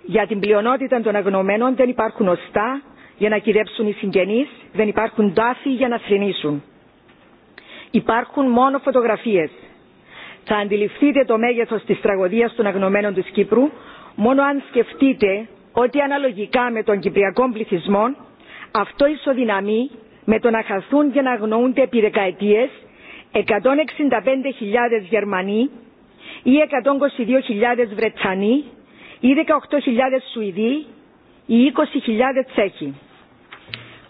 Για την πλειονότητα των αγνωμένων δεν υπάρχουν οστά για να κυδέψουν οι συγγενείς, δεν υπάρχουν τάφοι για να θρυνήσουν. Υπάρχουν μόνο φωτογραφίες. Θα αντιληφθείτε το μέγεθος της τραγωδίας των αγνωμένων της Κύπρου μόνο αν σκεφτείτε ότι αναλογικά με τον κυπριακό πληθυσμό αυτό ισοδυναμεί με το να χαθούν και να αγνοούνται επί δεκαετίες 165.000 Γερμανοί ή 122.000 Βρετανοί ή 18.000 Σουηδοί ή 20.000 Τσέχοι.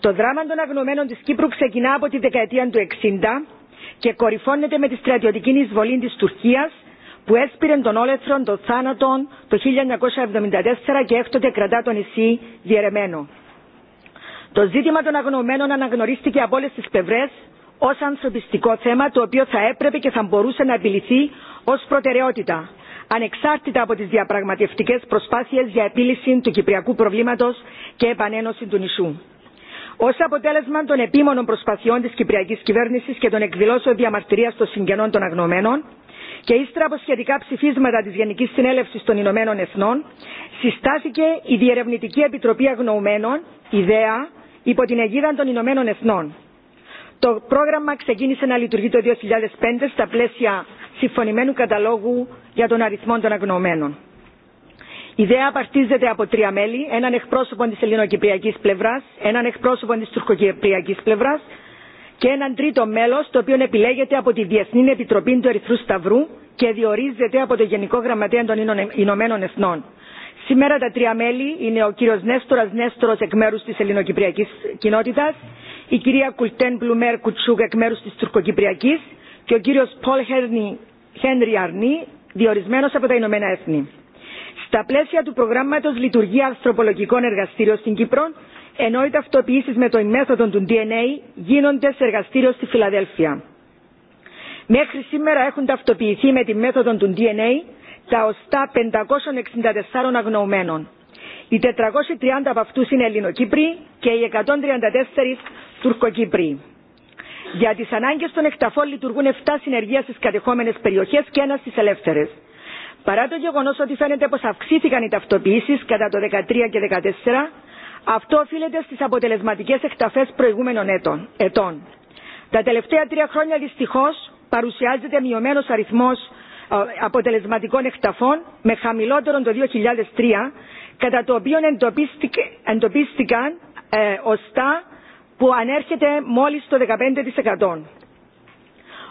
Το δράμα των αγνωμένων της Κύπρου ξεκινά από τη δεκαετία του 60 και κορυφώνεται με τη στρατιωτική εισβολή της Τουρκίας που έσπηρε τον όλεθρον των θάνατων το 1974 και έκτοτε κρατά το νησί διαιρεμένο. Το ζήτημα των αγνωμένων αναγνωρίστηκε από όλες τις πλευρές ως ανθρωπιστικό θέμα το οποίο θα έπρεπε και θα μπορούσε να επιληθεί ως προτεραιότητα ανεξάρτητα από τις διαπραγματευτικές προσπάθειες για επίλυση του κυπριακού προβλήματος και επανένωση του νησού. Ω αποτέλεσμα των επίμονων προσπαθειών τη Κυπριακή Κυβέρνηση και των εκδηλώσεων διαμαρτυρία των συγγενών των αγνωμένων, και ύστερα από σχετικά ψηφίσματα τη Γενική Συνέλευση των Ηνωμένων Εθνών, συστάθηκε η Διερευνητική Επιτροπή Αγνωμένων, ιδέα, υπό την αιγίδα των Ηνωμένων Εθνών. Το πρόγραμμα ξεκίνησε να λειτουργεί το 2005 στα πλαίσια συμφωνημένου καταλόγου για τον αριθμό των αγνωμένων. Η ιδέα απαρτίζεται από τρία μέλη, έναν εκπρόσωπο της ελληνοκυπριακής πλευράς, έναν εκπρόσωπο της τουρκοκυπριακής πλευράς και έναν τρίτο μέλος το οποίο επιλέγεται από τη Διεθνή Επιτροπή του Ερυθρού Σταυρού και διορίζεται από το Γενικό Γραμματέα των Ηνωμένων Εθνών. Σήμερα τα τρία μέλη είναι ο κύριος Νέστορας Νέστορος εκ μέρους της ελληνοκυπριακής κοινότητας, η κυρία Κουλτέν Μπλουμέρ Κουτσούγκ εκ μέρους της Τουρκοκυπριακής και ο κύριος Πολ Χένρι αρνή, διορισμένος από τα Ηνωμένα Έθνη. Στα πλαίσια του προγράμματος λειτουργία ανθρωπολογικών εργαστήριων στην Κύπρο, ενώ οι ταυτοποιήσεις με το μέθοδο του DNA γίνονται σε εργαστήριο στη Φιλαδέλφια. Μέχρι σήμερα έχουν ταυτοποιηθεί με τη μέθοδο του DNA τα οστά 564 αγνοωμένων. Οι 430 από αυτούς είναι Ελληνοκύπροι και οι 134 Τουρκοκύπριοι. Για τις ανάγκες των εκταφών λειτουργούν 7 συνεργεία στις κατεχόμενες περιοχές και ένα στις ελεύθερες. Παρά το γεγονός ότι φαίνεται πως αυξήθηκαν οι ταυτοποιήσεις κατά το 2013 και 2014, αυτό οφείλεται στις αποτελεσματικές εκταφές προηγούμενων έτων, ετών. Τα τελευταία τρία χρόνια δυστυχώς παρουσιάζεται μειωμένος αριθμός αποτελεσματικών εκταφών με χαμηλότερον το 2003, κατά το οποίο εντοπίστηκαν ε, που ανέρχεται μόλις στο 15%.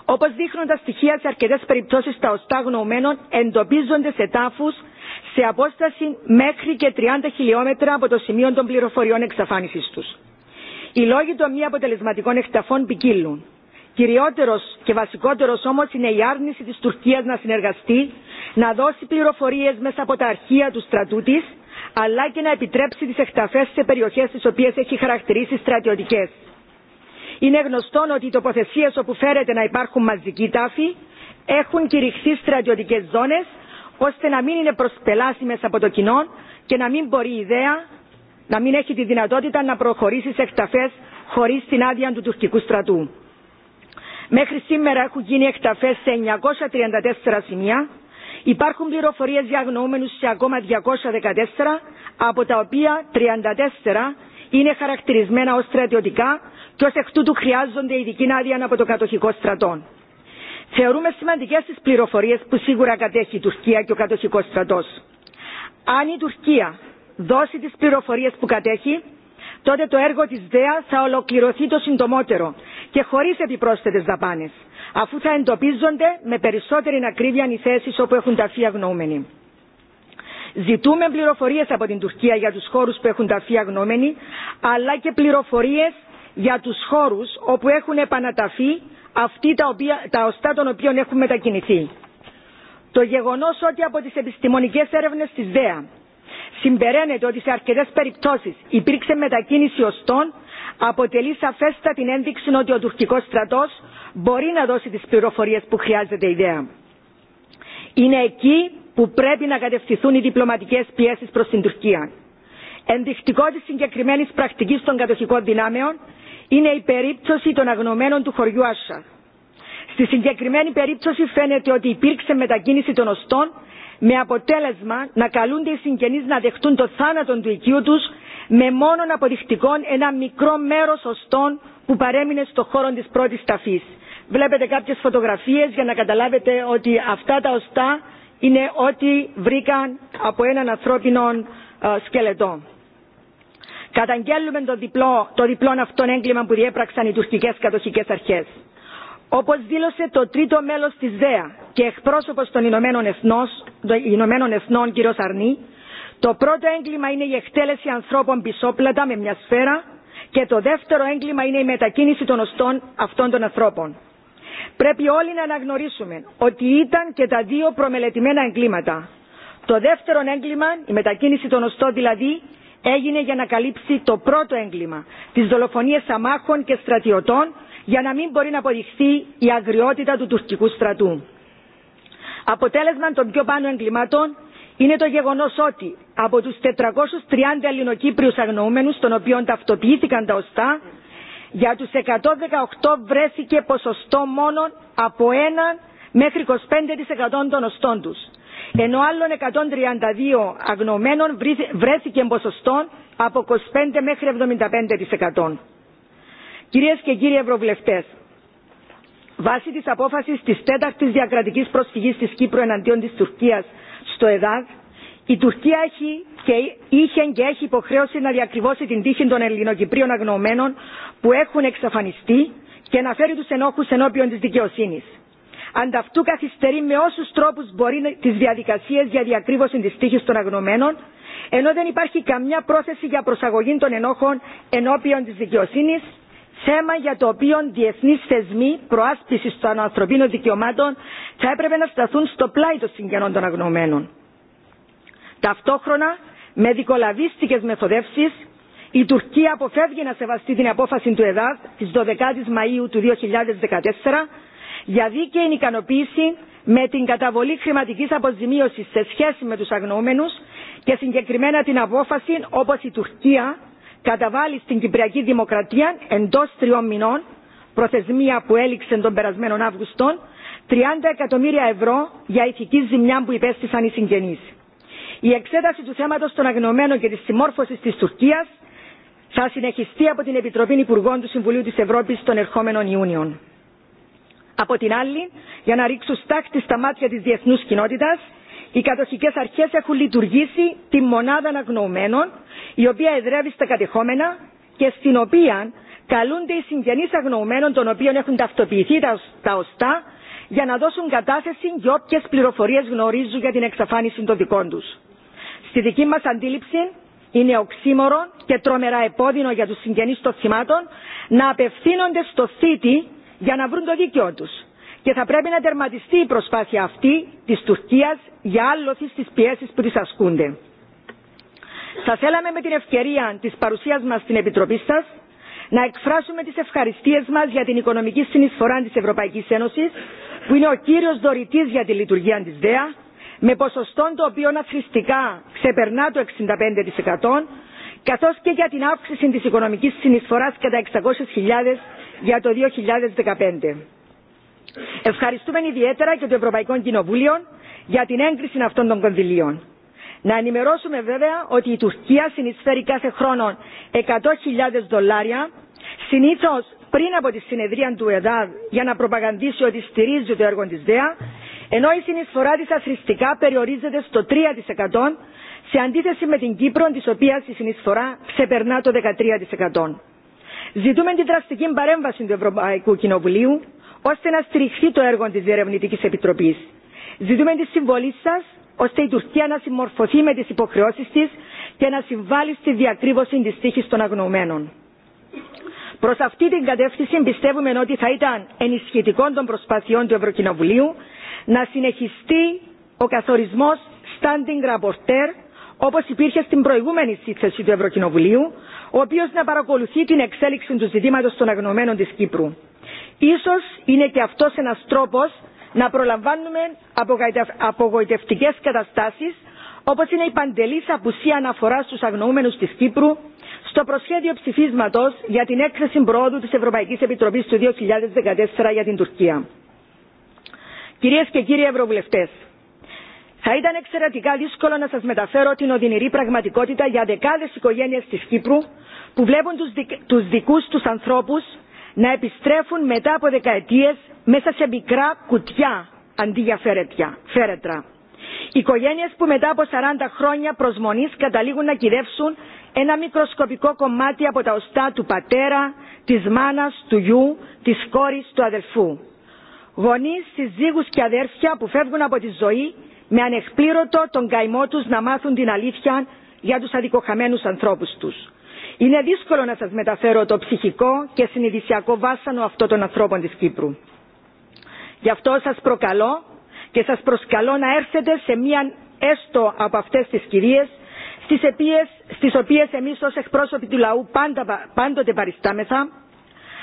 Όπως δείχνουν τα στοιχεία σε αρκετές περιπτώσεις τα οστά γνωμένων εντοπίζονται σε τάφους σε απόσταση μέχρι και 30 χιλιόμετρα από το σημείο των πληροφοριών εξαφάνισης τους. Οι λόγοι των μη αποτελεσματικών εκταφών ποικίλουν. Κυριότερος και βασικότερος όμως είναι η άρνηση της Τουρκίας να συνεργαστεί, να δώσει πληροφορίες μέσα από τα αρχεία του στρατού της αλλά και να επιτρέψει τις εκταφές σε περιοχές τις οποίες έχει χαρακτηρίσει στρατιωτικές. Είναι γνωστό ότι οι τοποθεσίες όπου φέρεται να υπάρχουν μαζικοί τάφοι έχουν κηρυχθεί στρατιωτικές ζώνες ώστε να μην είναι προσπελάσιμες από το κοινό και να μην μπορεί η ιδέα να μην έχει τη δυνατότητα να προχωρήσει σε εκταφές χωρίς την άδεια του τουρκικού στρατού. Μέχρι σήμερα έχουν γίνει εκταφές σε 934 σημεία Υπάρχουν πληροφορίε για σε ακόμα 214, από τα οποία 34 είναι χαρακτηρισμένα ω στρατιωτικά και ω εκ τούτου χρειάζονται ειδική άδεια από το κατοχικό στρατό. Θεωρούμε σημαντικέ τι πληροφορίε που σίγουρα κατέχει η Τουρκία και ο κατοχικό στρατό. Αν η Τουρκία δώσει τι πληροφορίε που κατέχει, τότε το έργο τη ΔΕΑ θα ολοκληρωθεί το συντομότερο και χωρί επιπρόσθετε δαπάνε αφού θα εντοπίζονται με περισσότερη ακρίβεια οι θέσει όπου έχουν ταφεί αγνοούμενοι. Ζητούμε πληροφορίε από την Τουρκία για του χώρου που έχουν ταφεί αγνοούμενοι, αλλά και πληροφορίε για του χώρου όπου έχουν επαναταφεί αυτοί τα, οποία, τα οστά των οποίων έχουν μετακινηθεί. Το γεγονό ότι από τι επιστημονικέ έρευνε τη ΔΕΑ συμπεραίνεται ότι σε αρκετέ περιπτώσει υπήρξε μετακίνηση οστών αποτελεί σαφέστα την ένδειξη ότι ο τουρκικό στρατό μπορεί να δώσει τις πληροφορίες που χρειάζεται η ιδέα. Είναι εκεί που πρέπει να κατευθυνθούν οι διπλωματικές πιέσεις προς την Τουρκία. Ενδεικτικό της συγκεκριμένης πρακτικής των κατοχικών δυνάμεων είναι η περίπτωση των αγνωμένων του χωριού Άσσα. Στη συγκεκριμένη περίπτωση φαίνεται ότι υπήρξε μετακίνηση των οστών με αποτέλεσμα να καλούνται οι συγγενείς να δεχτούν το θάνατο του οικείου τους με μόνον αποδεικτικών ένα μικρό μέρος οστών που παρέμεινε στο χώρο της πρώτης ταφής βλέπετε κάποιες φωτογραφίες για να καταλάβετε ότι αυτά τα οστά είναι ό,τι βρήκαν από έναν ανθρώπινο σκελετό. Καταγγέλουμε το διπλό, το διπλό αυτόν έγκλημα που διέπραξαν οι τουρκικές κατοχικές αρχές. Όπως δήλωσε το τρίτο μέλος της ΔΕΑ και εκπρόσωπος των Ηνωμένων, Εθνών, των Ηνωμένων Εθνών κ. Αρνή, το πρώτο έγκλημα είναι η εκτέλεση ανθρώπων πισόπλατα με μια σφαίρα και το δεύτερο έγκλημα είναι η μετακίνηση των οστών αυτών των ανθρώπων. Πρέπει όλοι να αναγνωρίσουμε ότι ήταν και τα δύο προμελετημένα εγκλήματα. Το δεύτερο έγκλημα, η μετακίνηση των οστών δηλαδή, έγινε για να καλύψει το πρώτο έγκλημα, τις δολοφονίες αμάχων και στρατιωτών, για να μην μπορεί να αποδειχθεί η αγριότητα του τουρκικού στρατού. Αποτέλεσμα των πιο πάνω εγκλημάτων είναι το γεγονός ότι από τους 430 Ελληνοκύπριους αγνοούμενους, των οποίων ταυτοποιήθηκαν τα οστά, Για τους 118 βρέθηκε ποσοστό μόνο από 1 μέχρι 25% των οστών τους. Ενώ άλλων 132 αγνωμένων βρέθηκε ποσοστό από 25 μέχρι 75%. Κυρίες και κύριοι Ευρωβουλευτές, βάσει της απόφασης της τέταρτης διακρατικής προσφυγής της Κύπρου εναντίον της Τουρκίας στο ΕΔΑΔ, Η Τουρκία έχει και είχε και έχει υποχρέωση να διακριβώσει την τύχη των ελληνοκυπρίων αγνωμένων που έχουν εξαφανιστεί και να φέρει τους ενόχους ενώπιον της δικαιοσύνης. Ανταυτού καθυστερεί με όσους τρόπους μπορεί τις διαδικασίες για διακρύβωση της τύχης των αγνωμένων, ενώ δεν υπάρχει καμιά πρόθεση για προσαγωγή των ενόχων ενώπιον της δικαιοσύνης, θέμα για το οποίο διεθνείς θεσμοί προάσπισης των ανθρωπίνων δικαιωμάτων θα έπρεπε να σταθούν στο πλάι των συγγενών των αγνωμένων. Ταυτόχρονα, με δικολαβίστικες μεθοδεύσεις, η Τουρκία αποφεύγει να σεβαστεί την απόφαση του ΕΔΑΔ της 12ης Μαΐου του 2014 για δίκαιη ικανοποίηση με την καταβολή χρηματικής αποζημίωσης σε σχέση με τους αγνοούμενους και συγκεκριμένα την απόφαση όπως η Τουρκία καταβάλει στην Κυπριακή Δημοκρατία εντός τριών μηνών, προθεσμία που έληξε τον περασμένο Αύγουστο, 30 εκατομμύρια ευρώ για ηθική ζημιά που υπέστησαν οι συγγενείς. Η εξέταση του θέματος των αγνωμένων και της συμμόρφωσης της Τουρκίας θα συνεχιστεί από την Επιτροπή Υπουργών του Συμβουλίου της Ευρώπης των ερχόμενων Ιούνιων. Από την άλλη, για να ρίξουν στάχτη στα μάτια της διεθνούς κοινότητας, οι κατοχικές αρχές έχουν λειτουργήσει τη μονάδα αναγνωμένων, η οποία εδρεύει στα κατεχόμενα και στην οποία καλούνται οι συγγενείς αγνοωμένων των οποίων έχουν ταυτοποιηθεί τα οστά για να δώσουν κατάθεση για όποιε πληροφορίε γνωρίζουν για την εξαφάνιση των δικών του. Στη δική μα αντίληψη, είναι οξύμορο και τρομερά επώδυνο για του συγγενεί των θυμάτων να απευθύνονται στο θήτη για να βρουν το δίκαιο του. Και θα πρέπει να τερματιστεί η προσπάθεια αυτή τη Τουρκία για άλλωση στι πιέσει που τη ασκούνται. Θα θέλαμε με την ευκαιρία τη παρουσία μα στην Επιτροπή σα να εκφράσουμε τις ευχαριστίες μας για την οικονομική συνεισφορά της Ευρωπαϊκής Ένωσης, που είναι ο κύριος δωρητής για τη λειτουργία της ΔΕΑ, με ποσοστό το οποίο αθρηστικά ξεπερνά το 65%, καθώς και για την αύξηση της οικονομικής συνεισφοράς κατά 600.000 για το 2015. Ευχαριστούμε ιδιαίτερα και το Ευρωπαϊκό Κοινοβούλιο για την έγκριση αυτών των κονδυλίων. Να ενημερώσουμε βέβαια ότι η Τουρκία συνεισφέρει κάθε χρόνο 100.000 δολάρια, συνήθω πριν από τη συνεδρία του ΕΔΑΔ για να προπαγανδίσει ότι στηρίζει το έργο τη ΔΕΑ, ενώ η συνεισφορά τη αθρηστικά περιορίζεται στο 3% σε αντίθεση με την Κύπρο, τη οποία η συνεισφορά ξεπερνά το 13%. Ζητούμε την δραστική παρέμβαση του Ευρωπαϊκού Κοινοβουλίου, ώστε να στηριχθεί το έργο τη διερευνητική επιτροπή. Ζητούμε τη συμβολή σας ώστε η Τουρκία να συμμορφωθεί με τις υποχρεώσεις της και να συμβάλλει στη διακρύβωση της τύχης των αγνωμένων. Προς αυτή την κατεύθυνση πιστεύουμε ότι θα ήταν ενισχυτικό των προσπαθειών του Ευρωκοινοβουλίου να συνεχιστεί ο καθορισμός standing rapporteur όπως υπήρχε στην προηγούμενη σύνθεση του Ευρωκοινοβουλίου, ο οποίος να παρακολουθεί την εξέλιξη του ζητήματος των αγνωμένων της Κύπρου. Ίσως είναι και αυτός ένας τρόπος να προλαμβάνουμε απογοητευτικέ καταστάσει, όπω είναι η παντελή απουσία αναφορά στου αγνοούμενου τη Κύπρου στο προσχέδιο ψηφίσματο για την έκθεση πρόοδου τη Ευρωπαϊκή Επιτροπή του 2014 για την Τουρκία. Κυρίε και κύριοι Ευρωβουλευτέ, θα ήταν εξαιρετικά δύσκολο να σα μεταφέρω την οδυνηρή πραγματικότητα για δεκάδε οικογένειε τη Κύπρου που βλέπουν του δικ, του ανθρώπου να επιστρέφουν μετά από δεκαετίες μέσα σε μικρά κουτιά αντί για φέρετρα. Οικογένειες που μετά από 40 χρόνια προσμονής καταλήγουν να κυδεύσουν ένα μικροσκοπικό κομμάτι από τα οστά του πατέρα, της μάνας, του γιου, της κόρης, του αδελφού. Γονείς, συζύγους και αδέρφια που φεύγουν από τη ζωή με ανεκπλήρωτο τον καημό τους να μάθουν την αλήθεια για τους αδικοχαμένους ανθρώπους τους. Είναι δύσκολο να σας μεταφέρω το ψυχικό και συνειδησιακό βάσανο αυτών των ανθρώπων της Κύπρου. Γι' αυτό σας προκαλώ και σας προσκαλώ να έρθετε σε μία έστω από αυτές τις κυρίες στις οποίες, στις οποίες εμείς ως εκπρόσωποι του λαού πάντα, πάντοτε παριστάμεθα.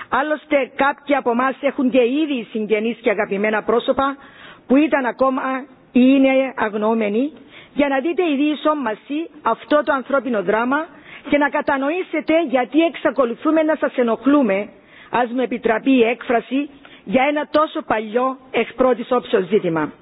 Άλλωστε κάποιοι από εμά έχουν και ήδη συγγενείς και αγαπημένα πρόσωπα που ήταν ακόμα ή είναι αγνοούμενοι για να δείτε ειδήσω μαζί αυτό το ανθρώπινο δράμα και να κατανοήσετε γιατί εξακολουθούμε να σας ενοχλούμε, ας με επιτραπεί η έκφραση, για ένα τόσο παλιό εκ πρώτης όψεως ζήτημα.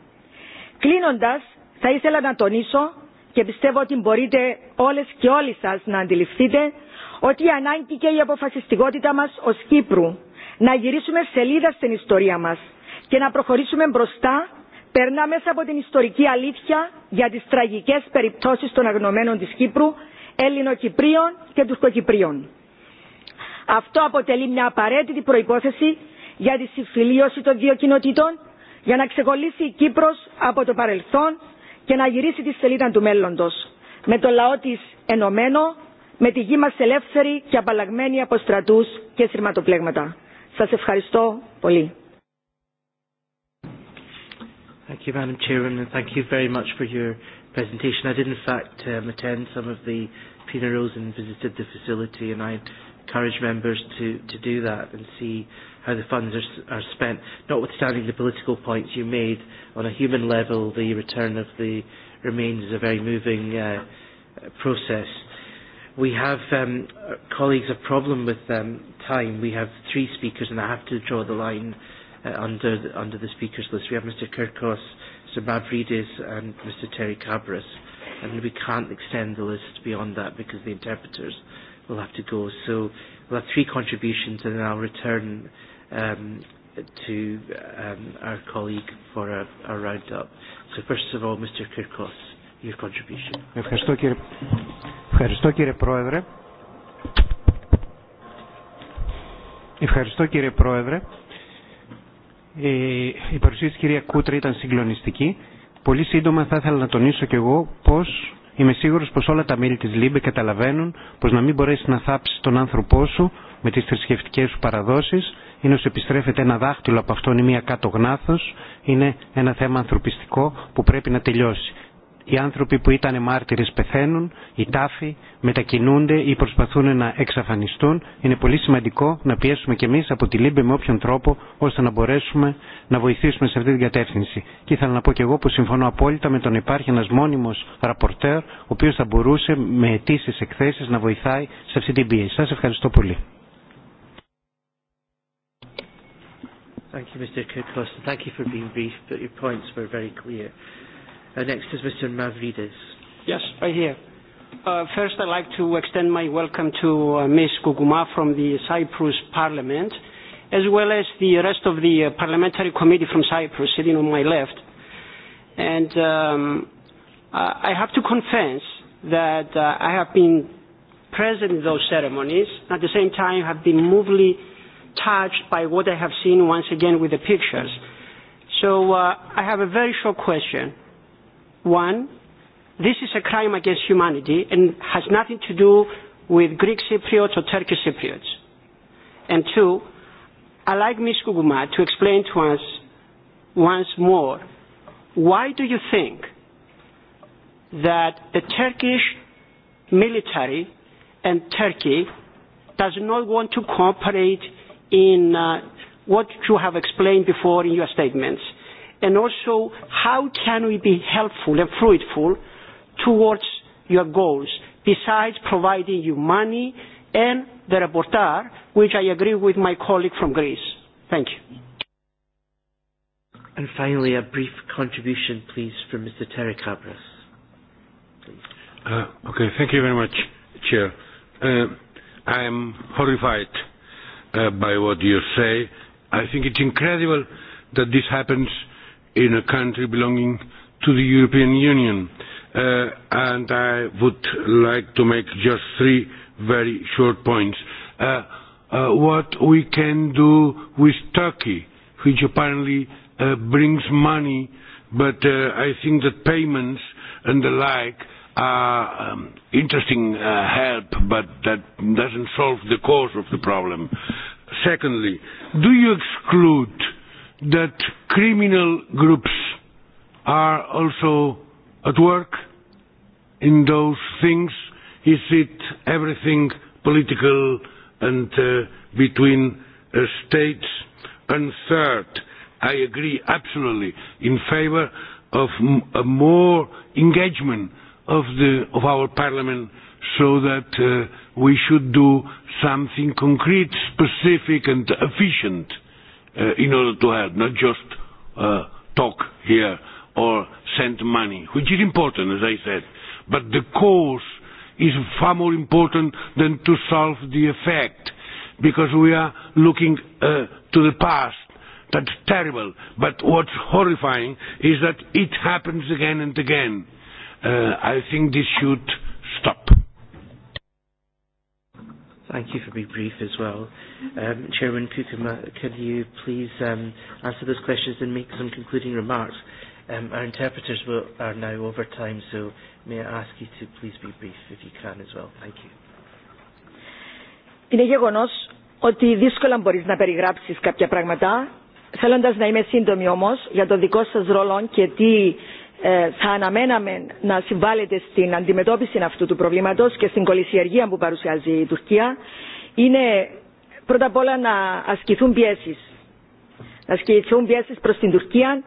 Κλείνοντας, θα ήθελα να τονίσω και πιστεύω ότι μπορείτε όλες και όλοι σας να αντιληφθείτε ότι η ανάγκη και η αποφασιστικότητα μας ως Κύπρου να γυρίσουμε σελίδα στην ιστορία μας και να προχωρήσουμε μπροστά περνά μέσα από την ιστορική αλήθεια για τις τραγικές περιπτώσεις των αγνωμένων της Κύπρου Ελληνοκυπρίων και Κοκυπρίων. Αυτό αποτελεί μια απαραίτητη προϋπόθεση για τη συμφιλίωση των δύο κοινοτήτων για να ξεκολλήσει η Κύπρος από το παρελθόν και να γυρίσει τη σελίδα του μέλλοντος με το λαό της ενωμένο, με τη γη μας ελεύθερη και απαλλαγμένη από στρατούς και σειρματοπλέγματα. Σας ευχαριστώ πολύ. Thank you, Madam Chairman, and thank you very much for your presentation. I did, in fact, um, attend some of the funerals and visited the facility, and I encourage members to, to do that and see how the funds are, are spent. Notwithstanding the political points you made, on a human level, the return of the remains is a very moving uh, process. We have, um, colleagues, a problem with um, time. We have three speakers, and I have to draw the line uh, under, the, under the speakers list. We have Mr. Kirkos, Mr. Mavridis and Mr. Terry Cabras. And we can't extend the list beyond that because the interpreters will have to go. So we'll have three contributions and then I'll return um, to um, our colleague for a, a roundup. So first of all, Mr. Kirkos, your contribution. Ευχαριστώ, κύριε Πρόεδρε. Ευχαριστώ κύριε Πρόεδρε η παρουσία της κυρία Κούτρα ήταν συγκλονιστική. Πολύ σύντομα θα ήθελα να τονίσω κι εγώ πώς είμαι σίγουρος πως όλα τα μέλη της ΛΥΜΠΕ καταλαβαίνουν πως να μην μπορέσει να θάψει τον άνθρωπό σου με τις θρησκευτικέ σου παραδόσεις είναι ως επιστρέφεται ένα δάχτυλο από αυτόν ή μία κάτω γνάθος είναι ένα θέμα ανθρωπιστικό που πρέπει να τελειώσει οι άνθρωποι που ήταν μάρτυρες πεθαίνουν, οι τάφοι μετακινούνται ή προσπαθούν να εξαφανιστούν. Είναι πολύ σημαντικό να πιέσουμε κι εμείς από τη Λίμπη με όποιον τρόπο ώστε να μπορέσουμε να βοηθήσουμε σε αυτή την κατεύθυνση. Και ήθελα να πω κι εγώ που συμφωνώ απόλυτα με τον υπάρχει ένας μόνιμος ραπορτέρ ο οποίος θα μπορούσε με αιτήσει εκθέσεις να βοηθάει σε αυτή την πίεση. Σας ευχαριστώ πολύ. Thank you, Mr. Kirkos. Thank you for being brief, but your points were very clear. Uh, next is Mr. Mavridis. Yes, right here. Uh, first, I'd like to extend my welcome to uh, Ms. Guguma from the Cyprus Parliament, as well as the rest of the uh, parliamentary committee from Cyprus sitting on my left. And um, I have to confess that uh, I have been present in those ceremonies. At the same time, have been movely touched by what I have seen once again with the pictures. So uh, I have a very short question. One, this is a crime against humanity and has nothing to do with Greek Cypriots or Turkish Cypriots. And two, I'd like Ms. Kuguma to explain to us once more why do you think that the Turkish military and Turkey does not want to cooperate in uh, what you have explained before in your statements and also how can we be helpful and fruitful towards your goals besides providing you money and the rapporteur, which I agree with my colleague from Greece. Thank you. And finally, a brief contribution, please, from Mr. Terekabras. Uh, okay, thank you very much, Chair. Uh, I am horrified uh, by what you say. I think it's incredible that this happens in a country belonging to the European Union. Uh, and I would like to make just three very short points. Uh, uh, what we can do with Turkey, which apparently uh, brings money, but uh, I think that payments and the like are um, interesting uh, help, but that doesn't solve the cause of the problem. Secondly, do you exclude that criminal groups are also at work in those things? Is it everything political and uh, between uh, states? And third, I agree absolutely in favor of m a more engagement of, the, of our parliament so that uh, we should do something concrete, specific and efficient uh, in order to help, not just uh, talk here or send money, which is important, as I said. But the cause is far more important than to solve the effect, because we are looking uh, to the past. That's terrible. But what's horrifying is that it happens again and again. Uh, I think this should stop. Thank you for being brief as well. Um, Chairman Kukuma, could you please um, answer those questions and make some concluding remarks? Um, our interpreters will, are now over time, so may I ask you to please be brief if you can as well. Thank you. Είναι γεγονός ότι δύσκολα μπορείς να περιγράψεις κάποια πράγματα. Θέλοντας να είμαι σύντομη όμως για το δικό σας ρόλο και τι θα αναμέναμε να συμβάλλεται στην αντιμετώπιση αυτού του προβλήματο και στην κολυσιεργία που παρουσιάζει η Τουρκία είναι πρώτα απ' όλα να ασκηθούν πιέσει, Να ασκηθούν πιέσει προ την Τουρκία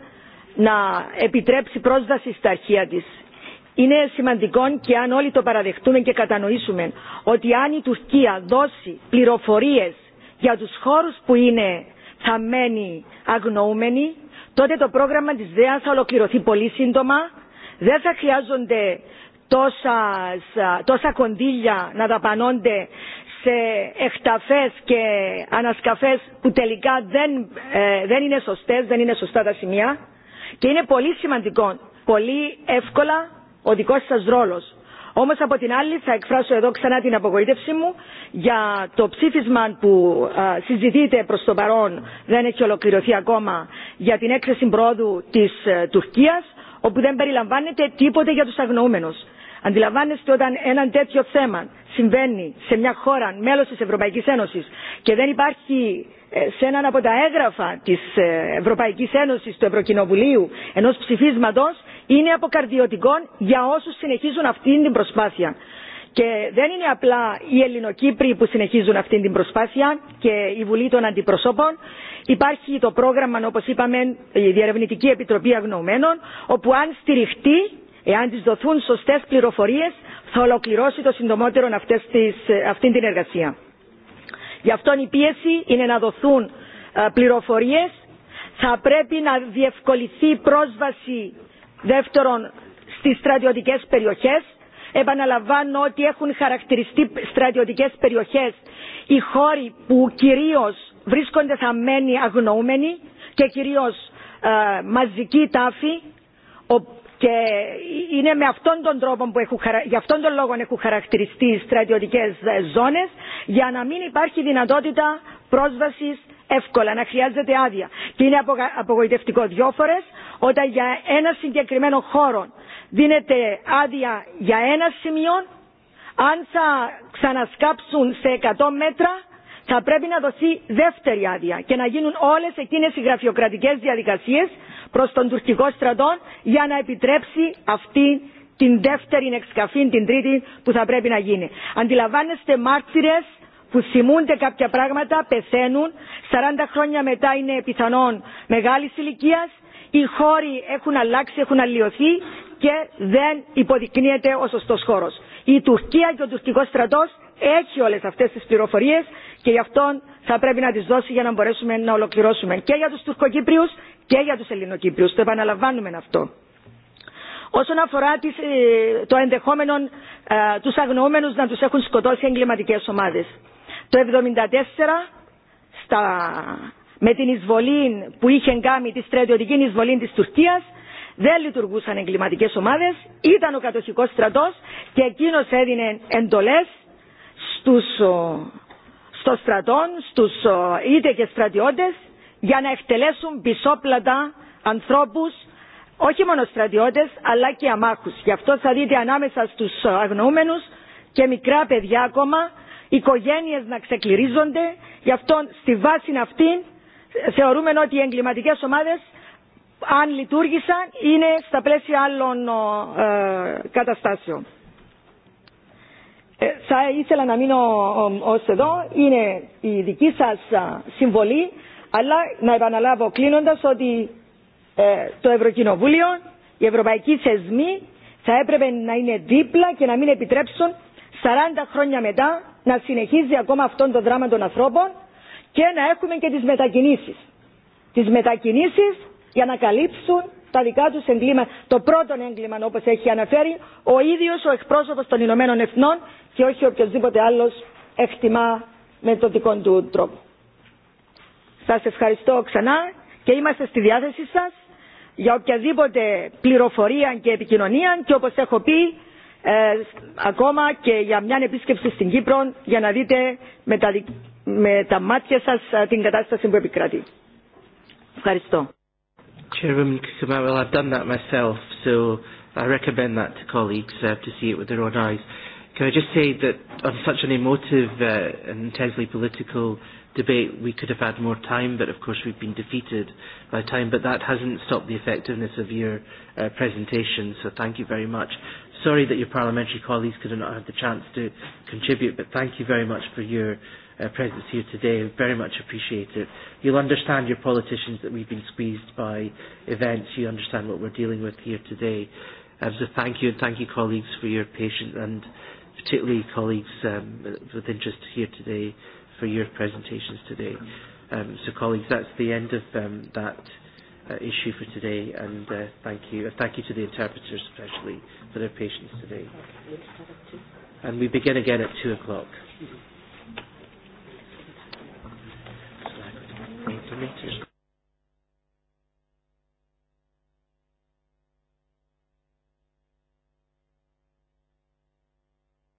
να επιτρέψει πρόσβαση στα αρχεία τη. Είναι σημαντικό και αν όλοι το παραδεχτούμε και κατανοήσουμε ότι αν η Τουρκία δώσει πληροφορίε για του χώρου που είναι θαμμένοι αγνοούμενοι τότε το πρόγραμμα της ΔΕΑ θα ολοκληρωθεί πολύ σύντομα. Δεν θα χρειάζονται τόσα, τόσα κονδύλια να δαπανώνται σε εκταφές και ανασκαφές που τελικά δεν, ε, δεν είναι σωστές, δεν είναι σωστά τα σημεία. Και είναι πολύ σημαντικό, πολύ εύκολα ο δικός σας ρόλος Όμως από την άλλη θα εκφράσω εδώ ξανά την απογοήτευσή μου για το ψήφισμα που α, συζητείται προς το παρόν, δεν έχει ολοκληρωθεί ακόμα, για την έκθεση πρόοδου της α, Τουρκίας, όπου δεν περιλαμβάνεται τίποτε για τους αγνοούμενους. Αντιλαμβάνεστε όταν ένα τέτοιο θέμα συμβαίνει σε μια χώρα μέλος της Ευρωπαϊκής Ένωσης και δεν υπάρχει σε έναν από τα έγγραφα της Ευρωπαϊκής Ένωσης του Ευρωκοινοβουλίου ενός ψηφίσματος είναι αποκαρδιωτικό για όσους συνεχίζουν αυτή την προσπάθεια. Και δεν είναι απλά οι Ελληνοκύπροι που συνεχίζουν αυτή την προσπάθεια και η Βουλή των Αντιπροσώπων. Υπάρχει το πρόγραμμα, όπως είπαμε, η Διερευνητική Επιτροπή Αγνοωμένων, όπου αν στηριχτεί, εάν της δοθούν σωστές πληροφορίες, θα ολοκληρώσει το συντομότερο αυτή την εργασία. Γι' αυτό η πίεση είναι να δοθούν πληροφορίες, θα πρέπει να διευκολυθεί πρόσβαση Δεύτερον, στις στρατιωτικές περιοχές. Επαναλαμβάνω ότι έχουν χαρακτηριστεί στρατιωτικές περιοχές οι χώροι που κυρίως βρίσκονται θαμμένοι αγνοούμενοι και κυρίως ε, μαζική τάφη και είναι με αυτόν τον τρόπο που έχουν, για αυτόν τον λόγο έχουν χαρακτηριστεί οι στρατιωτικές ζώνες για να μην υπάρχει δυνατότητα πρόσβασης εύκολα, να χρειάζεται άδεια. Και είναι απογοητευτικό δύο φορές όταν για ένα συγκεκριμένο χώρο δίνεται άδεια για ένα σημείο, αν θα ξανασκάψουν σε 100 μέτρα, θα πρέπει να δοθεί δεύτερη άδεια και να γίνουν όλες εκείνες οι γραφειοκρατικές διαδικασίες προς τον τουρκικό στρατό για να επιτρέψει αυτή την δεύτερη εξκαφή, την τρίτη που θα πρέπει να γίνει. Αντιλαμβάνεστε μάρτυρες που θυμούνται κάποια πράγματα, πεθαίνουν, 40 χρόνια μετά είναι πιθανόν μεγάλη ηλικία οι χώροι έχουν αλλάξει, έχουν αλλοιωθεί και δεν υποδεικνύεται ο σωστό χώρο. Η Τουρκία και ο τουρκικό στρατό έχει όλε αυτέ τι πληροφορίε και γι' αυτό θα πρέπει να τι δώσει για να μπορέσουμε να ολοκληρώσουμε και για του Τουρκοκύπριου και για του Ελληνοκύπριου. Το επαναλαμβάνουμε αυτό. Όσον αφορά τις, το ενδεχόμενο ε, τους να του έχουν σκοτώσει εγκληματικέ ομάδε. Το 1974 στα με την εισβολή που είχε κάνει, τη στρατιωτική εισβολή της Τουρκίας, δεν λειτουργούσαν εγκληματικέ ομάδε, ήταν ο κατοχικό στρατό και εκείνο έδινε εντολέ στο στρατό στους είτε και στρατιώτε, για να εκτελέσουν πισόπλατα ανθρώπου, όχι μόνο στρατιώτε, αλλά και αμάχου. Γι' αυτό θα δείτε ανάμεσα στου αγνοούμενου και μικρά παιδιά ακόμα, οικογένειε να ξεκληρίζονται. Γι' αυτό στη βάση αυτήν θεωρούμε ότι οι εγκληματικές ομάδες αν λειτουργήσαν είναι στα πλαίσια άλλων ε, καταστάσεων. Ε, θα ήθελα να μείνω ω εδώ. Είναι η δική σας συμβολή αλλά να επαναλάβω κλείνοντα ότι ε, το Ευρωκοινοβούλιο, οι ευρωπαϊκοί θεσμοί θα έπρεπε να είναι δίπλα και να μην επιτρέψουν 40 χρόνια μετά να συνεχίζει ακόμα αυτόν το δράμα των ανθρώπων και να έχουμε και τις μετακινήσεις. Τις μετακινήσεις για να καλύψουν τα δικά τους εγκλήματα, το πρώτο έγκλημα όπως έχει αναφέρει ο ίδιος ο εκπρόσωπος των Ηνωμένων Εθνών και όχι οποιοδήποτε άλλος εκτιμά με τον δικό του τρόπο. Σας ευχαριστώ ξανά και είμαστε στη διάθεσή σας για οποιαδήποτε πληροφορία και επικοινωνία και όπως έχω πει ε, ακόμα και για μια επίσκεψη στην Κύπρο για να δείτε με τα δικ με τα μάτια σας την κατάσταση που επικρατεί. Ευχαριστώ. Chairwoman Kukuma, well I've done that myself, so I recommend that to colleagues uh, to see it with their own eyes. Can I just say that on such an emotive uh, and intensely political debate we could have had more time, but of course we've been defeated by time, but that hasn't stopped the effectiveness of your uh, presentation, so thank you very much sorry that your parliamentary colleagues could have not had the chance to contribute, but thank you very much for your uh, presence here today. Very much appreciate it. You'll understand your politicians that we've been squeezed by events. You understand what we're dealing with here today. Um, so thank you and thank you colleagues for your patience and particularly colleagues um, with interest here today for your presentations today. Um, so colleagues, that's the end of um, that uh, issue for today and uh, thank you. Uh, thank you to the interpreters especially for their patience today. And we begin again at 2 o'clock. Mm -hmm. the meeting.